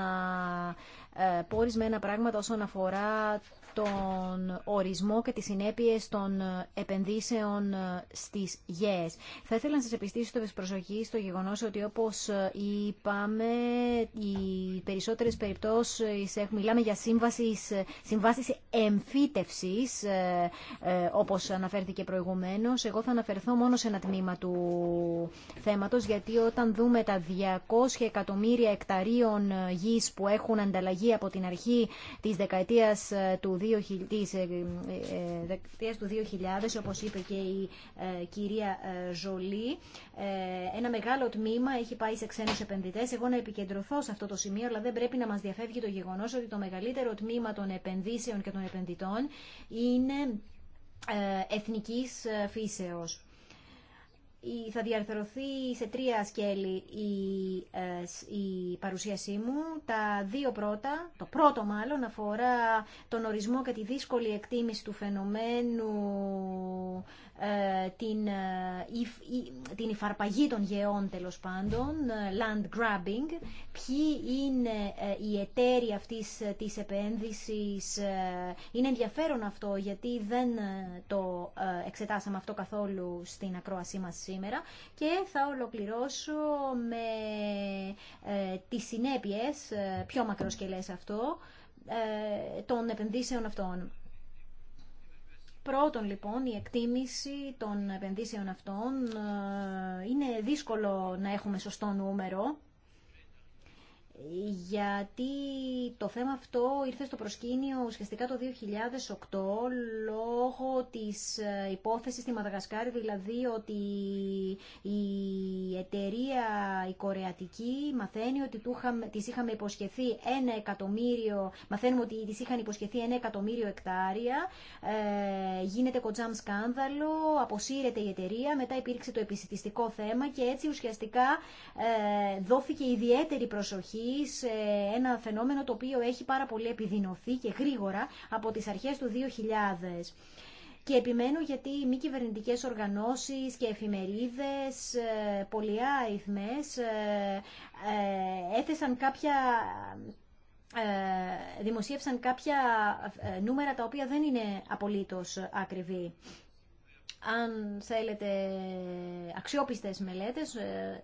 πω ορισμένα πράγματα όσον αφορά τον ορισμό και τις συνέπειες των επενδύσεων ε, στις ΓΕΕΣ. Θα ήθελα να σας επιστήσω το προσοχή στο γεγονός ότι όπως ε, είπαμε οι περισσότερες περιπτώσεις μιλάμε για σύμβασης ε, συμβάσεις εμφύτευσης όπως αναφέρθηκε προηγουμένως. Εγώ θα αναφερθώ μόνο σε ένα τμήμα του θέματος γιατί όταν δούμε τα 200 εκατομμύρια εκταρίων γης που έχουν ανταλλαγή από την αρχή της δεκαετίας του της ε, ε, ε, δεκαετίας του 2000, όπως είπε και η κυρία Ζολή, ένα μεγάλο τμήμα έχει πάει σε ξένους επενδυτές. Εγώ να επικεντρωθώ σε αυτό το σημείο, αλλά δεν πρέπει να μας διαφεύγει το γεγονός ότι το μεγαλύτερο τμήμα των επενδύσεων και των επενδυτών είναι εθνικής φύσεως η θα διαρθρωθεί σε τρία σκέλη ε, η, παρουσίασή μου. Τα δύο πρώτα, το πρώτο μάλλον αφορά τον ορισμό και τη δύσκολη εκτίμηση του φαινομένου, ε, την, ε, την υφαρπαγή των γεών τέλος πάντων, land grabbing, ποιοι είναι οι εταίροι αυτής της επένδυσης. Είναι ενδιαφέρον αυτό γιατί δεν το εξετάσαμε αυτό καθόλου στην ακρόασή μας και θα ολοκληρώσω με ε, τις συνέπειες, ε, πιο μακροσκελές αυτό, ε, των επενδύσεων αυτών. Πρώτον, λοιπόν, η εκτίμηση των επενδύσεων αυτών είναι δύσκολο να έχουμε σωστό νούμερο γιατί το θέμα αυτό ήρθε στο προσκήνιο ουσιαστικά το 2008 λόγω της ε, υπόθεσης στη Μαδαγασκάρη, δηλαδή ότι η εταιρεία η κορεατική μαθαίνει ότι της είχαμε υποσχεθεί ένα εκατομμύριο, μαθαίνουμε ότι της είχαν υποσχεθεί ένα εκατομμύριο εκτάρια, ε, γίνεται κοτζάμ σκάνδαλο, αποσύρεται η εταιρεία, μετά υπήρξε το επισητιστικό θέμα και έτσι ουσιαστικά ε, δόθηκε ιδιαίτερη προσοχή ε, ένα φαινόμενο το οποίο έχει πάρα πολύ επιδεινωθεί και γρήγορα από τις αρχές του 2000. Και επιμένω γιατί οι μη κυβερνητικέ οργανώσεις και εφημερίδες, ε, πολυάριθμες, ε, έθεσαν κάποια δημοσίευσαν κάποια νούμερα τα οποία δεν είναι απολύτως ακριβή. Αν θέλετε αξιόπιστες μελέτες,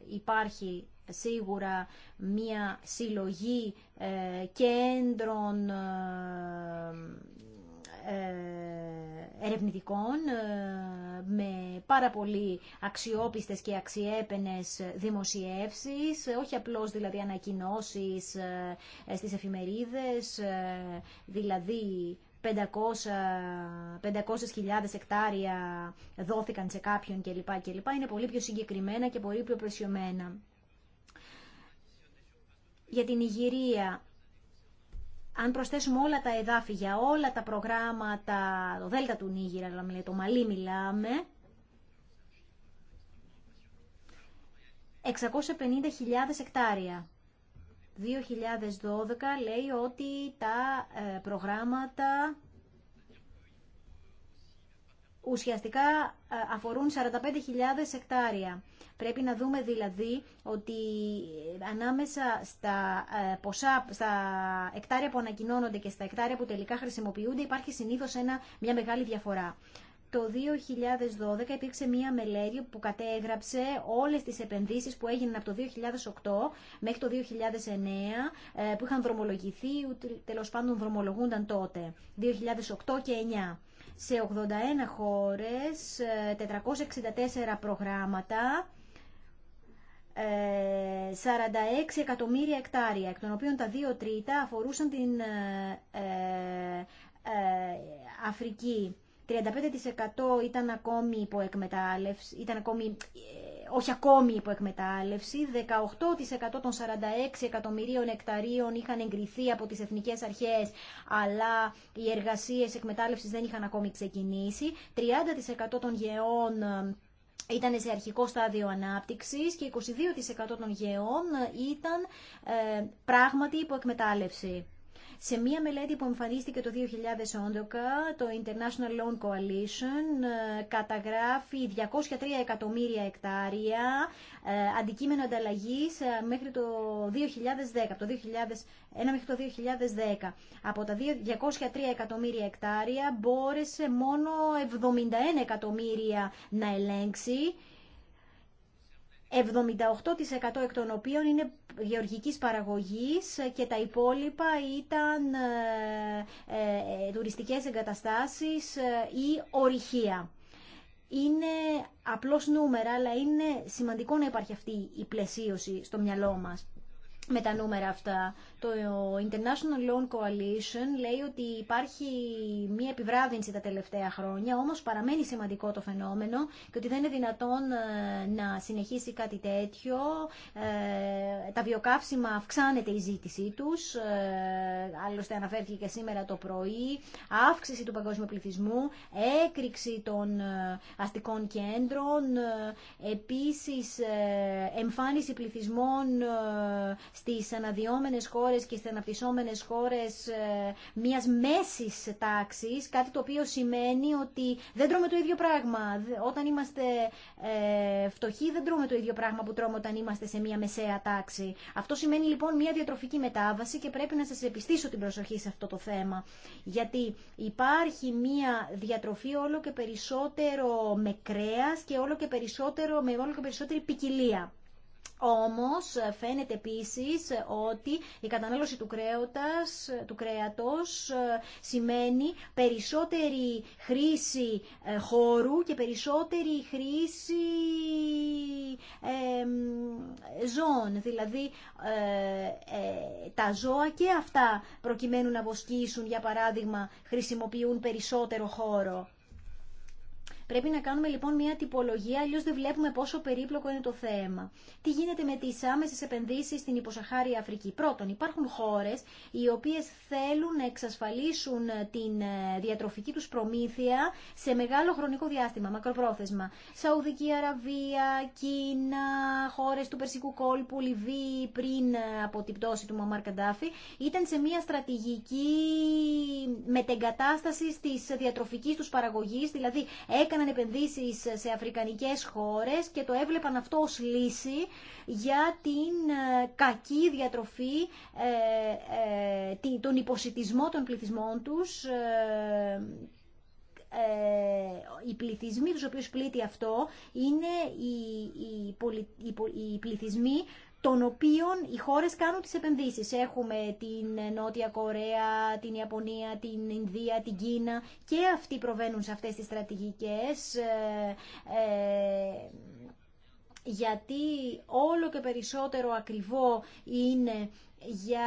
υπάρχει σίγουρα μια συλλογή ε, κέντρων ε, ε, ερευνητικών με πάρα πολύ αξιόπιστες και αξιέπαινες δημοσιεύσεις, όχι απλώς δηλαδή ανακοινώσεις στις εφημερίδες, δηλαδή 500.000 εκτάρια δόθηκαν σε κάποιον κλπ. κλπ. Είναι πολύ πιο συγκεκριμένα και πολύ πιο πρεσιωμένα για την Ιγυρία, αν προσθέσουμε όλα τα εδάφη για όλα τα προγράμματα, το Δέλτα του Νίγηρα, το Μαλί μιλάμε, 650.000 εκτάρια. 2012 λέει ότι τα ε, προγράμματα ουσιαστικά ε, αφορούν 45.000 εκτάρια. Πρέπει να δούμε δηλαδή ότι ε, ανάμεσα στα, ε, ποσά, στα εκτάρια που ανακοινώνονται και στα εκτάρια που τελικά χρησιμοποιούνται υπάρχει συνήθως ένα, μια μεγάλη διαφορά. Το 2012 υπήρξε μία μελέτη που κατέγραψε όλες τις επενδύσεις που έγιναν από το 2008 μέχρι το 2009 που είχαν δρομολογηθεί, τέλος πάντων δρομολογούνταν τότε, 2008 και 2009 σε 81 χώρες, 464 ε, προγράμματα, 46 ε, εκατομμύρια εκτάρια, εκ των οποίων τα δύο τρίτα αφορούσαν την ε, Αφρική. 35% ήταν ακόμη εκμετάλλευση, ήταν ακόμη όχι ακόμη υποεκμετάλλευση. 18% των 46 εκατομμυρίων εκταρίων είχαν εγκριθεί από τις εθνικές αρχές, αλλά οι εργασίες εκμετάλλευσης δεν είχαν ακόμη ξεκινήσει. 30% των γεών ε, ήταν σε αρχικό στάδιο ανάπτυξης και 22% των γεών ήταν ε, πράγματι υποεκμετάλλευση. Σε μία μελέτη που εμφανίστηκε το 2011, το International Loan Coalition ε, καταγράφει 203 εκατομμύρια εκτάρια ε, αντικείμενο ανταλλαγή ε, μέχρι το 2010, το 2001 μέχρι το 2010. Από τα 203 εκατομμύρια εκτάρια μπόρεσε μόνο 71 εκατομμύρια να ελέγξει 78% εκ των οποίων είναι γεωργικής παραγωγής και τα υπόλοιπα ήταν ε, ε, ε, τουριστικές εγκαταστάσεις ή ορυχεία. Είναι απλώς νούμερα, αλλά είναι σημαντικό να υπάρχει αυτή η πλαισίωση στο μυαλό μας με τα νούμερα αυτά. Το International Loan Coalition λέει ότι υπάρχει μία επιβράδυνση τα τελευταία χρόνια, όμως παραμένει σημαντικό το φαινόμενο και ότι δεν είναι δυνατόν ε, να συνεχίσει κάτι τέτοιο. Ε, τα βιοκαύσιμα αυξάνεται η ζήτησή τους, ε, άλλωστε αναφέρθηκε και σήμερα το πρωί, αύξηση του παγκόσμιου πληθυσμού, έκρηξη των αστικών κέντρων, επίσης εμφάνιση πληθυσμών στις αναδυόμενες χώρες και στις αναπτυσσόμενες χώρες ε, μιας μέσης τάξης, κάτι το οποίο σημαίνει ότι δεν τρώμε το ίδιο πράγμα. Όταν είμαστε ε, φτωχοί δεν τρώμε το ίδιο πράγμα που τρώμε όταν είμαστε σε μια μεσαία τάξη. Αυτό σημαίνει λοιπόν μια διατροφική μετάβαση και πρέπει να σας επιστήσω την προσοχή σε αυτό το θέμα. Γιατί υπάρχει μια διατροφή όλο και περισσότερο με κρέας και όλο και περισσότερο, με όλο και περισσότερη ποικιλία. Όμως φαίνεται επίσης ότι η κατανάλωση του, κρέωτας, του κρέατος ε, σημαίνει περισσότερη χρήση ε, χώρου και περισσότερη χρήση ζώων. Δηλαδή ε, τα ζώα και αυτά προκειμένου να βοσκήσουν, για παράδειγμα, χρησιμοποιούν περισσότερο χώρο. Πρέπει να κάνουμε λοιπόν μια τυπολογία, αλλιώ δεν βλέπουμε πόσο περίπλοκο είναι το θέμα. Τι γίνεται με τι άμεσε επενδύσει στην υποσαχάρια Αφρική. Πρώτον, υπάρχουν χώρε οι οποίε θέλουν να εξασφαλίσουν ε, την ε, διατροφική του προμήθεια σε μεγάλο χρονικό διάστημα, μακροπρόθεσμα. Σαουδική Αραβία, Κίνα, χώρε του Περσικού κόλπου, Λιβύη πριν ε, από την πτώση του Μαμάρ Καντάφη, ήταν σε μια στρατηγική μετεγκατάσταση τη διατροφική του παραγωγή, δηλαδή έκαναν σε αφρικανικές χώρες και το έβλεπαν αυτό ως λύση για την ε, κακή διατροφή, ε, ε, τον υποσυτισμό των πληθυσμών τους, οι πληθυσμοί τους οποίους πλήττει αυτό είναι οι, οι πληθυσμοί των οποίων οι χώρες κάνουν τις επενδύσεις. Έχουμε την Νότια Κορέα, την Ιαπωνία, την Ινδία, την Κίνα και αυτοί προβαίνουν σε αυτές τις στρατηγικές ε, ε, γιατί όλο και περισσότερο ακριβό είναι για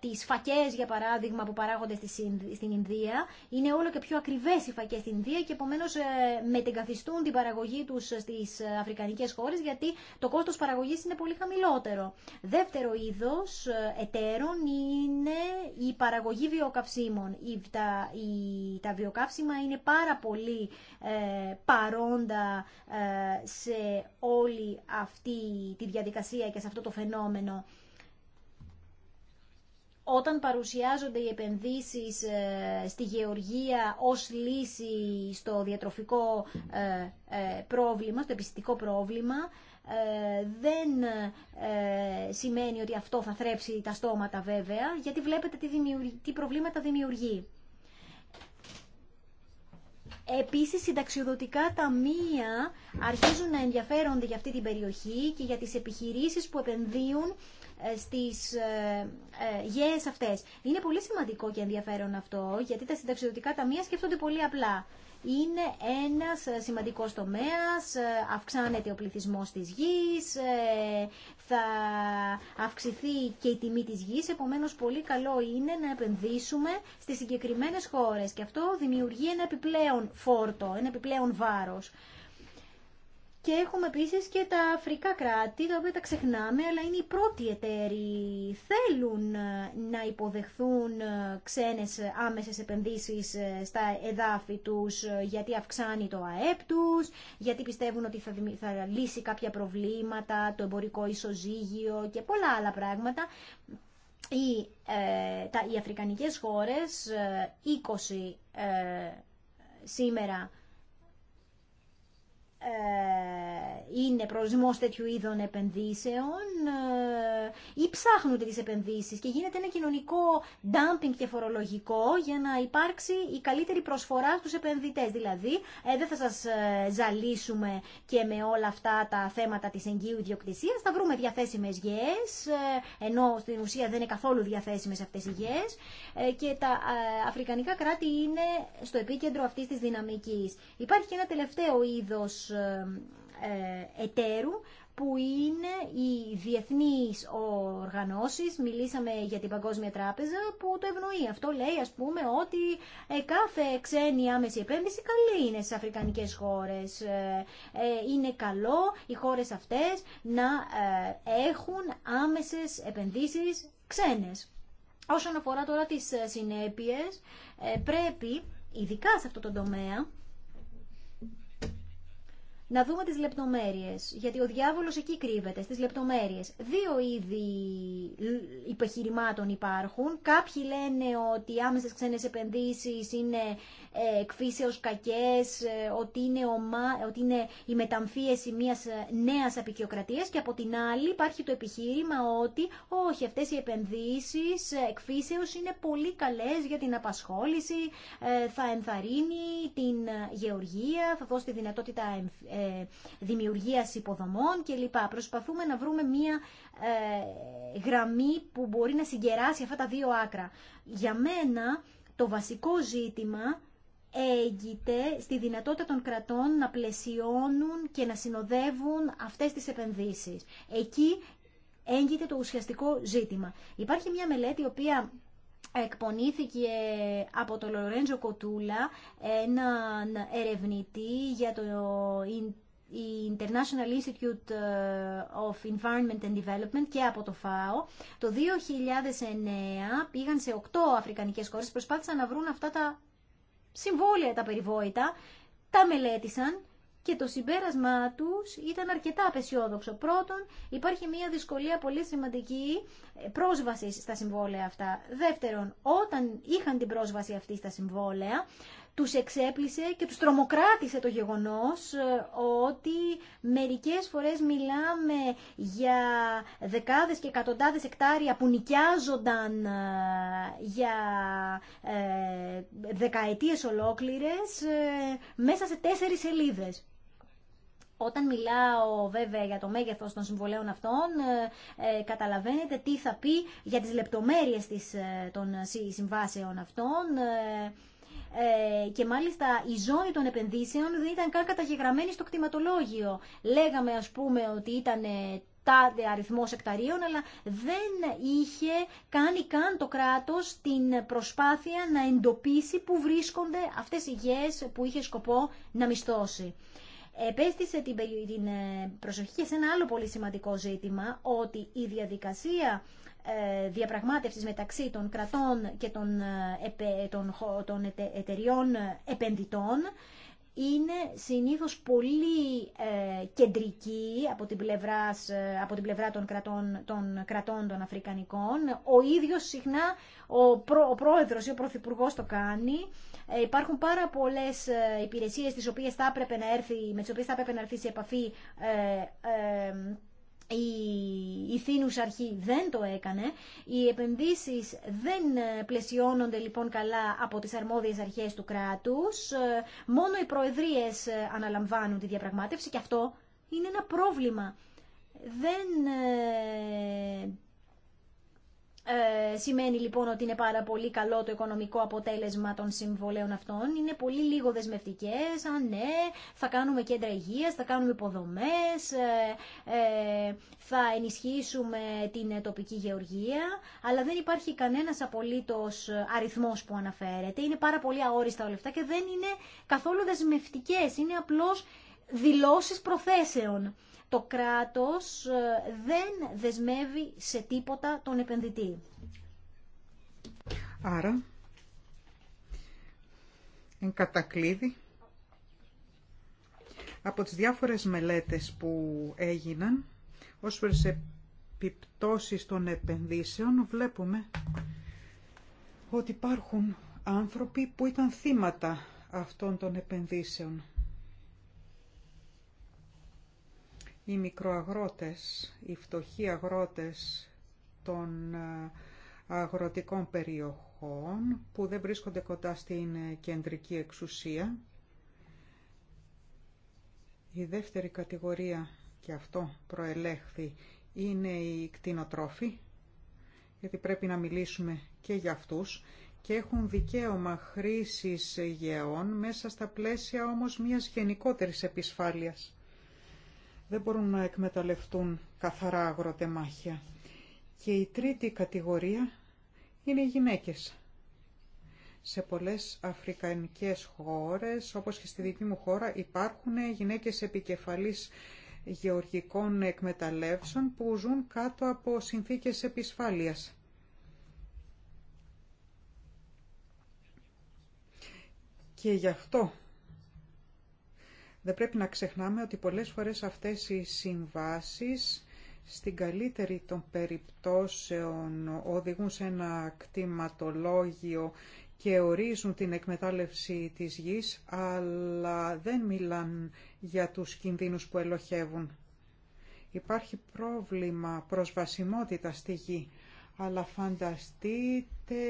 τις φακές, για παράδειγμα, που παράγονται στην Ινδία. Είναι όλο και πιο ακριβές οι φακές στην Ινδία και επομένως ε, μετεγκαθιστούν την παραγωγή τους στις ε, αφρικανικές χώρες γιατί το κόστος παραγωγής είναι πολύ χαμηλότερο. Δεύτερο είδος ε, εταίρων είναι η παραγωγή βιοκαυσίμων. Τα βιοκαύσιμα είναι πάρα πολύ παρόντα σε όλη αυτή τη διαδικασία και σε αυτό το φαινόμενο όταν παρουσιάζονται οι επενδύσεις ε, στη γεωργία ως λύση στο διατροφικό ε, ε, πρόβλημα, στο επιστητικό πρόβλημα, δεν σημαίνει ότι αυτό θα θρέψει τα στόματα βέβαια, γιατί βλέπετε τι, τι προβλήματα δημιουργεί. Επίσης, συνταξιοδοτικά ταμεία αρχίζουν να ενδιαφέρονται για αυτή την περιοχή και για τις επιχειρήσεις που επενδύουν ε, στις ε, ε, γέες αυτές. Είναι πολύ σημαντικό και ενδιαφέρον αυτό, γιατί τα συνταξιδοτικά ταμεία σκέφτονται πολύ απλά. Είναι ένας σημαντικός τομέας, αυξάνεται ο πληθυσμός της γης, θα αυξηθεί και η τιμή της γης, επομένως πολύ καλό είναι να επενδύσουμε στις συγκεκριμένες χώρες και αυτό δημιουργεί ένα επιπλέον φόρτο, ένα επιπλέον βάρος. Και έχουμε επίση και τα αφρικά κράτη, τα οποία τα ξεχνάμε, αλλά είναι οι πρώτοι εταίροι. Θέλουν ε, να υποδεχθούν ε, ξένες άμεσες επενδύσεις ε, στα εδάφη τους, γιατί αυξάνει το ΑΕΠ τους, γιατί πιστεύουν ότι θα, θα λύσει κάποια προβλήματα, το εμπορικό ισοζύγιο και πολλά άλλα πράγματα. Οι, ε, τα, αφρικανικές χώρες, 20 σήμερα, ε, είναι προορισμός τέτοιου είδων επενδύσεων ε, ή ψάχνουν τις επενδύσεις και γίνεται ένα κοινωνικό dumping και φορολογικό για να υπάρξει η καλύτερη προσφορά στους επενδυτές. Δηλαδή, ε, δεν θα σας ε, ζαλίσουμε και με όλα αυτά τα θέματα της εγγύου ιδιοκτησίας, θα βρούμε διαθέσιμες γεές, ενώ στην ουσία δεν είναι καθόλου διαθέσιμες αυτές οι γεές και τα αφρικανικά κράτη είναι στο επίκεντρο αυτής της δυναμικής. Υπάρχει και ένα τελευταίο είδος ε, ε, εταίρου που είναι οι διεθνείς οργανώσεις, μιλήσαμε για την Παγκόσμια Τράπεζα που το ευνοεί. Αυτό λέει ας πούμε ότι ε, κάθε ξένη άμεση επένδυση καλή είναι στις αφρικανικές χώρες. είναι καλό οι χώρες αυτές να έχουν άμεσες επενδύσεις ξένες. Όσον αφορά τώρα τις συνέπειες, πρέπει, ειδικά σε αυτό το τομέα, να δούμε τις λεπτομέρειες, γιατί ο διάβολος εκεί κρύβεται, στις λεπτομέρειες. Δύο είδη υπεχειρημάτων υπάρχουν. Κάποιοι λένε ότι οι άμεσες ξένες επενδύσεις είναι ε, εκφύσεως κακές, ε, ότι είναι, ομά, ότι είναι η μεταμφίεση μιας ε, νέας απεικιοκρατίας και από την άλλη υπάρχει το επιχείρημα ότι όχι αυτές οι επενδύσεις εκφύσεως είναι πολύ καλές για την απασχόληση, θα ενθαρρύνει την γεωργία, θα δώσει τη δυνατότητα δημιουργίας υποδομών κλπ. Προσπαθούμε να βρούμε μια γραμμή που μπορεί να συγκεράσει αυτά τα δύο άκρα. Για μένα το βασικό ζήτημα έγκυται στη δυνατότητα των κρατών να πλαισιώνουν και να συνοδεύουν αυτές τις επενδύσεις. Εκεί έγκυται το ουσιαστικό ζήτημα. Υπάρχει μια μελέτη η οποία εκπονήθηκε από τον Λορέντζο Κοτούλα, έναν ερευνητή για το International Institute ε, of Environment and Development και από το ΦΑΟ. Το 2009 πήγαν σε 8 αφρικανικές χώρες, προσπάθησαν να βρουν αυτά τα συμβόλαια τα περιβόητα, τα μελέτησαν και το συμπέρασμα τους ήταν αρκετά απεσιόδοξο. Πρώτον, υπάρχει μια δυσκολία πολύ σημαντική ε, πρόσβαση στα συμβόλαια αυτά. Δεύτερον, όταν είχαν την πρόσβαση αυτή στα συμβόλαια, τους εξέπλησε και τους τρομοκράτησε το γεγονός ε, ότι μερικές φορές μιλάμε για δεκάδες και εκατοντάδες εκτάρια που νοικιάζονταν ε, για ε, δεκαετίες ολόκληρες μέσα σε τέσσερις σελίδες. Όταν μιλάω βέβαια για το μέγεθος των συμβολέων αυτών, καταλαβαίνετε τι θα πει για τις λεπτομέρειες της, των συμβάσεων αυτών. Ε, και μάλιστα η ζώνη των επενδύσεων δεν ήταν καν καταγεγραμμένη στο κτηματολόγιο. Λέγαμε ας πούμε ότι ήταν ε, τάδε αριθμό εκταρίων, αλλά δεν είχε κάνει καν το κράτος την προσπάθεια να εντοπίσει που βρίσκονται αυτές οι γέ που είχε σκοπό να μισθώσει. Επέστησε την ε, προσοχή και σε ένα άλλο πολύ σημαντικό ζήτημα, ότι η διαδικασία ε, διαπραγμάτευσης μεταξύ των κρατών και των ε, εταιριών ε, επενδυτών είναι συνήθως πολύ κεντρική από την, πλευράς, από την πλευρά των κρατών, των κρατών των Αφρικανικών. Ο ίδιος συχνά ο, πρό, πρόεδρος ή ο πρωθυπουργός το κάνει. υπάρχουν πάρα πολλές υπηρεσίες τις οποίες θα έπρεπε να έρθει, με τις οποίες θα έπρεπε να έρθει σε επαφή η θήνους αρχή δεν το έκανε. Οι επενδύσεις δεν ε, πλαισιώνονται λοιπόν καλά από τις αρμόδιες αρχές του κράτους. Ε, μόνο οι προεδρίες ε, αναλαμβάνουν τη διαπραγμάτευση και αυτό είναι ένα πρόβλημα. Δεν ε, σημαίνει λοιπόν ότι είναι πάρα πολύ καλό το οικονομικό αποτέλεσμα των συμβολέων αυτών. Είναι πολύ λίγο δεσμευτικέ. Αν ναι, θα κάνουμε κέντρα υγεία, θα κάνουμε υποδομέ, ε, ε, θα ενισχύσουμε την τοπική γεωργία. Αλλά δεν υπάρχει κανένα απολύτω αριθμό που αναφέρεται. Είναι πάρα πολύ αόριστα όλα αυτά και δεν είναι καθόλου δεσμευτικέ. Είναι απλώ δηλώσει προθέσεων το κράτος ε, δεν δεσμεύει σε τίποτα τον επενδυτή. Άρα, εν κατακλείδη, από τις διάφορες μελέτες που έγιναν, ως προς επιπτώσεις των επενδύσεων, βλέπουμε ότι υπάρχουν άνθρωποι που ήταν θύματα αυτών των επενδύσεων. οι μικροαγρότες, οι φτωχοί αγρότες των ε, αγροτικών περιοχών που δεν βρίσκονται κοντά στην ε, κεντρική εξουσία. Η δεύτερη κατηγορία, και αυτό προελέχθη, είναι οι κτηνοτρόφοι, γιατί πρέπει να μιλήσουμε και για αυτούς, και έχουν δικαίωμα χρήσης γεών μέσα στα πλαίσια όμως μιας γενικότερης επισφάλειας δεν μπορούν να εκμεταλλευτούν καθαρά αγροτεμάχια. Και η τρίτη κατηγορία είναι οι γυναίκες. Σε πολλές αφρικανικές χώρες, όπως και στη δική μου χώρα, υπάρχουν γυναίκες επικεφαλής γεωργικών εκμεταλλεύσεων που ζουν κάτω από συνθήκες επισφάλειας. Και γι' αυτό δεν πρέπει να ξεχνάμε ότι πολλές φορές αυτές οι συμβάσεις στην καλύτερη των περιπτώσεων οδηγούν σε ένα κτηματολόγιο και ορίζουν την εκμετάλλευση της γης, αλλά δεν μιλάν για τους κινδύνους που ελοχεύουν. Υπάρχει πρόβλημα προσβασιμότητα στη γη, αλλά φανταστείτε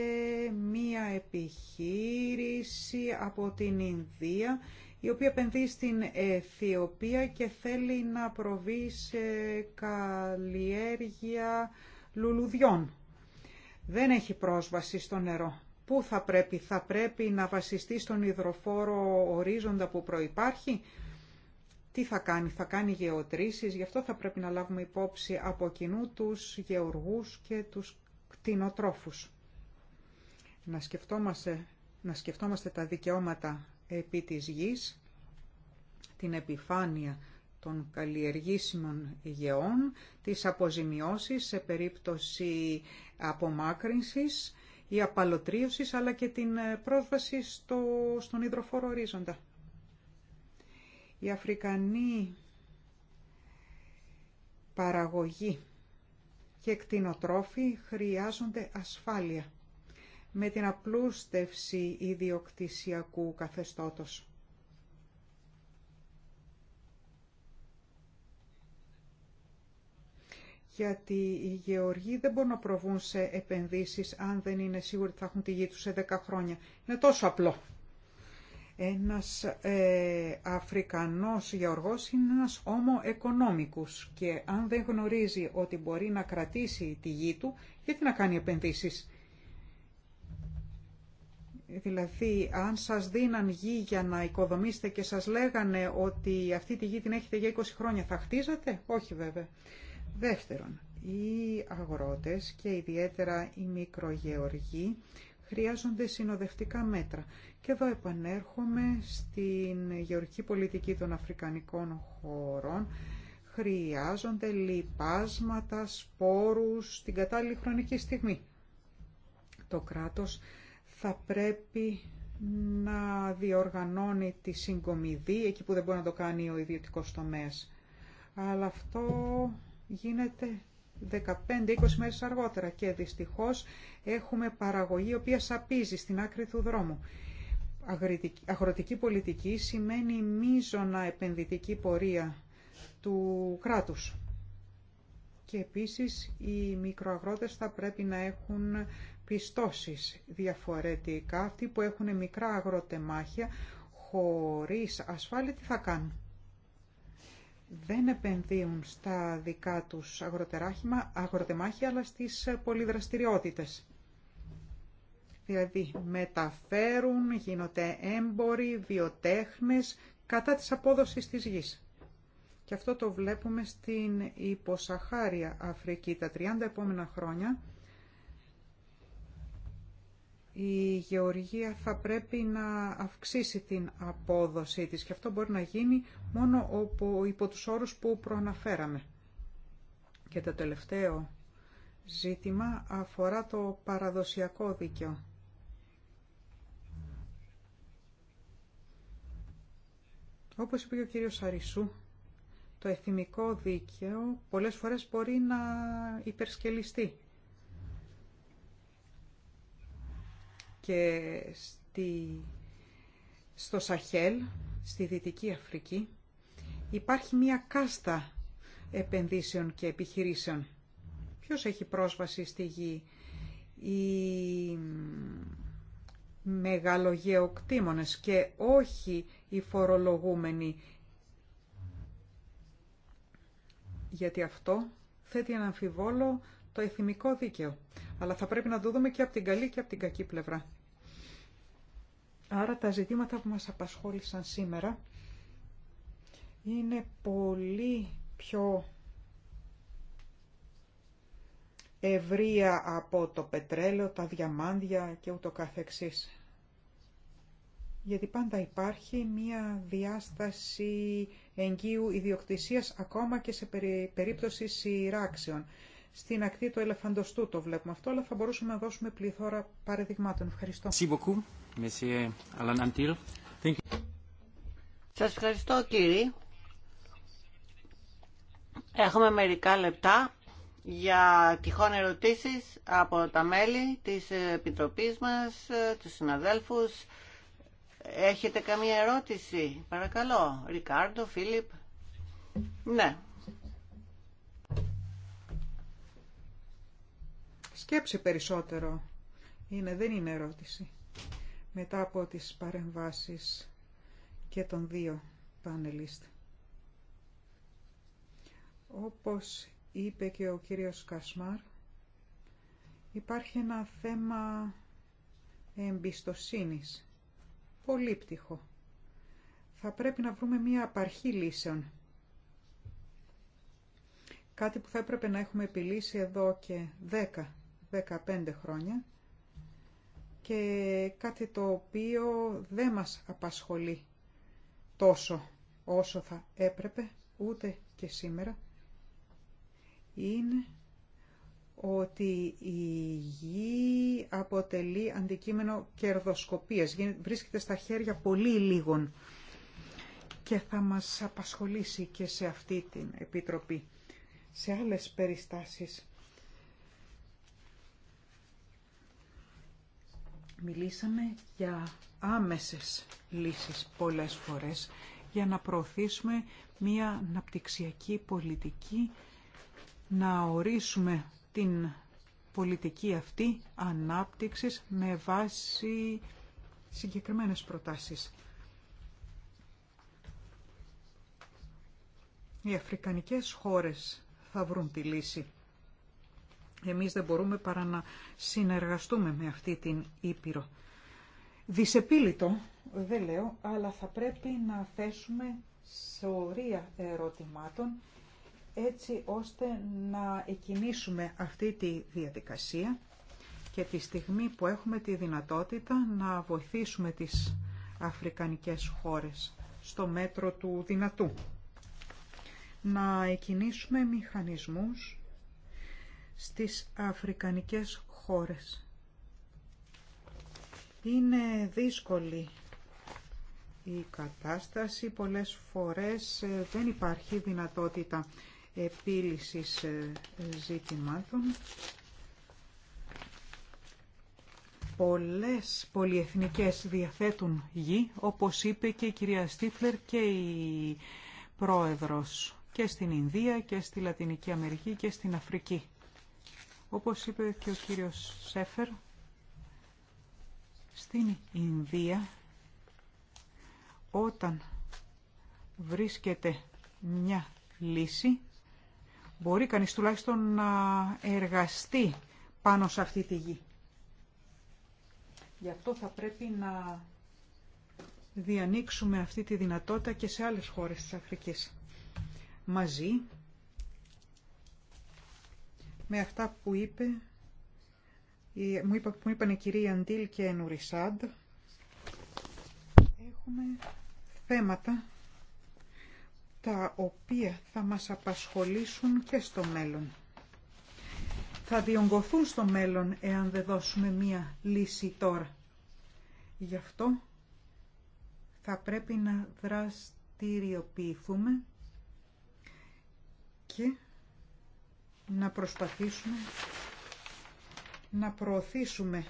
μία επιχείρηση από την Ινδία η οποία επενδύει στην Αιθιοπία και θέλει να προβεί σε καλλιέργεια λουλουδιών. Δεν έχει πρόσβαση στο νερό. Πού θα πρέπει, θα πρέπει να βασιστεί στον υδροφόρο ορίζοντα που προϋπάρχει. Τι θα κάνει, θα κάνει γεωτρήσεις, γι' αυτό θα πρέπει να λάβουμε υπόψη από κοινού τους γεωργούς και τους κτηνοτρόφους. Να σκεφτόμαστε, να σκεφτόμαστε τα δικαιώματα επί της γης, την επιφάνεια των καλλιεργήσιμων γεών, τις αποζημιώσεις σε περίπτωση απομάκρυνσης ή απαλωτρίωσης, αλλά και την ε, πρόσβαση στο, στον υδροφόρο ορίζοντα. Η Αφρικανή παραγωγή και κτηνοτρόφοι χρειάζονται ασφάλεια με την απλούστευση ιδιοκτησιακού καθεστώτος. γιατί οι γεωργοί δεν μπορούν να προβούν σε επενδύσεις αν δεν είναι σίγουροι ότι θα έχουν τη γη τους σε 10 χρόνια. Είναι τόσο απλό. Ένας ε, Αφρικανός γεωργός είναι ένας όμο και αν δεν γνωρίζει ότι μπορεί να κρατήσει τη γη του, γιατί να κάνει επενδύσεις. Δηλαδή, αν σας δίναν γη για να οικοδομήσετε και σας λέγανε ότι αυτή τη γη την έχετε για 20 χρόνια, θα χτίζατε? Όχι βέβαια. Δεύτερον, οι αγρότες και ιδιαίτερα οι μικρογεωργοί χρειάζονται συνοδευτικά μέτρα. Και εδώ επανέρχομαι στην γεωργική πολιτική των αφρικανικών χωρών. Χρειάζονται λιπάσματα, σπόρους, στην κατάλληλη χρονική στιγμή. Το κράτος θα πρέπει να διοργανώνει τη συγκομιδή εκεί που δεν μπορεί να το κάνει ο ιδιωτικός τομέας. Αλλά αυτό γίνεται 15-20 μέρες αργότερα και δυστυχώς έχουμε παραγωγή η οποία σαπίζει στην άκρη του δρόμου. Αγροτική πολιτική σημαίνει μίζωνα επενδυτική πορεία του κράτους. Και επίσης οι μικροαγρότες θα πρέπει να έχουν πιστώσεις διαφορετικά. Αυτοί που έχουν μικρά αγροτεμάχια χωρίς ασφάλεια τι θα κάνουν. Δεν επενδύουν στα δικά τους αγροτεμάχια αλλά στις πολυδραστηριότητες. Δηλαδή μεταφέρουν, γίνονται έμποροι, βιοτέχνες κατά της απόδοσης της γης. Και αυτό το βλέπουμε στην υποσαχάρια Αφρική τα 30 επόμενα χρόνια η γεωργία θα πρέπει να αυξήσει την απόδοσή της και αυτό μπορεί να γίνει μόνο υπό τους όρους που προαναφέραμε. Και το τελευταίο ζήτημα αφορά το παραδοσιακό δίκαιο. Όπως είπε και ο κύριος Αρισού, το εθνικό δίκαιο πολλές φορές μπορεί να υπερσκελιστεί και στο Σαχέλ, στη Δυτική Αφρική, υπάρχει μία κάστα επενδύσεων και επιχειρήσεων. Ποιος έχει πρόσβαση στη γη, οι μεγαλογεοκτήμονες και όχι οι φορολογούμενοι, γιατί αυτό θέτει ένα αμφιβόλο το εθιμικό δίκαιο. Αλλά θα πρέπει να το δούμε και από την καλή και από την κακή πλευρά. Άρα τα ζητήματα που μας απασχόλησαν σήμερα είναι πολύ πιο ευρεία από το πετρέλαιο, τα διαμάντια και ούτω καθεξής. Γιατί πάντα υπάρχει μία διάσταση εγγύου ιδιοκτησίας ακόμα και σε περίπτωση σειράξεων στην ακτή του ελεφαντοστού το βλέπουμε αυτό, αλλά θα μπορούσαμε να δώσουμε πληθώρα παραδειγμάτων. Ευχαριστώ. Σας ευχαριστώ κύριε. Έχουμε μερικά λεπτά για τυχόν ερωτήσεις από τα μέλη της Επιτροπής μας, τους συναδέλφους. Έχετε καμία ερώτηση, παρακαλώ. Ρικάρντο, Φίλιπ. Ναι, Σκέψη περισσότερο. Είναι, δεν είναι ερώτηση. Μετά από τις παρεμβάσεις και των δύο πανελίστ. Όπως είπε και ο κύριος Κασμάρ, υπάρχει ένα θέμα εμπιστοσύνης, πολύπτυχο. Θα πρέπει να βρούμε μία απαρχή λύσεων. Κάτι που θα έπρεπε να έχουμε επιλύσει εδώ και δέκα 15 χρόνια και κάτι το οποίο δεν μας απασχολεί τόσο όσο θα έπρεπε, ούτε και σήμερα, είναι ότι η γη αποτελεί αντικείμενο κερδοσκοπίας, βρίσκεται στα χέρια πολύ λίγων και θα μας απασχολήσει και σε αυτή την Επιτροπή. Σε άλλες περιστάσεις Μιλήσαμε για άμεσες λύσεις πολλές φορές για να προωθήσουμε μία αναπτυξιακή πολιτική, να ορίσουμε την πολιτική αυτή ανάπτυξης με βάση συγκεκριμένες προτάσεις. Οι αφρικανικές χώρες θα βρουν τη λύση. Εμείς δεν μπορούμε παρά να συνεργαστούμε με αυτή την Ήπειρο. Δυσεπίλητο, δεν λέω, αλλά θα πρέπει να θέσουμε σωρία ερωτημάτων έτσι ώστε να εκινήσουμε αυτή τη διαδικασία και τη στιγμή που έχουμε τη δυνατότητα να βοηθήσουμε τις αφρικανικές χώρες στο μέτρο του δυνατού. Να εκινήσουμε μηχανισμούς στις αφρικανικές χώρες. Είναι δύσκολη η κατάσταση, πολλές φορές ε, δεν υπάρχει δυνατότητα επίλυσης ε, ζητημάτων. Πολλές πολυεθνικές διαθέτουν γη, όπως είπε και η κυρία Στίφλερ και η πρόεδρος και στην Ινδία και στη Λατινική Αμερική και στην Αφρική. Όπως είπε και ο κύριος Σέφερ, στην Ινδία όταν βρίσκεται μια λύση μπορεί κανείς τουλάχιστον να εργαστεί πάνω σε αυτή τη γη. Γι' αυτό θα πρέπει να διανοίξουμε αυτή τη δυνατότητα και σε άλλες χώρες της Αφρικής. Μαζί με αυτά που είπε, μου, είπα, που είπαν η κυρία Αντίλ και Νουρισάντ. Έχουμε θέματα τα οποία θα μας απασχολήσουν και στο μέλλον. Θα διονγκωθούν στο μέλλον εάν δεν δώσουμε μία λύση τώρα. Γι' αυτό θα πρέπει να δραστηριοποιηθούμε και να προσπαθήσουμε να προωθήσουμε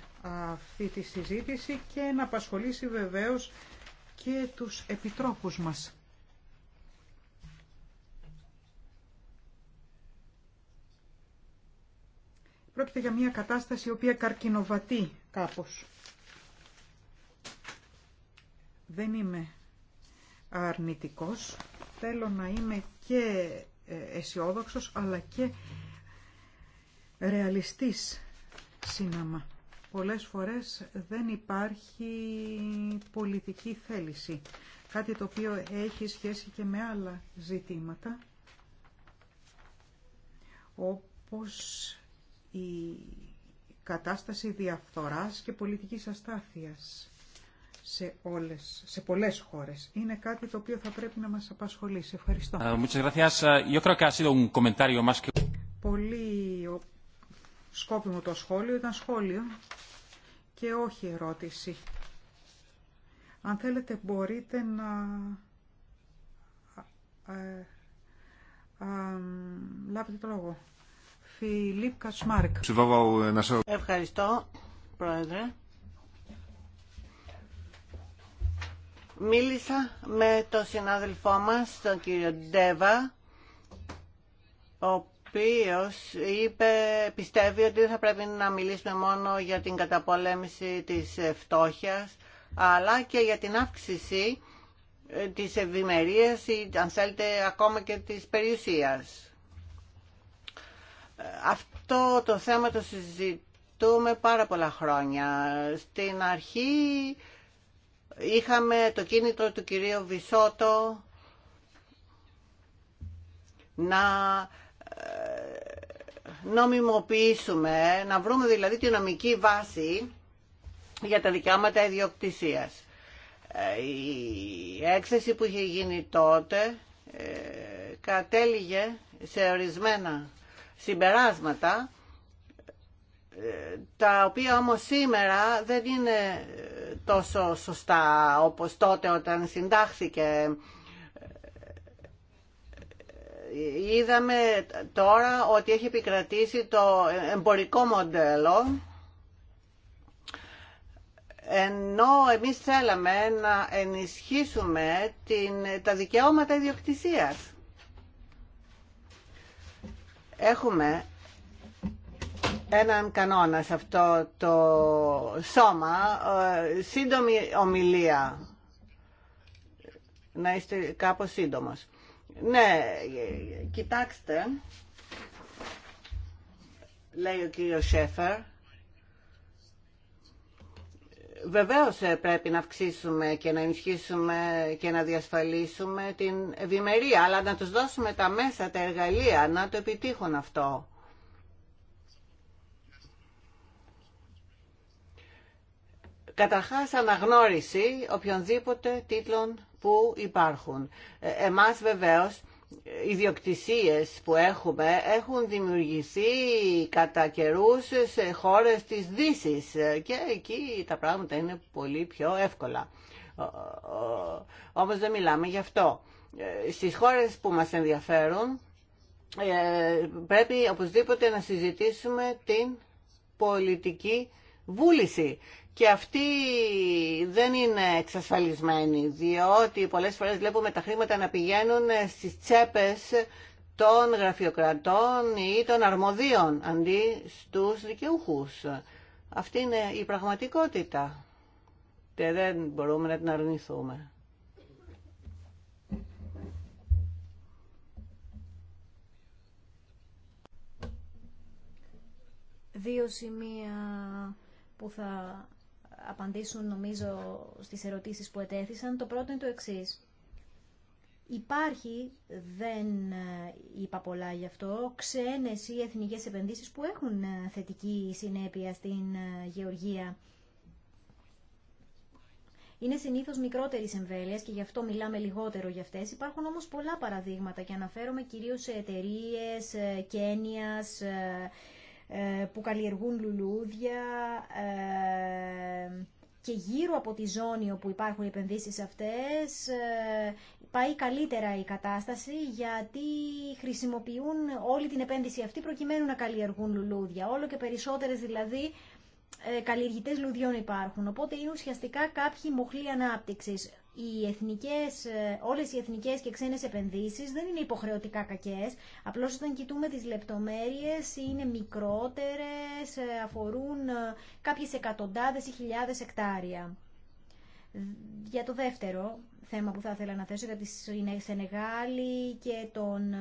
αυτή τη συζήτηση και να απασχολήσει βεβαίως και τους επιτρόπους μας. Πρόκειται για μια κατάσταση η οποία καρκινοβατεί κάπως. Δεν είμαι αρνητικός, θέλω να είμαι και ε, αισιόδοξος αλλά και ρεαλιστής σύναμα. Πολλές φορές δεν υπάρχει πολιτική θέληση. Κάτι το οποίο έχει σχέση και με άλλα ζητήματα, όπως η κατάσταση διαφθοράς και πολιτικής αστάθειας σε, όλες, σε πολλές χώρες. Είναι κάτι το οποίο θα πρέπει να μας απασχολήσει. Ευχαριστώ. Πολύ σκόπιμο το σχόλιο, ήταν σχόλιο και όχι ερώτηση. Αν θέλετε μπορείτε να ε, ε, λάβετε το λόγο. Φιλίπ Κατσμάρκ. Ε, Ευχαριστώ, Πρόεδρε. Μίλησα με το συνάδελφό μας, τον κύριο Ντέβα, ο οποίος είπε, πιστεύει ότι δεν θα πρέπει να μιλήσουμε μόνο για την καταπολέμηση της φτώχειας, αλλά και για την αύξηση ε, της ευημερίας ή αν θέλετε ακόμα και της περιουσίας. Ε, αυτό το θέμα το συζητούμε πάρα πολλά χρόνια. Στην αρχή είχαμε το κίνητρο του κυρίου Βισότο να νομιμοποιήσουμε, να βρούμε δηλαδή τη νομική βάση για τα δικαιώματα ιδιοκτησίας. Ε, η έκθεση που είχε γίνει τότε ε, κατέληγε σε ορισμένα συμπεράσματα ε, τα οποία όμως σήμερα δεν είναι τόσο σωστά όπως τότε όταν συντάχθηκε είδαμε τώρα ότι έχει επικρατήσει το εμπορικό μοντέλο ενώ εμείς θέλαμε να ενισχύσουμε την, τα δικαιώματα ιδιοκτησίας. Έχουμε έναν κανόνα σε αυτό το σώμα, ε, σύντομη ομιλία, να είστε κάπως σύντομος. Ναι, κοιτάξτε, λέει ο κύριο Σέφερ, Βεβαίως ε, πρέπει να αυξήσουμε και να ενισχύσουμε και να διασφαλίσουμε την ευημερία, αλλά να τους δώσουμε τα μέσα, τα εργαλεία, να το επιτύχουν αυτό. Καταρχάς αναγνώριση οποιονδήποτε τίτλων που υπάρχουν. Ε, εμάς βεβαίως οι διοκτησίες που έχουμε έχουν δημιουργηθεί κατά καιρού σε χώρες της δύση ε, και εκεί τα πράγματα είναι πολύ πιο εύκολα. Όμως δεν μιλάμε γι' αυτό. Ε, στις χώρες που μας ενδιαφέρουν πρέπει οπωσδήποτε να συζητήσουμε την πολιτική βούληση. Και αυτή δεν είναι εξασφαλισμένη, διότι πολλές φορές βλέπουμε τα χρήματα να πηγαίνουν στις τσέπες των γραφειοκρατών ή των αρμοδίων, αντί στους δικαιούχους. Αυτή είναι η πραγματικότητα και δεν μπορούμε να την αρνηθούμε. Δύο σημεία που θα απαντήσουν νομίζω στις ερωτήσεις που ετέθησαν. Το πρώτο είναι το εξής. Υπάρχει, δεν ε, είπα πολλά γι' αυτό, ξένες ή εθνικές επενδύσεις που έχουν ε, θετική συνέπεια στην ε, γεωργία. Είναι συνήθως μικρότερης εμβέλειας και γι' αυτό μιλάμε λιγότερο για αυτές. Υπάρχουν όμως πολλά παραδείγματα και αναφέρομαι κυρίως σε εταιρείες Κένιας, ε, που καλλιεργούν λουλούδια ε, και γύρω από τη ζώνη όπου υπάρχουν οι επενδύσεις αυτές ε, πάει καλύτερα η κατάσταση γιατί χρησιμοποιούν όλη την επένδυση αυτή προκειμένου να καλλιεργούν λουλούδια. Όλο και περισσότερες δηλαδή καλλιεργητές λουδιών υπάρχουν. Οπότε είναι ουσιαστικά κάποιοι μοχλοί ανάπτυξης οι εθνικές, ε, όλες οι εθνικές και ξένες επενδύσεις δεν είναι υποχρεωτικά κακές, απλώς όταν κοιτούμε τις λεπτομέρειες είναι μικρότερες, ε, αφορούν ε, κάποιες εκατοντάδες ή χιλιάδες εκτάρια. Για το δεύτερο θέμα που θα ήθελα να θέσω για τη Σενεγάλη και τον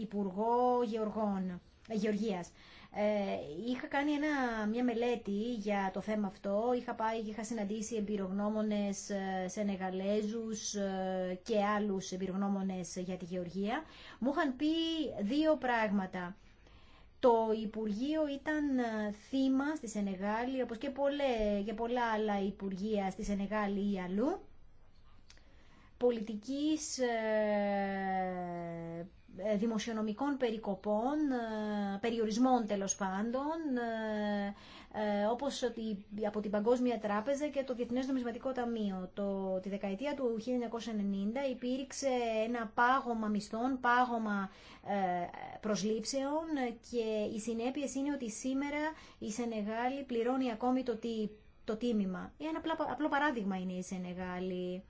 Υπουργό Γεωργών, Γεωργίας. Ε, είχα κάνει ένα, μια μελέτη για το θέμα αυτό. Είχα πάει και είχα συναντήσει εμπειρογνώμονες ε, Σενεγαλέζους ε, και άλλους εμπειρογνώμονες για τη Γεωργία. Μου είχαν πει δύο πράγματα. Το Υπουργείο ήταν θύμα στη Σενεγάλη, όπως και, πολλέ, και πολλά άλλα Υπουργεία στη Σενεγάλη ή αλλού, πολιτικής ε, δημοσιονομικών περικοπών, ε, περιορισμών τέλος πάντων, ε, όπως από την Παγκόσμια Τράπεζα και το Διεθνές Νομισματικό Ταμείο. Το, τη δεκαετία του 1990 υπήρξε ένα πάγωμα μισθών, πάγωμα προσλήψεων και οι συνέπειε είναι ότι σήμερα η Σενεγάλη πληρώνει ακόμη το, τι, το τίμημα. Ένα απλό παράδειγμα είναι η Σενεγάλη.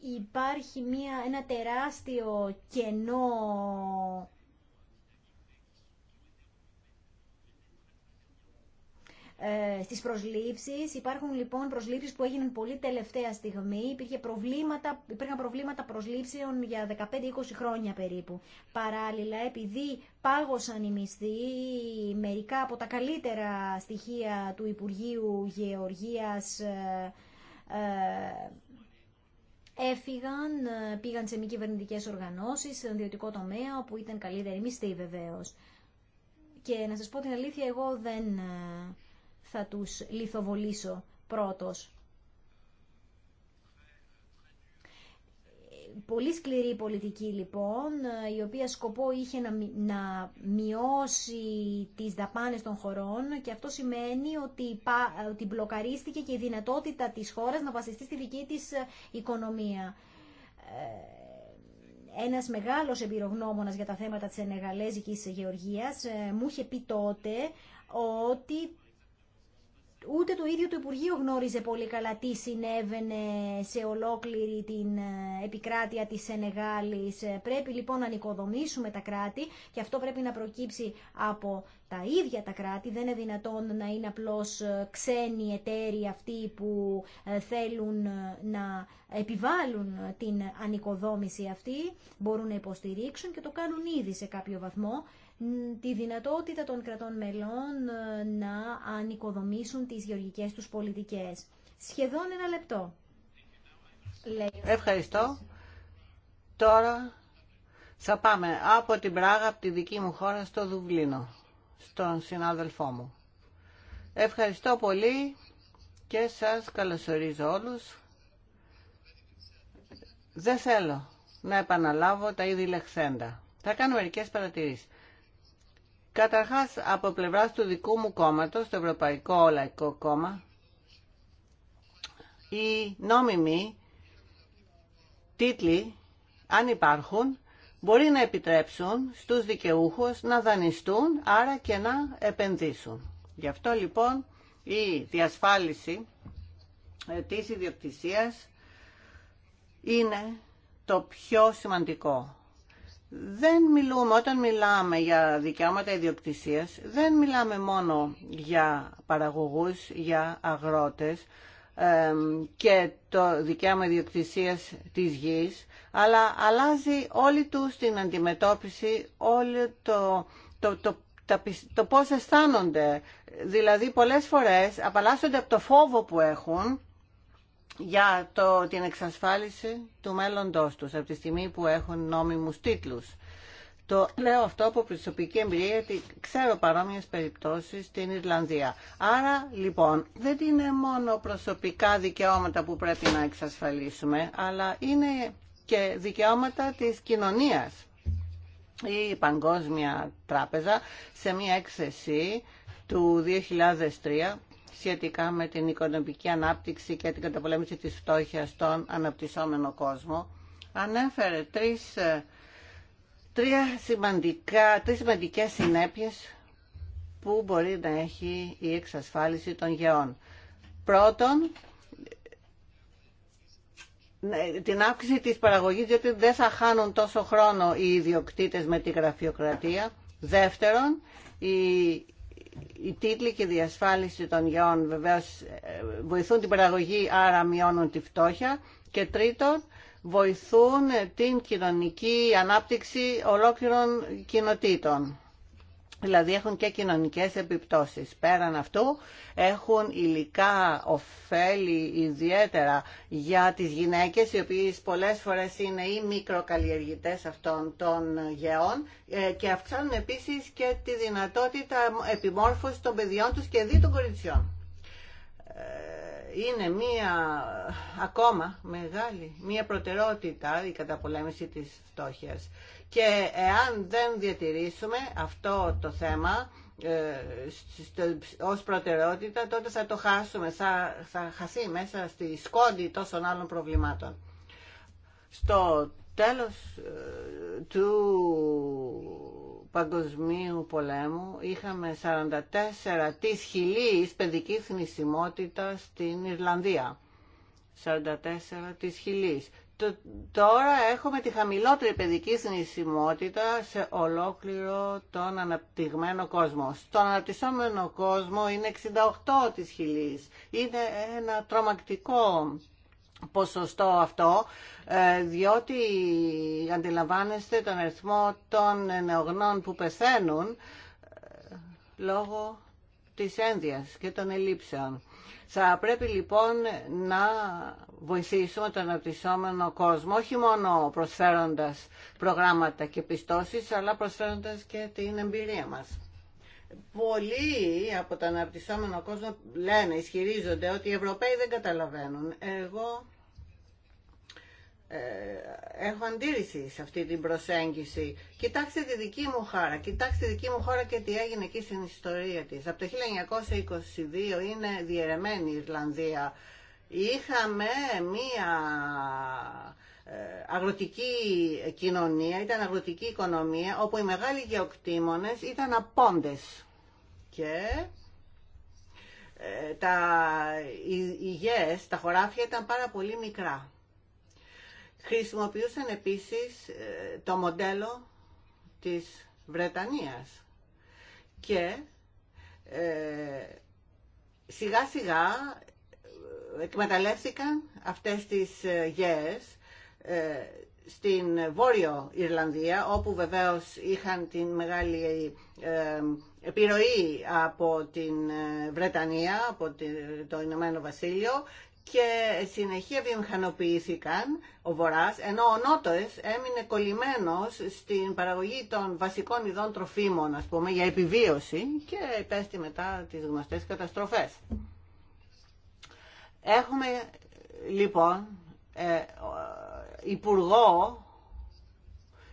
υπάρχει μια, ένα τεράστιο κενό ε, στις προσλήψεις. Υπάρχουν λοιπόν προσλήψεις που έγιναν πολύ τελευταία στιγμή. Υπήρχε προβλήματα, υπήρχαν προβλήματα προσλήψεων για 15-20 χρόνια περίπου. Παράλληλα, επειδή πάγωσαν οι μισθοί, μερικά από τα καλύτερα στοιχεία του Υπουργείου Γεωργίας ε, ε, έφυγαν, ε, πήγαν σε μη κυβερνητικέ οργανώσει, σε ιδιωτικό τομέα, όπου ήταν καλύτεροι μισθοί βεβαίω. Και να σα πω την αλήθεια, εγώ δεν ε, θα του λιθοβολήσω πρώτος. πολύ σκληρή πολιτική λοιπόν, ε, η οποία σκοπό είχε να, να μειώσει τις δαπάνες των χωρών και αυτό σημαίνει ότι, ότι μπλοκαρίστηκε και η δυνατότητα της χώρας να βασιστεί στη δική της ε, οικονομία. Ε, ένας μεγάλος εμπειρογνώμονας για τα θέματα της ενεγαλέζικης γεωργίας μου είχε πει τότε ότι ούτε το ίδιο το Υπουργείο γνώριζε πολύ καλά τι συνέβαινε σε ολόκληρη την ε, επικράτεια της Σενεγάλης. Ε, πρέπει λοιπόν να νοικοδομήσουμε τα κράτη και αυτό πρέπει να προκύψει από τα ίδια τα κράτη. Δεν είναι δυνατόν να είναι απλώς ε, ξένοι εταίροι αυτοί που θέλουν να επιβάλλουν την ανοικοδόμηση αυτή. Μπορούν να υποστηρίξουν και το κάνουν ήδη σε κάποιο βαθμό τη δυνατότητα των κρατών μελών ε, να ανοικοδομήσουν τις γεωργικές τους πολιτικές. Σχεδόν ένα λεπτό. Ευχαριστώ. Τώρα θα πάμε από την Πράγα, από τη δική μου χώρα, στο Δουβλίνο, στον συνάδελφό μου. Ευχαριστώ πολύ και σας καλωσορίζω όλους. Δεν θέλω να επαναλάβω τα ίδια λεχθέντα. Θα κάνω μερικές παρατηρήσεις. Καταρχάς, από πλευράς του δικού μου κόμματος, το Ευρωπαϊκό Λαϊκό Κόμμα, οι νόμιμοι τίτλοι, αν υπάρχουν, μπορεί να επιτρέψουν στους δικαιούχους να δανειστούν, άρα και να επενδύσουν. Γι' αυτό λοιπόν η διασφάλιση ε, της ιδιοκτησίας είναι το πιο σημαντικό δεν μιλούμε, όταν μιλάμε για δικαιώματα ιδιοκτησίας, δεν μιλάμε μόνο για παραγωγούς, για αγρότες και το δικαίωμα ιδιοκτησίας της γης, αλλά αλλάζει όλη του την αντιμετώπιση, όλο το, το, το, το, πώς αισθάνονται. Δηλαδή πολλές φορές απαλλάσσονται από το φόβο που έχουν για το, την εξασφάλιση του μέλλοντός τους από τη στιγμή που έχουν νόμιμους τίτλους. Το λέω αυτό από προσωπική εμπειρία γιατί ξέρω παρόμοιες περιπτώσεις στην Ιρλανδία. Άρα λοιπόν δεν είναι μόνο προσωπικά δικαιώματα που πρέπει να εξασφαλίσουμε αλλά είναι και δικαιώματα της κοινωνίας. Η Παγκόσμια Τράπεζα σε μια έκθεση του 2003 σχετικά με την οικονομική ανάπτυξη και την καταπολέμηση της φτώχειας στον αναπτυσσόμενο κόσμο, ανέφερε τρεις, ε, τρία σημαντικά, τρεις σημαντικές συνέπειες που μπορεί να έχει η εξασφάλιση των γεών. Πρώτον, ναι, την αύξηση της παραγωγής, διότι δεν θα χάνουν τόσο χρόνο οι ιδιοκτήτες με τη γραφειοκρατία. Δεύτερον, η οι τίτλοι και η διασφάλιση των γεών βεβαίως ε, βοηθούν την παραγωγή, άρα μειώνουν τη φτώχεια. Και τρίτον, βοηθούν την κοινωνική ανάπτυξη ολόκληρων κοινοτήτων. Δηλαδή έχουν και κοινωνικές επιπτώσεις. Πέραν αυτού έχουν υλικά ωφέλη ιδιαίτερα για τις γυναίκες, οι οποίες πολλές φορές είναι ή μικροκαλλιεργητές αυτών των γεών ε, και αυξάνουν επίσης και τη δυνατότητα επιμόρφωσης των παιδιών τους και δι των κοριτσιών. Ε, είναι μία ακόμα μεγάλη, μία προτεραιότητα η καταπολέμηση της φτώχειας. Και εάν δεν διατηρήσουμε αυτό το θέμα ε, ως προτεραιότητα, τότε θα το χάσουμε, θα, θα χαθεί μέσα στη σκόνη τόσων άλλων προβλημάτων. Στο τέλος ε, του Παγκοσμίου Πολέμου είχαμε 44 της χιλής παιδικής θνησιμότητας στην Ιρλανδία. 44 της χιλής. Τώρα έχουμε τη χαμηλότερη παιδική θνησιμότητα σε ολόκληρο τον αναπτυγμένο κόσμο. Στον αναπτυσσόμενο κόσμο είναι 68 της χιλής. Είναι ένα τρομακτικό ποσοστό αυτό, ε, διότι αντιλαμβάνεστε τον αριθμό των νεογνών που πεθαίνουν ε, λόγω της ένδυας και των ελλείψεων. Θα πρέπει λοιπόν να βοηθήσουμε τον αναπτυσσόμενο κόσμο, όχι μόνο προσφέροντας προγράμματα και πιστώσεις, αλλά προσφέροντας και την εμπειρία μας. Πολλοί από τον αναπτυσσόμενο κόσμο λένε, ισχυρίζονται ότι οι Ευρωπαίοι δεν καταλαβαίνουν. Εγώ ε, έχω αντίρρηση σε αυτή την προσέγγιση. Κοιτάξτε τη δική μου χώρα, κοιτάξτε τη δική μου χώρα και τι έγινε εκεί στην ιστορία της. Από το 1922 είναι διαιρεμένη η Ιρλανδία. Είχαμε μία ε, αγροτική κοινωνία, ήταν αγροτική οικονομία, όπου οι μεγάλοι γεωκτήμονες ήταν απόντες. Και ε, τα, οι τα χωράφια ήταν πάρα πολύ μικρά. Χρησιμοποιούσαν επίσης ε, το μοντέλο της Βρετανίας. Και ε, σιγά σιγά εκμεταλλεύτηκαν αυτές τις γέες ε, στην Βόρειο Ιρλανδία, όπου βεβαίως είχαν την μεγάλη ε, επιρροή από την ε, Βρετανία, από το Ηνωμένο Βασίλειο και συνεχεία βιομηχανοποιήθηκαν ο Βοράς ενώ ο Νότοες έμεινε κολλημένος στην παραγωγή των βασικών ειδών τροφίμων, ας πούμε, για επιβίωση και υπέστη μετά τις γνωστές καταστροφές. Έχουμε, λοιπόν, υπουργό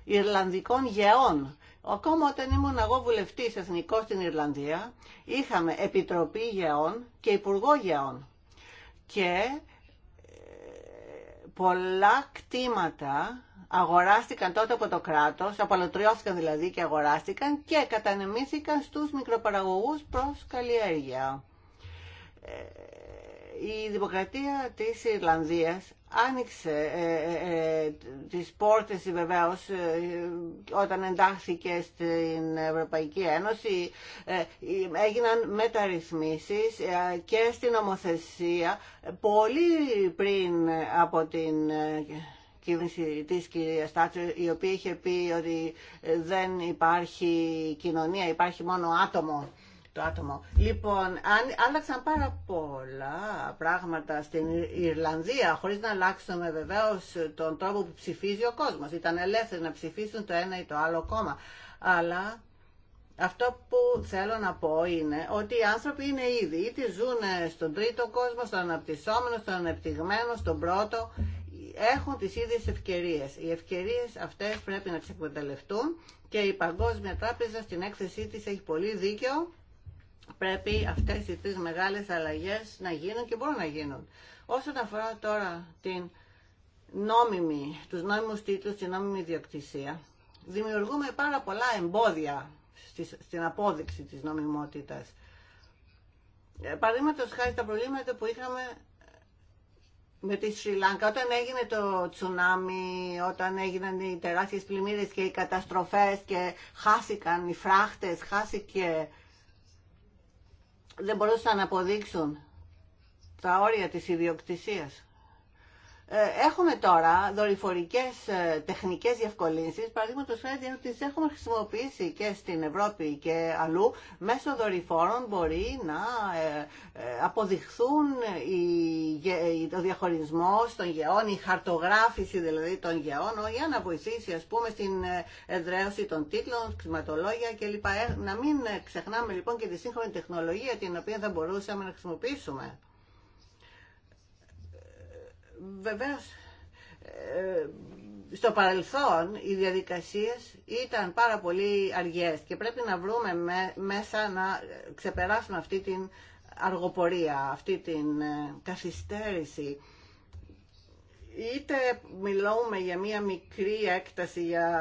Ιρλανδικών γεών. Ακόμα όταν ήμουν εγώ βουλευτής εθνικός στην Ιρλανδία, είχαμε Επιτροπή Γεών και Υπουργό Γεών. Και ε, πολλά κτήματα αγοράστηκαν τότε από το κράτος, απαλωτριώθηκαν δηλαδή και αγοράστηκαν και κατανεμήθηκαν στους μικροπαραγωγούς προς καλλιέργεια. Ε, η δημοκρατία της Ιρλανδίας άνοιξε ε, ε, ε, τις πόρτες βεβαίως όταν εντάχθηκε στην Ευρωπαϊκή Ένωση έγιναν μεταρρυθμίσεις και στην νομοθεσία πολύ πριν από την κυβέρνηση της κυρίας Στάτσερ η οποία είχε πει ότι δεν υπάρχει κοινωνία, υπάρχει μόνο άτομο το άτομο. Λοιπόν, αν, άλλαξαν πάρα πολλά πράγματα στην Ιρλανδία, χωρίς να αλλάξουμε βεβαίως τον τρόπο που ψηφίζει ο κόσμος. Ήταν ελεύθεροι να ψηφίσουν το ένα ή το άλλο κόμμα. Αλλά αυτό που θέλω να πω είναι ότι οι άνθρωποι είναι ήδη, είτε ζουν στον τρίτο κόσμο, στον αναπτυσσόμενο, στον ανεπτυγμένο, στον πρώτο, έχουν τις ίδιες ευκαιρίες. Οι ευκαιρίες αυτές πρέπει να τις εκμεταλλευτούν και η Παγκόσμια Τράπεζα στην έκθεσή της έχει πολύ δίκιο πρέπει αυτές οι τρεις μεγάλες αλλαγές να γίνουν και μπορούν να γίνουν. Όσον αφορά τώρα την νόμιμη, τους νόμιμους τίτλους, την νόμιμη ιδιοκτησία, δημιουργούμε πάρα πολλά εμπόδια στην απόδειξη της νομιμότητας. Ε, παραδείγματος χάρη τα προβλήματα που είχαμε με τη Σιλάνκα. όταν έγινε το τσουνάμι, όταν έγιναν οι τεράστιες πλημμύρες και οι καταστροφές και χάθηκαν οι φράχτες, χάθηκε δεν μπορούσαν να αποδείξουν τα όρια της ιδιοκτησίας. Ε, έχουμε τώρα δορυφορικές ε, τεχνικές διευκολύνσεις, παραδείγματος χάρη τις έχουμε χρησιμοποιήσει και στην Ευρώπη και αλλού. Μέσω δορυφόρων μπορεί να ε, αποδειχθούν ο διαχωρισμό των γεών, η χαρτογράφηση δηλαδή των γεών, για να βοηθήσει ας πούμε στην εδραίωση των τίτλων, κλιματολογία κλπ. Να μην ξεχνάμε λοιπόν και τη σύγχρονη τεχνολογία την οποία θα μπορούσαμε να χρησιμοποιήσουμε. Βεβαίω, ε, στο παρελθόν οι διαδικασίες ήταν πάρα πολύ αργές και πρέπει να βρούμε μέσα να ξεπεράσουμε αυτή την αργοπορία, αυτή την ε, καθυστέρηση. Είτε μιλούμε για μία μικρή έκταση, για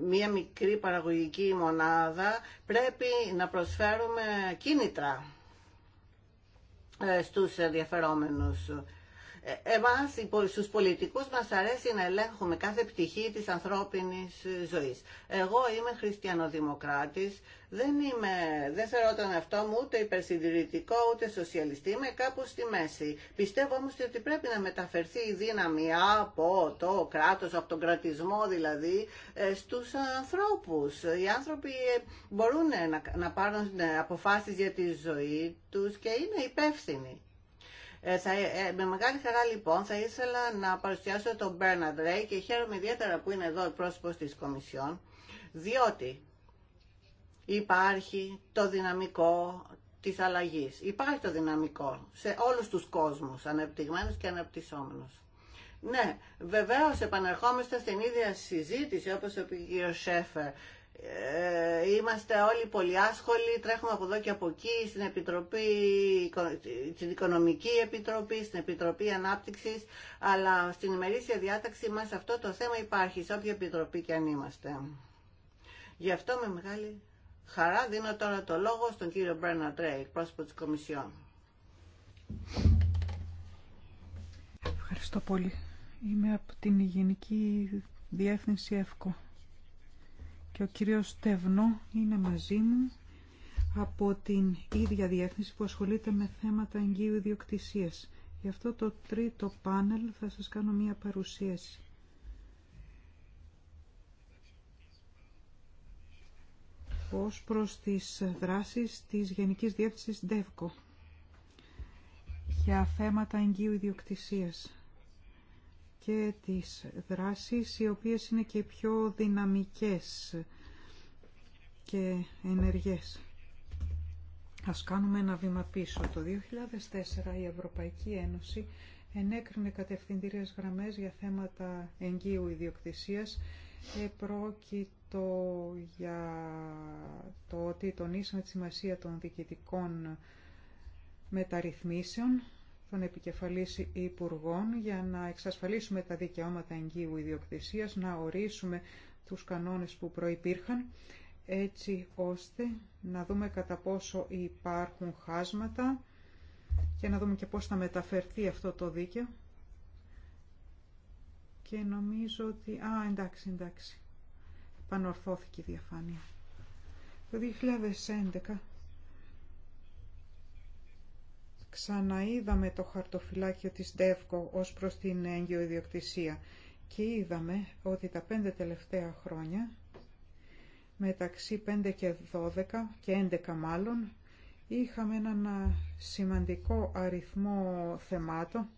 μία μικρή παραγωγική μονάδα, πρέπει να προσφέρουμε κίνητρα ε, στους ενδιαφερόμενους εμάς, στους πολιτικούς μας αρέσει να ελέγχουμε κάθε πτυχή της ανθρώπινης ζωής. Εγώ είμαι χριστιανοδημοκράτης, δεν, είμαι, δεν θεωρώ τον εαυτό μου ούτε υπερσυντηρητικό ούτε σοσιαλιστή, είμαι κάπου στη μέση. Πιστεύω όμως ότι πρέπει να μεταφερθεί η δύναμη από το κράτος, από τον κρατισμό δηλαδή, ε, στους ανθρώπους. Οι άνθρωποι ε, μπορούν να, πάρουν ε, αποφάσεις για τη ζωή τους και είναι υπεύθυνοι. Ε, ε, ε, με μεγάλη χαρά λοιπόν θα ήθελα να παρουσιάσω τον Bernard Ray και χαίρομαι ιδιαίτερα που είναι εδώ πρόσωπος της Κομισιόν, διότι υπάρχει το δυναμικό της αλλαγής. Υπάρχει το δυναμικό σε όλους τους κόσμους, ανεπτυγμένους και αναπτυσσόμενους. Ναι, βεβαίως επανερχόμαστε στην ίδια συζήτηση όπως είπε ο κ. Σέφερ ε, είμαστε όλοι πολύ άσχολοι, τρέχουμε από εδώ και από εκεί, στην Επιτροπή, στην Οικονομική Επιτροπή, στην Επιτροπή Ανάπτυξης, αλλά στην ημερήσια διάταξη μας αυτό το θέμα υπάρχει, σε όποια επιτροπή και αν είμαστε. Γι' αυτό με μεγάλη χαρά δίνω τώρα το λόγο στον κύριο Μπέρνα Τρέι, πρόσωπο της Κομισιόν. Ευχαριστώ πολύ. Είμαι από την Γενική Διεύθυνση ΕΦΚΟ και ο κύριος Στευνό είναι μαζί μου από την ίδια διεύθυνση που ασχολείται με θέματα εγγύου ιδιοκτησίας. Γι' αυτό το τρίτο πάνελ θα σας κάνω μία παρουσίαση. ως προς τις δράσεις της Γενικής Διεύθυνσης ΔΕΒΚΟ για θέματα εγγύου ιδιοκτησίας και τις δράσεις οι οποίες είναι και πιο δυναμικές και ενεργές. Ας κάνουμε ένα βήμα πίσω. Το 2004 η Ευρωπαϊκή Ένωση ενέκρινε κατευθυντήριες γραμμές για θέματα εγγύου ιδιοκτησίας. Επρόκειτο για το ότι τονίσαμε τη σημασία των διοικητικών μεταρρυθμίσεων των επικεφαλής υπουργών για να εξασφαλίσουμε τα δικαιώματα εγγύου ιδιοκτησίας, να ορίσουμε τους κανόνες που προϋπήρχαν, έτσι ώστε να δούμε κατά πόσο υπάρχουν χάσματα και να δούμε και πώς θα μεταφερθεί αυτό το δίκαιο. Και νομίζω ότι... Α, εντάξει, εντάξει. Πανορθώθηκε η διαφάνεια. Το 2011 ξαναείδαμε το χαρτοφυλάκιο της Ντεύκο ως προς την ιδιοκτησία και είδαμε ότι τα πέντε τελευταία χρόνια, μεταξύ 5 και 12 και 11 μάλλον, είχαμε έναν σημαντικό αριθμό θεμάτων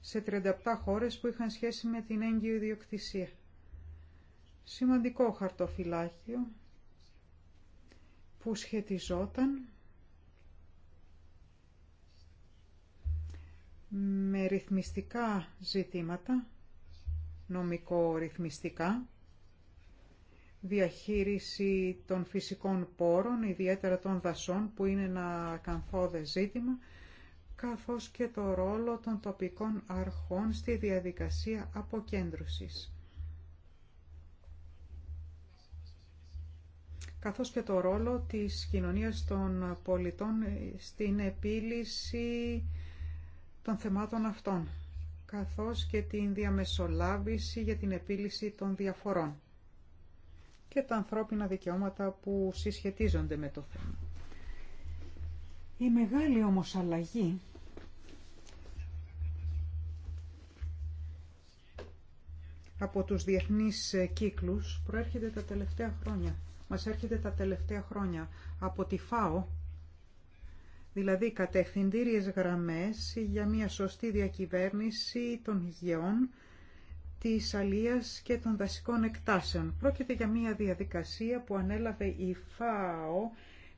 σε 37 χώρες που είχαν σχέση με την ιδιοκτησία. Σημαντικό χαρτοφυλάκιο που σχετιζόταν με ρυθμιστικά ζητήματα, νομικό-ρυθμιστικά, διαχείριση των φυσικών πόρων, ιδιαίτερα των δασών, που είναι ένα καθόδε ζήτημα, καθώς και το ρόλο των τοπικών αρχών στη διαδικασία αποκέντρωσης. καθώς και το ρόλο της κοινωνίας των πολιτών στην επίλυση των θεμάτων αυτών, καθώς και την διαμεσολάβηση για την επίλυση των διαφορών και τα ανθρώπινα δικαιώματα που συσχετίζονται με το θέμα. Η μεγάλη όμως αλλαγή από τους διεθνείς κύκλους προέρχεται τα τελευταία χρόνια. Μας έρχεται τα τελευταία χρόνια από τη ΦΑΟ δηλαδή κατευθυντήριες γραμμές για μια σωστή διακυβέρνηση των υγειών, της αλίας και των δασικών εκτάσεων. Πρόκειται για μια διαδικασία που ανέλαβε η ΦΑΟ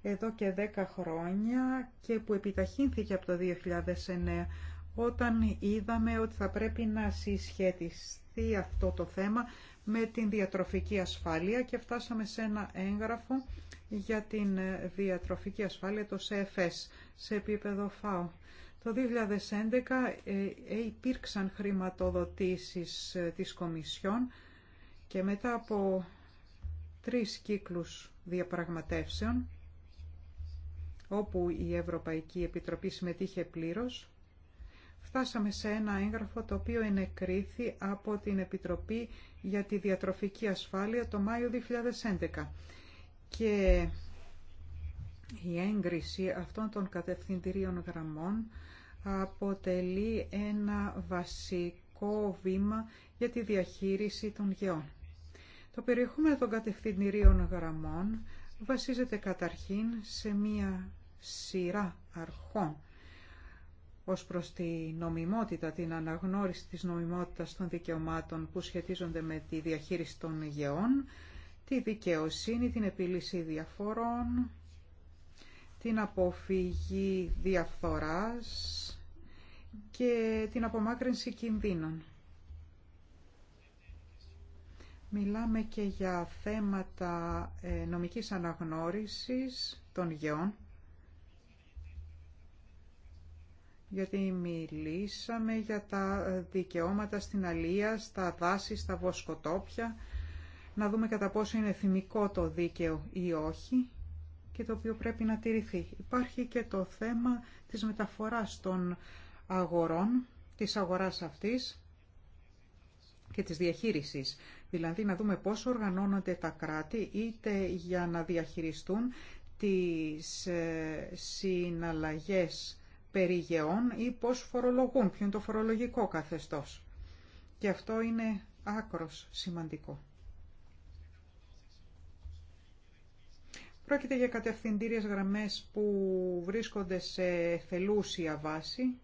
εδώ και 10 χρόνια και που επιταχύνθηκε από το 2009 όταν είδαμε ότι θα πρέπει να συσχετιστεί αυτό το θέμα με την διατροφική ασφάλεια και φτάσαμε σε ένα έγγραφο για την ε, διατροφική ασφάλεια, το CFS, σε επίπεδο ΦΑΟ. Το 2011 ε, υπήρξαν χρηματοδοτήσεις ε, της Κομισιόν και μετά από τρεις κύκλους διαπραγματεύσεων, όπου η Ευρωπαϊκή Επιτροπή συμμετείχε πλήρως, φτάσαμε σε ένα έγγραφο το οποίο ενεκρίθη από την Επιτροπή για τη Διατροφική Ασφάλεια το Μάιο 2011. Και η έγκριση αυτών των κατευθυντηρίων γραμμών αποτελεί ένα βασικό βήμα για τη διαχείριση των γεών. Το περιεχόμενο των κατευθυντηρίων γραμμών βασίζεται καταρχήν σε μία σειρά αρχών ως προς τη νομιμότητα, την αναγνώριση της νομιμότητας των δικαιωμάτων που σχετίζονται με τη διαχείριση των γεών, τη δικαιοσύνη, την επίλυση διαφορών, την αποφυγή διαφθοράς και την απομάκρυνση κινδύνων. Μιλάμε και για θέματα ε, νομικής αναγνώρισης των γεών γιατί μιλήσαμε για τα δικαιώματα στην αλία, στα δάση, στα βοσκοτόπια, να δούμε κατά πόσο είναι θυμικό το δίκαιο ή όχι και το οποίο πρέπει να τηρηθεί. Υπάρχει και το θέμα της μεταφοράς των αγορών, της αγοράς αυτής και της διαχείρισης. Δηλαδή να δούμε πώς οργανώνονται τα κράτη είτε για να διαχειριστούν τις ε, συναλλαγές περιγεών ή πώς φορολογούν, ποιο είναι το φορολογικό καθεστώς. Και αυτό είναι άκρος σημαντικό. Πρόκειται για κατευθυντήριες γραμμές που βρίσκονται σε θελούσια βάση.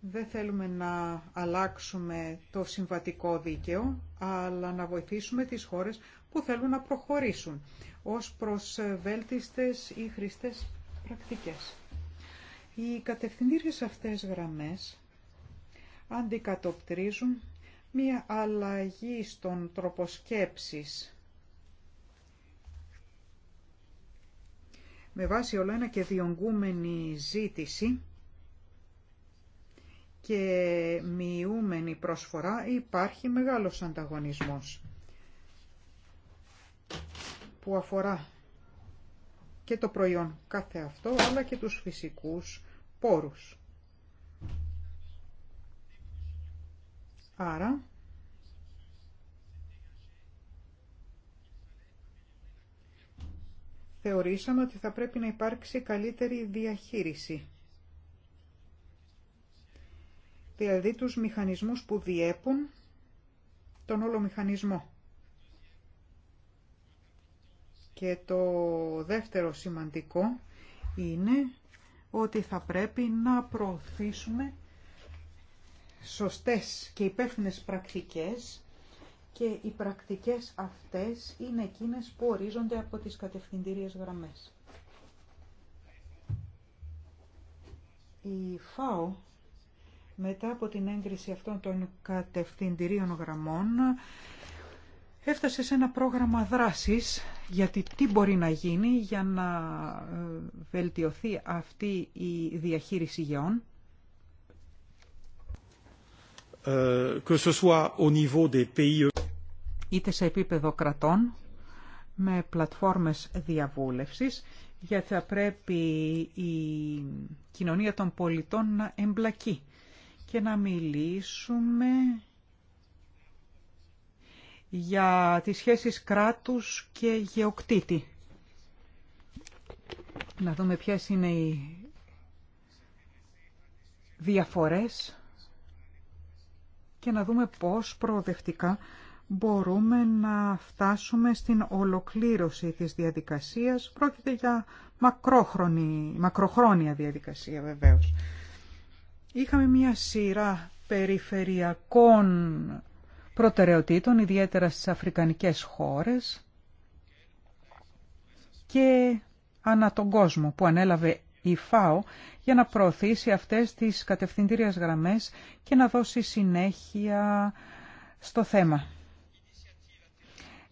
Δεν θέλουμε να αλλάξουμε το συμβατικό δίκαιο, αλλά να βοηθήσουμε τις χώρες που θέλουν να προχωρήσουν ως προς βέλτιστες ή χρήστες πρακτικές. Οι κατευθυντήριες αυτές γραμμές αντικατοπτρίζουν μία αλλαγή στον τρόπο σκέψης. Με βάση όλο ένα και διονγκούμενη ζήτηση και μειούμενη προσφορά υπάρχει μεγάλος ανταγωνισμός που αφορά και το προϊόν κάθε αυτό αλλά και τους φυσικούς πόρους. Άρα, θεωρήσαμε ότι θα πρέπει να υπάρξει καλύτερη διαχείριση. Δηλαδή τους μηχανισμούς που διέπουν τον όλο μηχανισμό. Και το δεύτερο σημαντικό είναι ότι θα πρέπει να προωθήσουμε σωστές και υπεύθυνες πρακτικές και οι πρακτικές αυτές είναι εκείνες που ορίζονται από τις κατευθυντήριες γραμμές. Η ΦΑΟ μετά από την έγκριση αυτών των κατευθυντηρίων γραμμών έφτασε σε ένα πρόγραμμα δράσης γιατί τι μπορεί να γίνει για να ε, βελτιωθεί αυτή η διαχείριση γεών. Ε, euh, είτε σε επίπεδο κρατών με πλατφόρμες διαβούλευσης γιατί θα πρέπει η κοινωνία των πολιτών να εμπλακεί και να μιλήσουμε για τις σχέσεις κράτους και γεωκτήτη. Να δούμε ποιες είναι οι διαφορές και να δούμε πώς προοδευτικά μπορούμε να φτάσουμε στην ολοκλήρωση της διαδικασίας. Πρόκειται για μακροχρόνια διαδικασία βεβαίως. Είχαμε μια σειρά περιφερειακών προτεραιοτήτων, ιδιαίτερα στις αφρικανικές χώρες και ανά τον κόσμο που ανέλαβε η ΦΑΟ για να προωθήσει αυτές τις κατευθυντήριες γραμμές και να δώσει συνέχεια στο θέμα.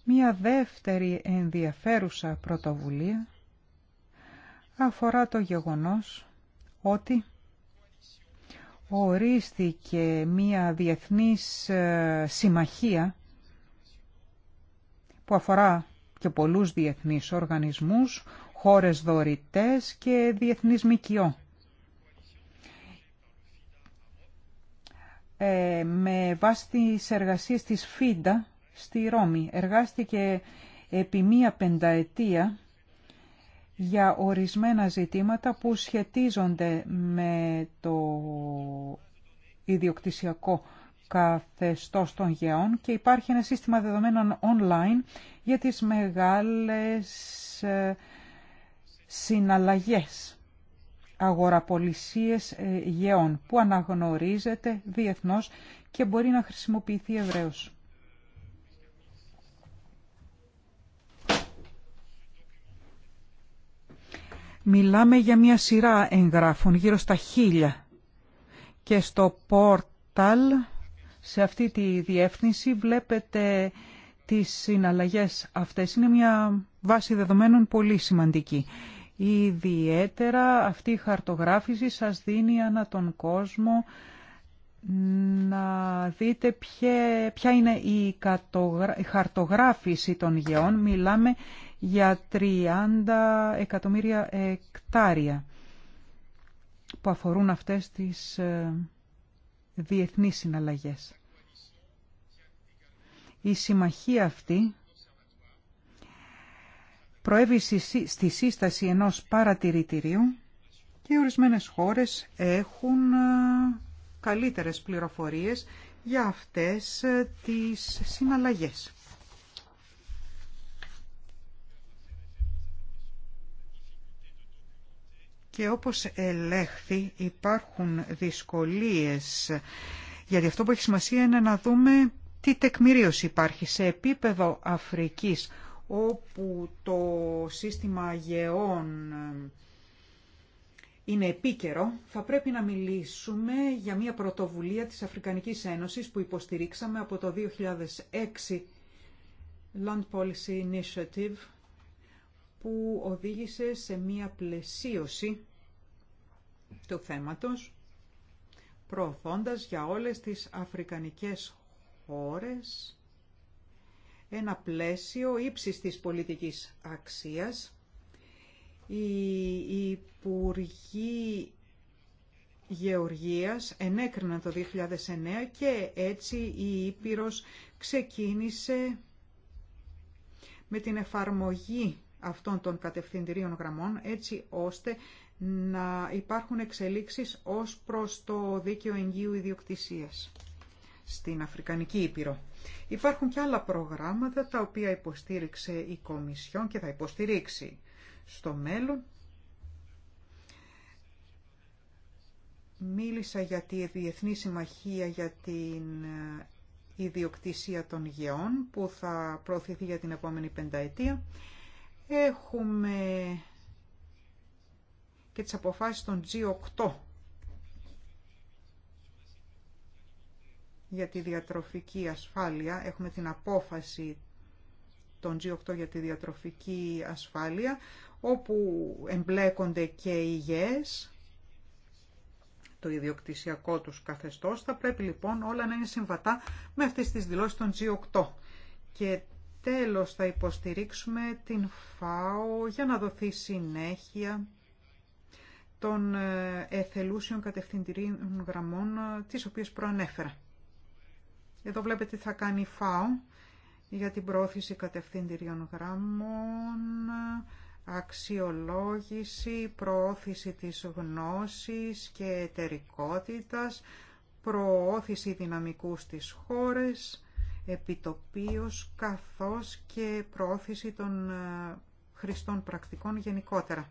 Μία δεύτερη ενδιαφέρουσα πρωτοβουλία αφορά το γεγονός ότι ορίστηκε μία διεθνής ε, συμμαχία που αφορά και πολλούς διεθνείς οργανισμούς, χώρες δωρητές και διεθνείς μικιό. Ε, με βάση τις εργασίες της ΦΙΝΤΑ στη Ρώμη εργάστηκε επί μία πενταετία για ορισμένα ζητήματα που σχετίζονται με το ιδιοκτησιακό καθεστώς των γεών και υπάρχει ένα σύστημα δεδομένων online για τις μεγάλες ε, συναλλαγές αγοραπολισίες ε, γεών που αναγνωρίζεται διεθνώς και μπορεί να χρησιμοποιηθεί ευρέως. Μιλάμε για μια σειρά εγγράφων, γύρω στα χίλια. Και στο πόρταλ, σε αυτή τη διεύθυνση, βλέπετε τις συναλλαγές αυτές. Είναι μια βάση δεδομένων πολύ σημαντική. Ιδιαίτερα αυτή η χαρτογράφηση σας δίνει ανά τον κόσμο να δείτε ποια, είναι η χαρτογράφηση των γεών. Μιλάμε για 30 εκατομμύρια εκτάρια που αφορούν αυτές τις ε, διεθνείς συναλλαγές. Η συμμαχία αυτή προέβη στη σύσταση ενός παρατηρητηρίου και ορισμένες χώρες έχουν ε, καλύτερες πληροφορίες για αυτές ε, τις συναλλαγές. Και όπως ελέγχθη υπάρχουν δυσκολίες, γιατί αυτό που έχει σημασία είναι να δούμε τι τεκμηρίωση υπάρχει σε επίπεδο Αφρικής, όπου το σύστημα αγεών είναι επίκαιρο, θα πρέπει να μιλήσουμε για μια πρωτοβουλία της Αφρικανικής Ένωσης που υποστηρίξαμε από το 2006, Land Policy Initiative, που οδήγησε σε μία πλαισίωση του θέματος, προωθώντας για όλες τις αφρικανικές χώρες ένα πλαίσιο ύψης της πολιτικής αξίας. Η Υπουργοί Γεωργίας ενέκριναν το 2009 και έτσι η Ήπειρος ξεκίνησε με την εφαρμογή αυτών των κατευθυντηρίων γραμμών έτσι ώστε να υπάρχουν εξελίξεις ως προς το δίκαιο εγγύου ιδιοκτησίας στην Αφρικανική Ήπειρο. Υπάρχουν και άλλα προγράμματα τα οποία υποστήριξε η Κομισιόν και θα υποστηρίξει στο μέλλον. Μίλησα για τη Διεθνή Συμμαχία για την ε, ιδιοκτησία των γεών που θα προωθηθεί για την επόμενη πενταετία Έχουμε και τις αποφάσεις των G8 για τη διατροφική ασφάλεια. Έχουμε την απόφαση των G8 για τη διατροφική ασφάλεια, όπου εμπλέκονται και οι υγιές, το ιδιοκτησιακό τους καθεστώς. Θα πρέπει λοιπόν όλα να είναι συμβατά με αυτές τις δηλώσεις των G8. Και Τέλος θα υποστηρίξουμε την ΦΑΟ για να δοθεί συνέχεια των ε, εθελούσιων κατευθυντηρίων γραμμών ε, τις οποίες προανέφερα. Εδώ βλέπετε τι θα κάνει η ΦΑΟ για την πρόθεση κατευθυντηρίων γραμμών, αξιολόγηση, προώθηση της γνώσης και εταιρικότητας, προώθηση δυναμικού στις χώρες, επιτοπίως καθώς και προώθηση των ε, χρηστών πρακτικών γενικότερα.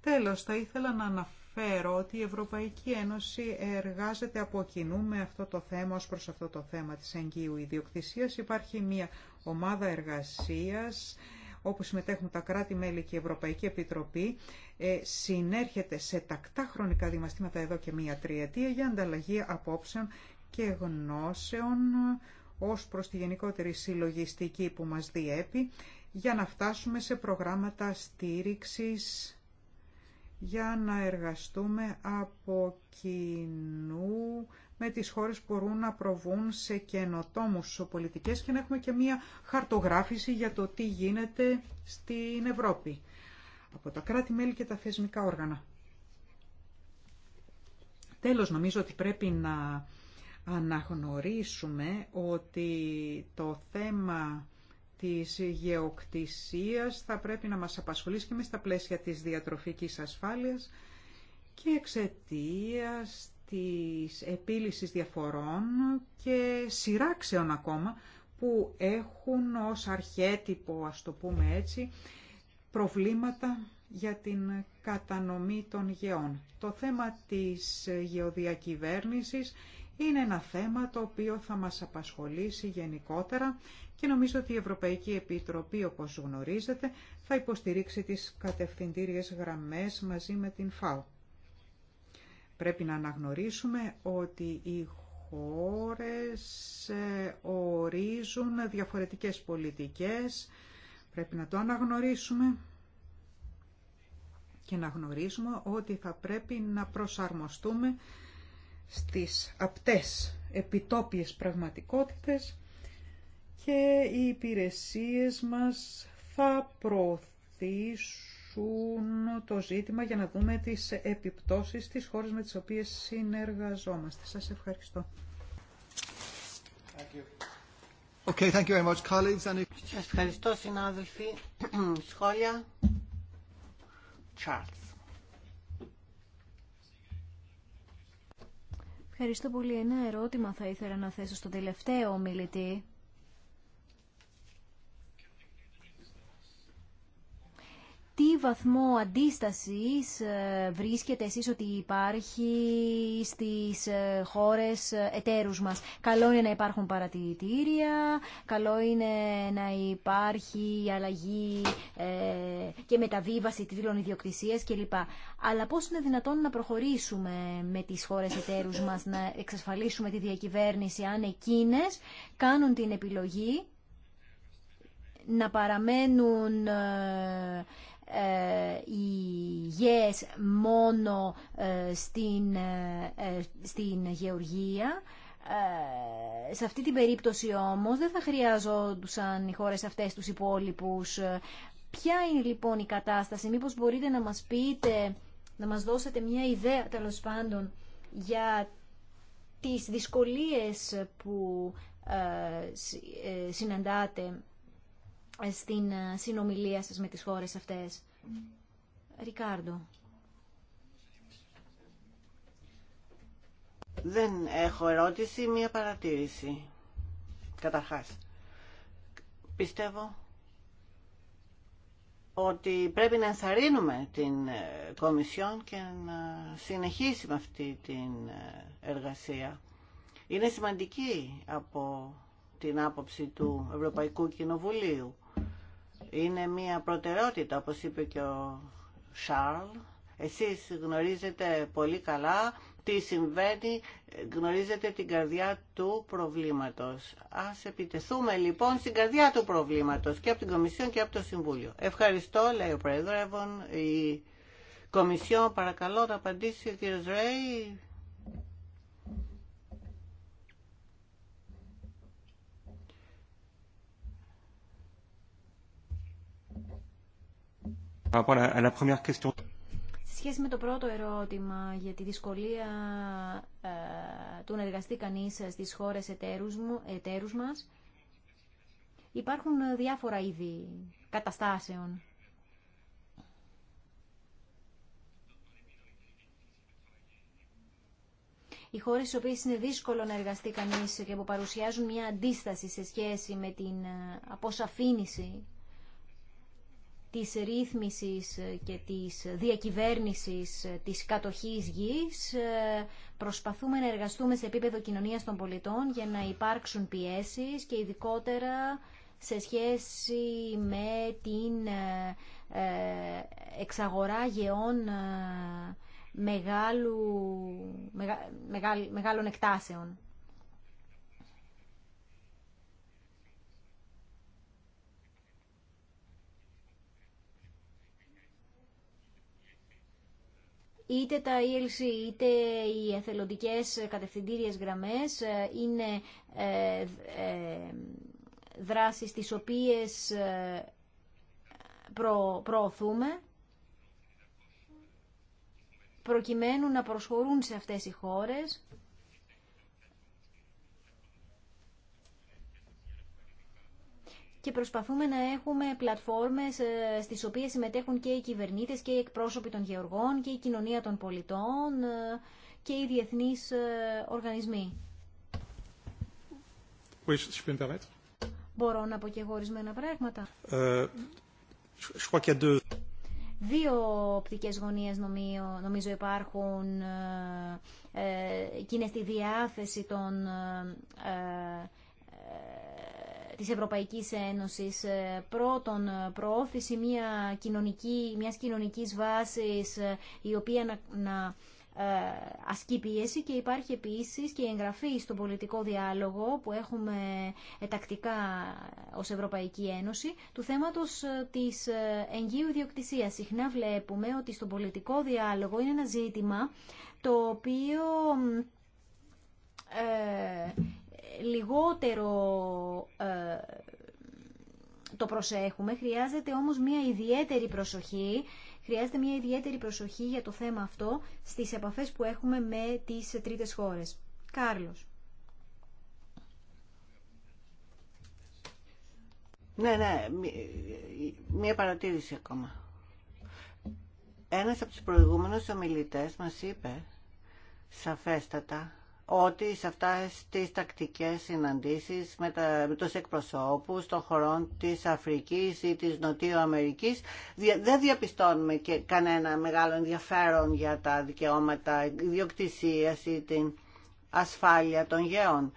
Τέλος, θα ήθελα να αναφέρω ότι η Ευρωπαϊκή Ένωση εργάζεται από κοινού με αυτό το θέμα ως προς αυτό το θέμα της εγγύου ιδιοκτησίας. Υπάρχει μια ομάδα εργασίας όπου συμμετέχουν τα κράτη-μέλη και η Ευρωπαϊκή Επιτροπή, ε, συνέρχεται σε τακτά χρονικά δημαστήματα εδώ και μία τριετία για ανταλλαγή απόψεων και γνώσεων ως προς τη γενικότερη συλλογιστική που μας διέπει για να φτάσουμε σε προγράμματα στήριξης για να εργαστούμε από κοινού με τις χώρες που μπορούν να προβούν σε καινοτόμους πολιτικές και να έχουμε και μία χαρτογράφηση για το τι γίνεται στην Ευρώπη από τα κράτη-μέλη και τα θεσμικά όργανα. Τέλος, νομίζω ότι πρέπει να αναγνωρίσουμε ότι το θέμα της γεωκτησίας θα πρέπει να μας απασχολήσει και με στα πλαίσια της διατροφικής ασφάλειας και εξαιτία της επίλυσης διαφορών και σειράξεων ακόμα που έχουν ως αρχέτυπο, ας το πούμε έτσι, προβλήματα για την κατανομή των γεών. Το θέμα της γεωδιακυβέρνησης είναι ένα θέμα το οποίο θα μας απασχολήσει γενικότερα και νομίζω ότι η Ευρωπαϊκή Επιτροπή, όπως γνωρίζετε, θα υποστηρίξει τις κατευθυντήριες γραμμές μαζί με την ΦΑΟ. Πρέπει να αναγνωρίσουμε ότι οι χώρες ε, ορίζουν διαφορετικές πολιτικές, πρέπει να το αναγνωρίσουμε και να γνωρίσουμε ότι θα πρέπει να προσαρμοστούμε στις απτές επιτόπιες πραγματικότητες και οι υπηρεσίες μας θα προωθήσουν το ζήτημα για να δούμε τις επιπτώσεις στις χώρες με τις οποίες συνεργαζόμαστε. Σας ευχαριστώ. Okay, thank you very much, colleagues. And... Σας ευχαριστώ συνάδελφοι. Σχόλια. Charles. Ευχαριστώ πολύ. Ένα ερώτημα θα ήθελα να θέσω στον τελευταίο ομιλητή. τι βαθμό αντίστασης ε, βρίσκεται εσείς ότι υπάρχει στις ε, χώρες ε, εταίρους μας. Καλό είναι να υπάρχουν παρατηρητήρια, καλό είναι να υπάρχει αλλαγή και μεταβίβαση τίτλων ιδιοκτησίας κλπ. Αλλά πώς είναι δυνατόν να προχωρήσουμε με τις χώρες εταίρους μας, να εξασφαλίσουμε τη διακυβέρνηση αν εκείνες κάνουν την επιλογή να παραμένουν οι ε, γιες μόνο ε, στην, ε, στην γεωργία. Σε αυτή την περίπτωση όμως δεν θα χρειάζονταν οι χώρες αυτές τους υπόλοιπους. Ποια είναι λοιπόν η κατάσταση, μήπως μπορείτε να μας πείτε, να μας δώσετε μια ιδέα τέλο πάντων για τις δυσκολίες που συναντάτε στην ε, συνομιλία σας με τις χώρες αυτές. Ρικάρντο. Δεν έχω ερώτηση, μία παρατήρηση. Καταρχάς, πιστεύω ότι πρέπει να ενθαρρύνουμε την ε, Κομισιόν και να συνεχίσει με αυτή την ε, εργασία. Είναι σημαντική από την άποψη του Ευρωπαϊκού Κοινοβουλίου είναι μια προτεραιότητα, όπως είπε και ο Σάρλ. Εσείς γνωρίζετε πολύ καλά τι συμβαίνει, γνωρίζετε την καρδιά του προβλήματος. Ας επιτεθούμε λοιπόν στην καρδιά του προβλήματος και από την Κομισιόν και από το Συμβούλιο. Ευχαριστώ, λέει ο Πρόεδρε, Η Κομισιόν παρακαλώ να απαντήσει ο κύριος Ρέι. Σχέση με το πρώτο ερώτημα για τη δυσκολία ε, του να εργαστεί κανείς στις χώρες εταίρους, εταίρους μας, υπάρχουν διάφορα είδη καταστάσεων. οι χώρες στις οποίες είναι δύσκολο να εργαστεί κανείς και που παρουσιάζουν μια αντίσταση σε σχέση με την ε, αποσαφήνιση της ρύθμισης ε, και της διακυβέρνησης ε, της κατοχής γης. Ε, προσπαθούμε να εργαστούμε σε επίπεδο κοινωνίας των πολιτών για να υπάρξουν πιέσεις και ειδικότερα σε σχέση με την εξαγορά γεών μεγάλου, μεγα, μεγάλων εκτάσεων. είτε τα ELC είτε οι εθελοντικές κατευθυντήριες γραμμές ε, είναι ε, ε, δράσεις τις οποίες προ, προωθούμε προκειμένου να προσχωρούν σε αυτές οι χώρες και προσπαθούμε να έχουμε πλατφόρμες ε, στις οποίες συμμετέχουν και οι κυβερνήτες και οι εκπρόσωποι των γεωργών και η κοινωνία των πολιτών ε, και οι διεθνείς ε, οργανισμοί. Μπορώ να πω και εγώ ορισμένα πράγματα. Δύο οπτικές γωνίες νομίζω, υπάρχουν ε, και είναι στη διάθεση των της Ευρωπαϊκής Ένωσης. Ε, πρώτον, προώθηση μια κοινωνική, μιας κοινωνικής βάσης ε, η οποία να, να ε, ασκεί πίεση και υπάρχει επίσης και εγγραφή στον πολιτικό διάλογο που έχουμε τακτικά ως Ευρωπαϊκή Ένωση του θέματος της εγγύου ιδιοκτησίας. Συχνά βλέπουμε ότι στον πολιτικό διάλογο είναι ένα ζήτημα το οποίο λιγότερο ε, το προσέχουμε. Χρειάζεται όμως μια ιδιαίτερη προσοχή. Χρειάζεται μια ιδιαίτερη προσοχή για το θέμα αυτό στις επαφές που έχουμε με τις τρίτες χώρες. Κάρλος. Ναι, ναι, μία παρατήρηση ακόμα. Ένας από τους προηγούμενους ομιλητές μας είπε σαφέστατα ότι σε αυτά τις τακτικές συναντήσεις με, τα, με τους εκπροσώπους των χωρών της Αφρικής ή της Νοτιού Αμερικής δεν διαπιστώνουμε και κανένα μεγάλο ενδιαφέρον για τα δικαιώματα ιδιοκτησίας ή την ασφάλεια των γέων.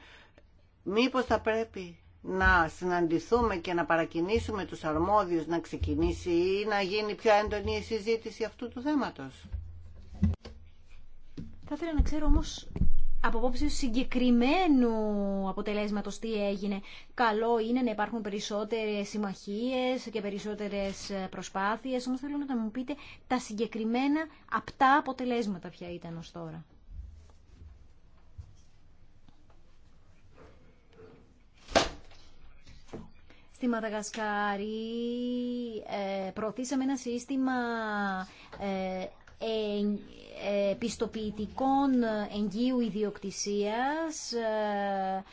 Μήπως θα πρέπει να συναντηθούμε και να παρακινήσουμε τους αρμόδιους να ξεκινήσει ή να γίνει πιο έντονη η συζήτηση αυτού του θέματος. Θα ήθελα να ξέρω όμως από απόψη συγκεκριμένου αποτελέσματος τι έγινε. Καλό είναι να υπάρχουν περισσότερες συμμαχίες και περισσότερες προσπάθειες, όμως θέλω να μου πείτε τα συγκεκριμένα απτά αποτελέσματα ποια ήταν ω τώρα. Στη Μαδαγασκάρη ε, προωθήσαμε ένα σύστημα ε, ε, πιστοποιητικών εγγύου ιδιοκτησίας ε,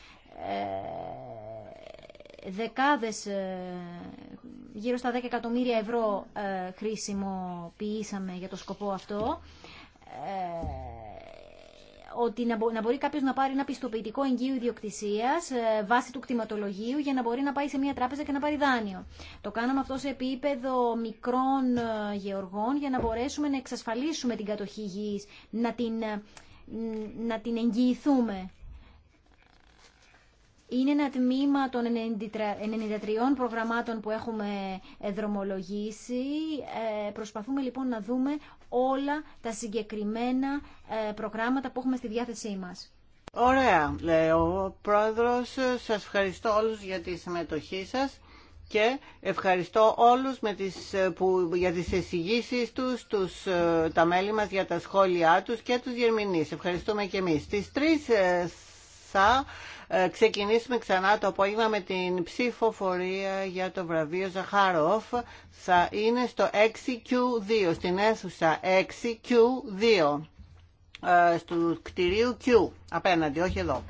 ε, δεκάδες, γύρω στα 10 εκατομμύρια ευρώ χρήσιμοποιήσαμε για το σκοπό αυτό ότι να μπορεί κάποιο να πάρει ένα πιστοποιητικό εγγύου ιδιοκτησία ε, βάσει του κτηματολογίου για να μπορεί να πάει σε μια τράπεζα και να πάρει δάνειο. Το κάναμε αυτό σε επίπεδο μικρών ε, γεωργών για να μπορέσουμε να εξασφαλίσουμε την κατοχή γης, να την, ε, να την εγγυηθούμε είναι ένα τμήμα των 93 προγραμμάτων που έχουμε ε, δρομολογήσει. Ε, προσπαθούμε λοιπόν να δούμε όλα τα συγκεκριμένα ε, προγράμματα που έχουμε στη διάθεσή μας. Ωραία, λέει ο Πρόεδρος. Σας ευχαριστώ όλους για τη συμμετοχή σας και ευχαριστώ όλους με τις, που, για τις εισηγήσεις τους, τους, τα μέλη μας για τα σχόλιά τους και τους γερμηνείς. Ευχαριστούμε και εμείς. Ε, ξεκινήσουμε ξανά το απόγευμα με την ψηφοφορία για το βραβείο Ζαχάροφ. Θα είναι στο 6Q2, στην αίθουσα 6Q2, ε, στο κτηρίου Q απέναντι, όχι εδώ.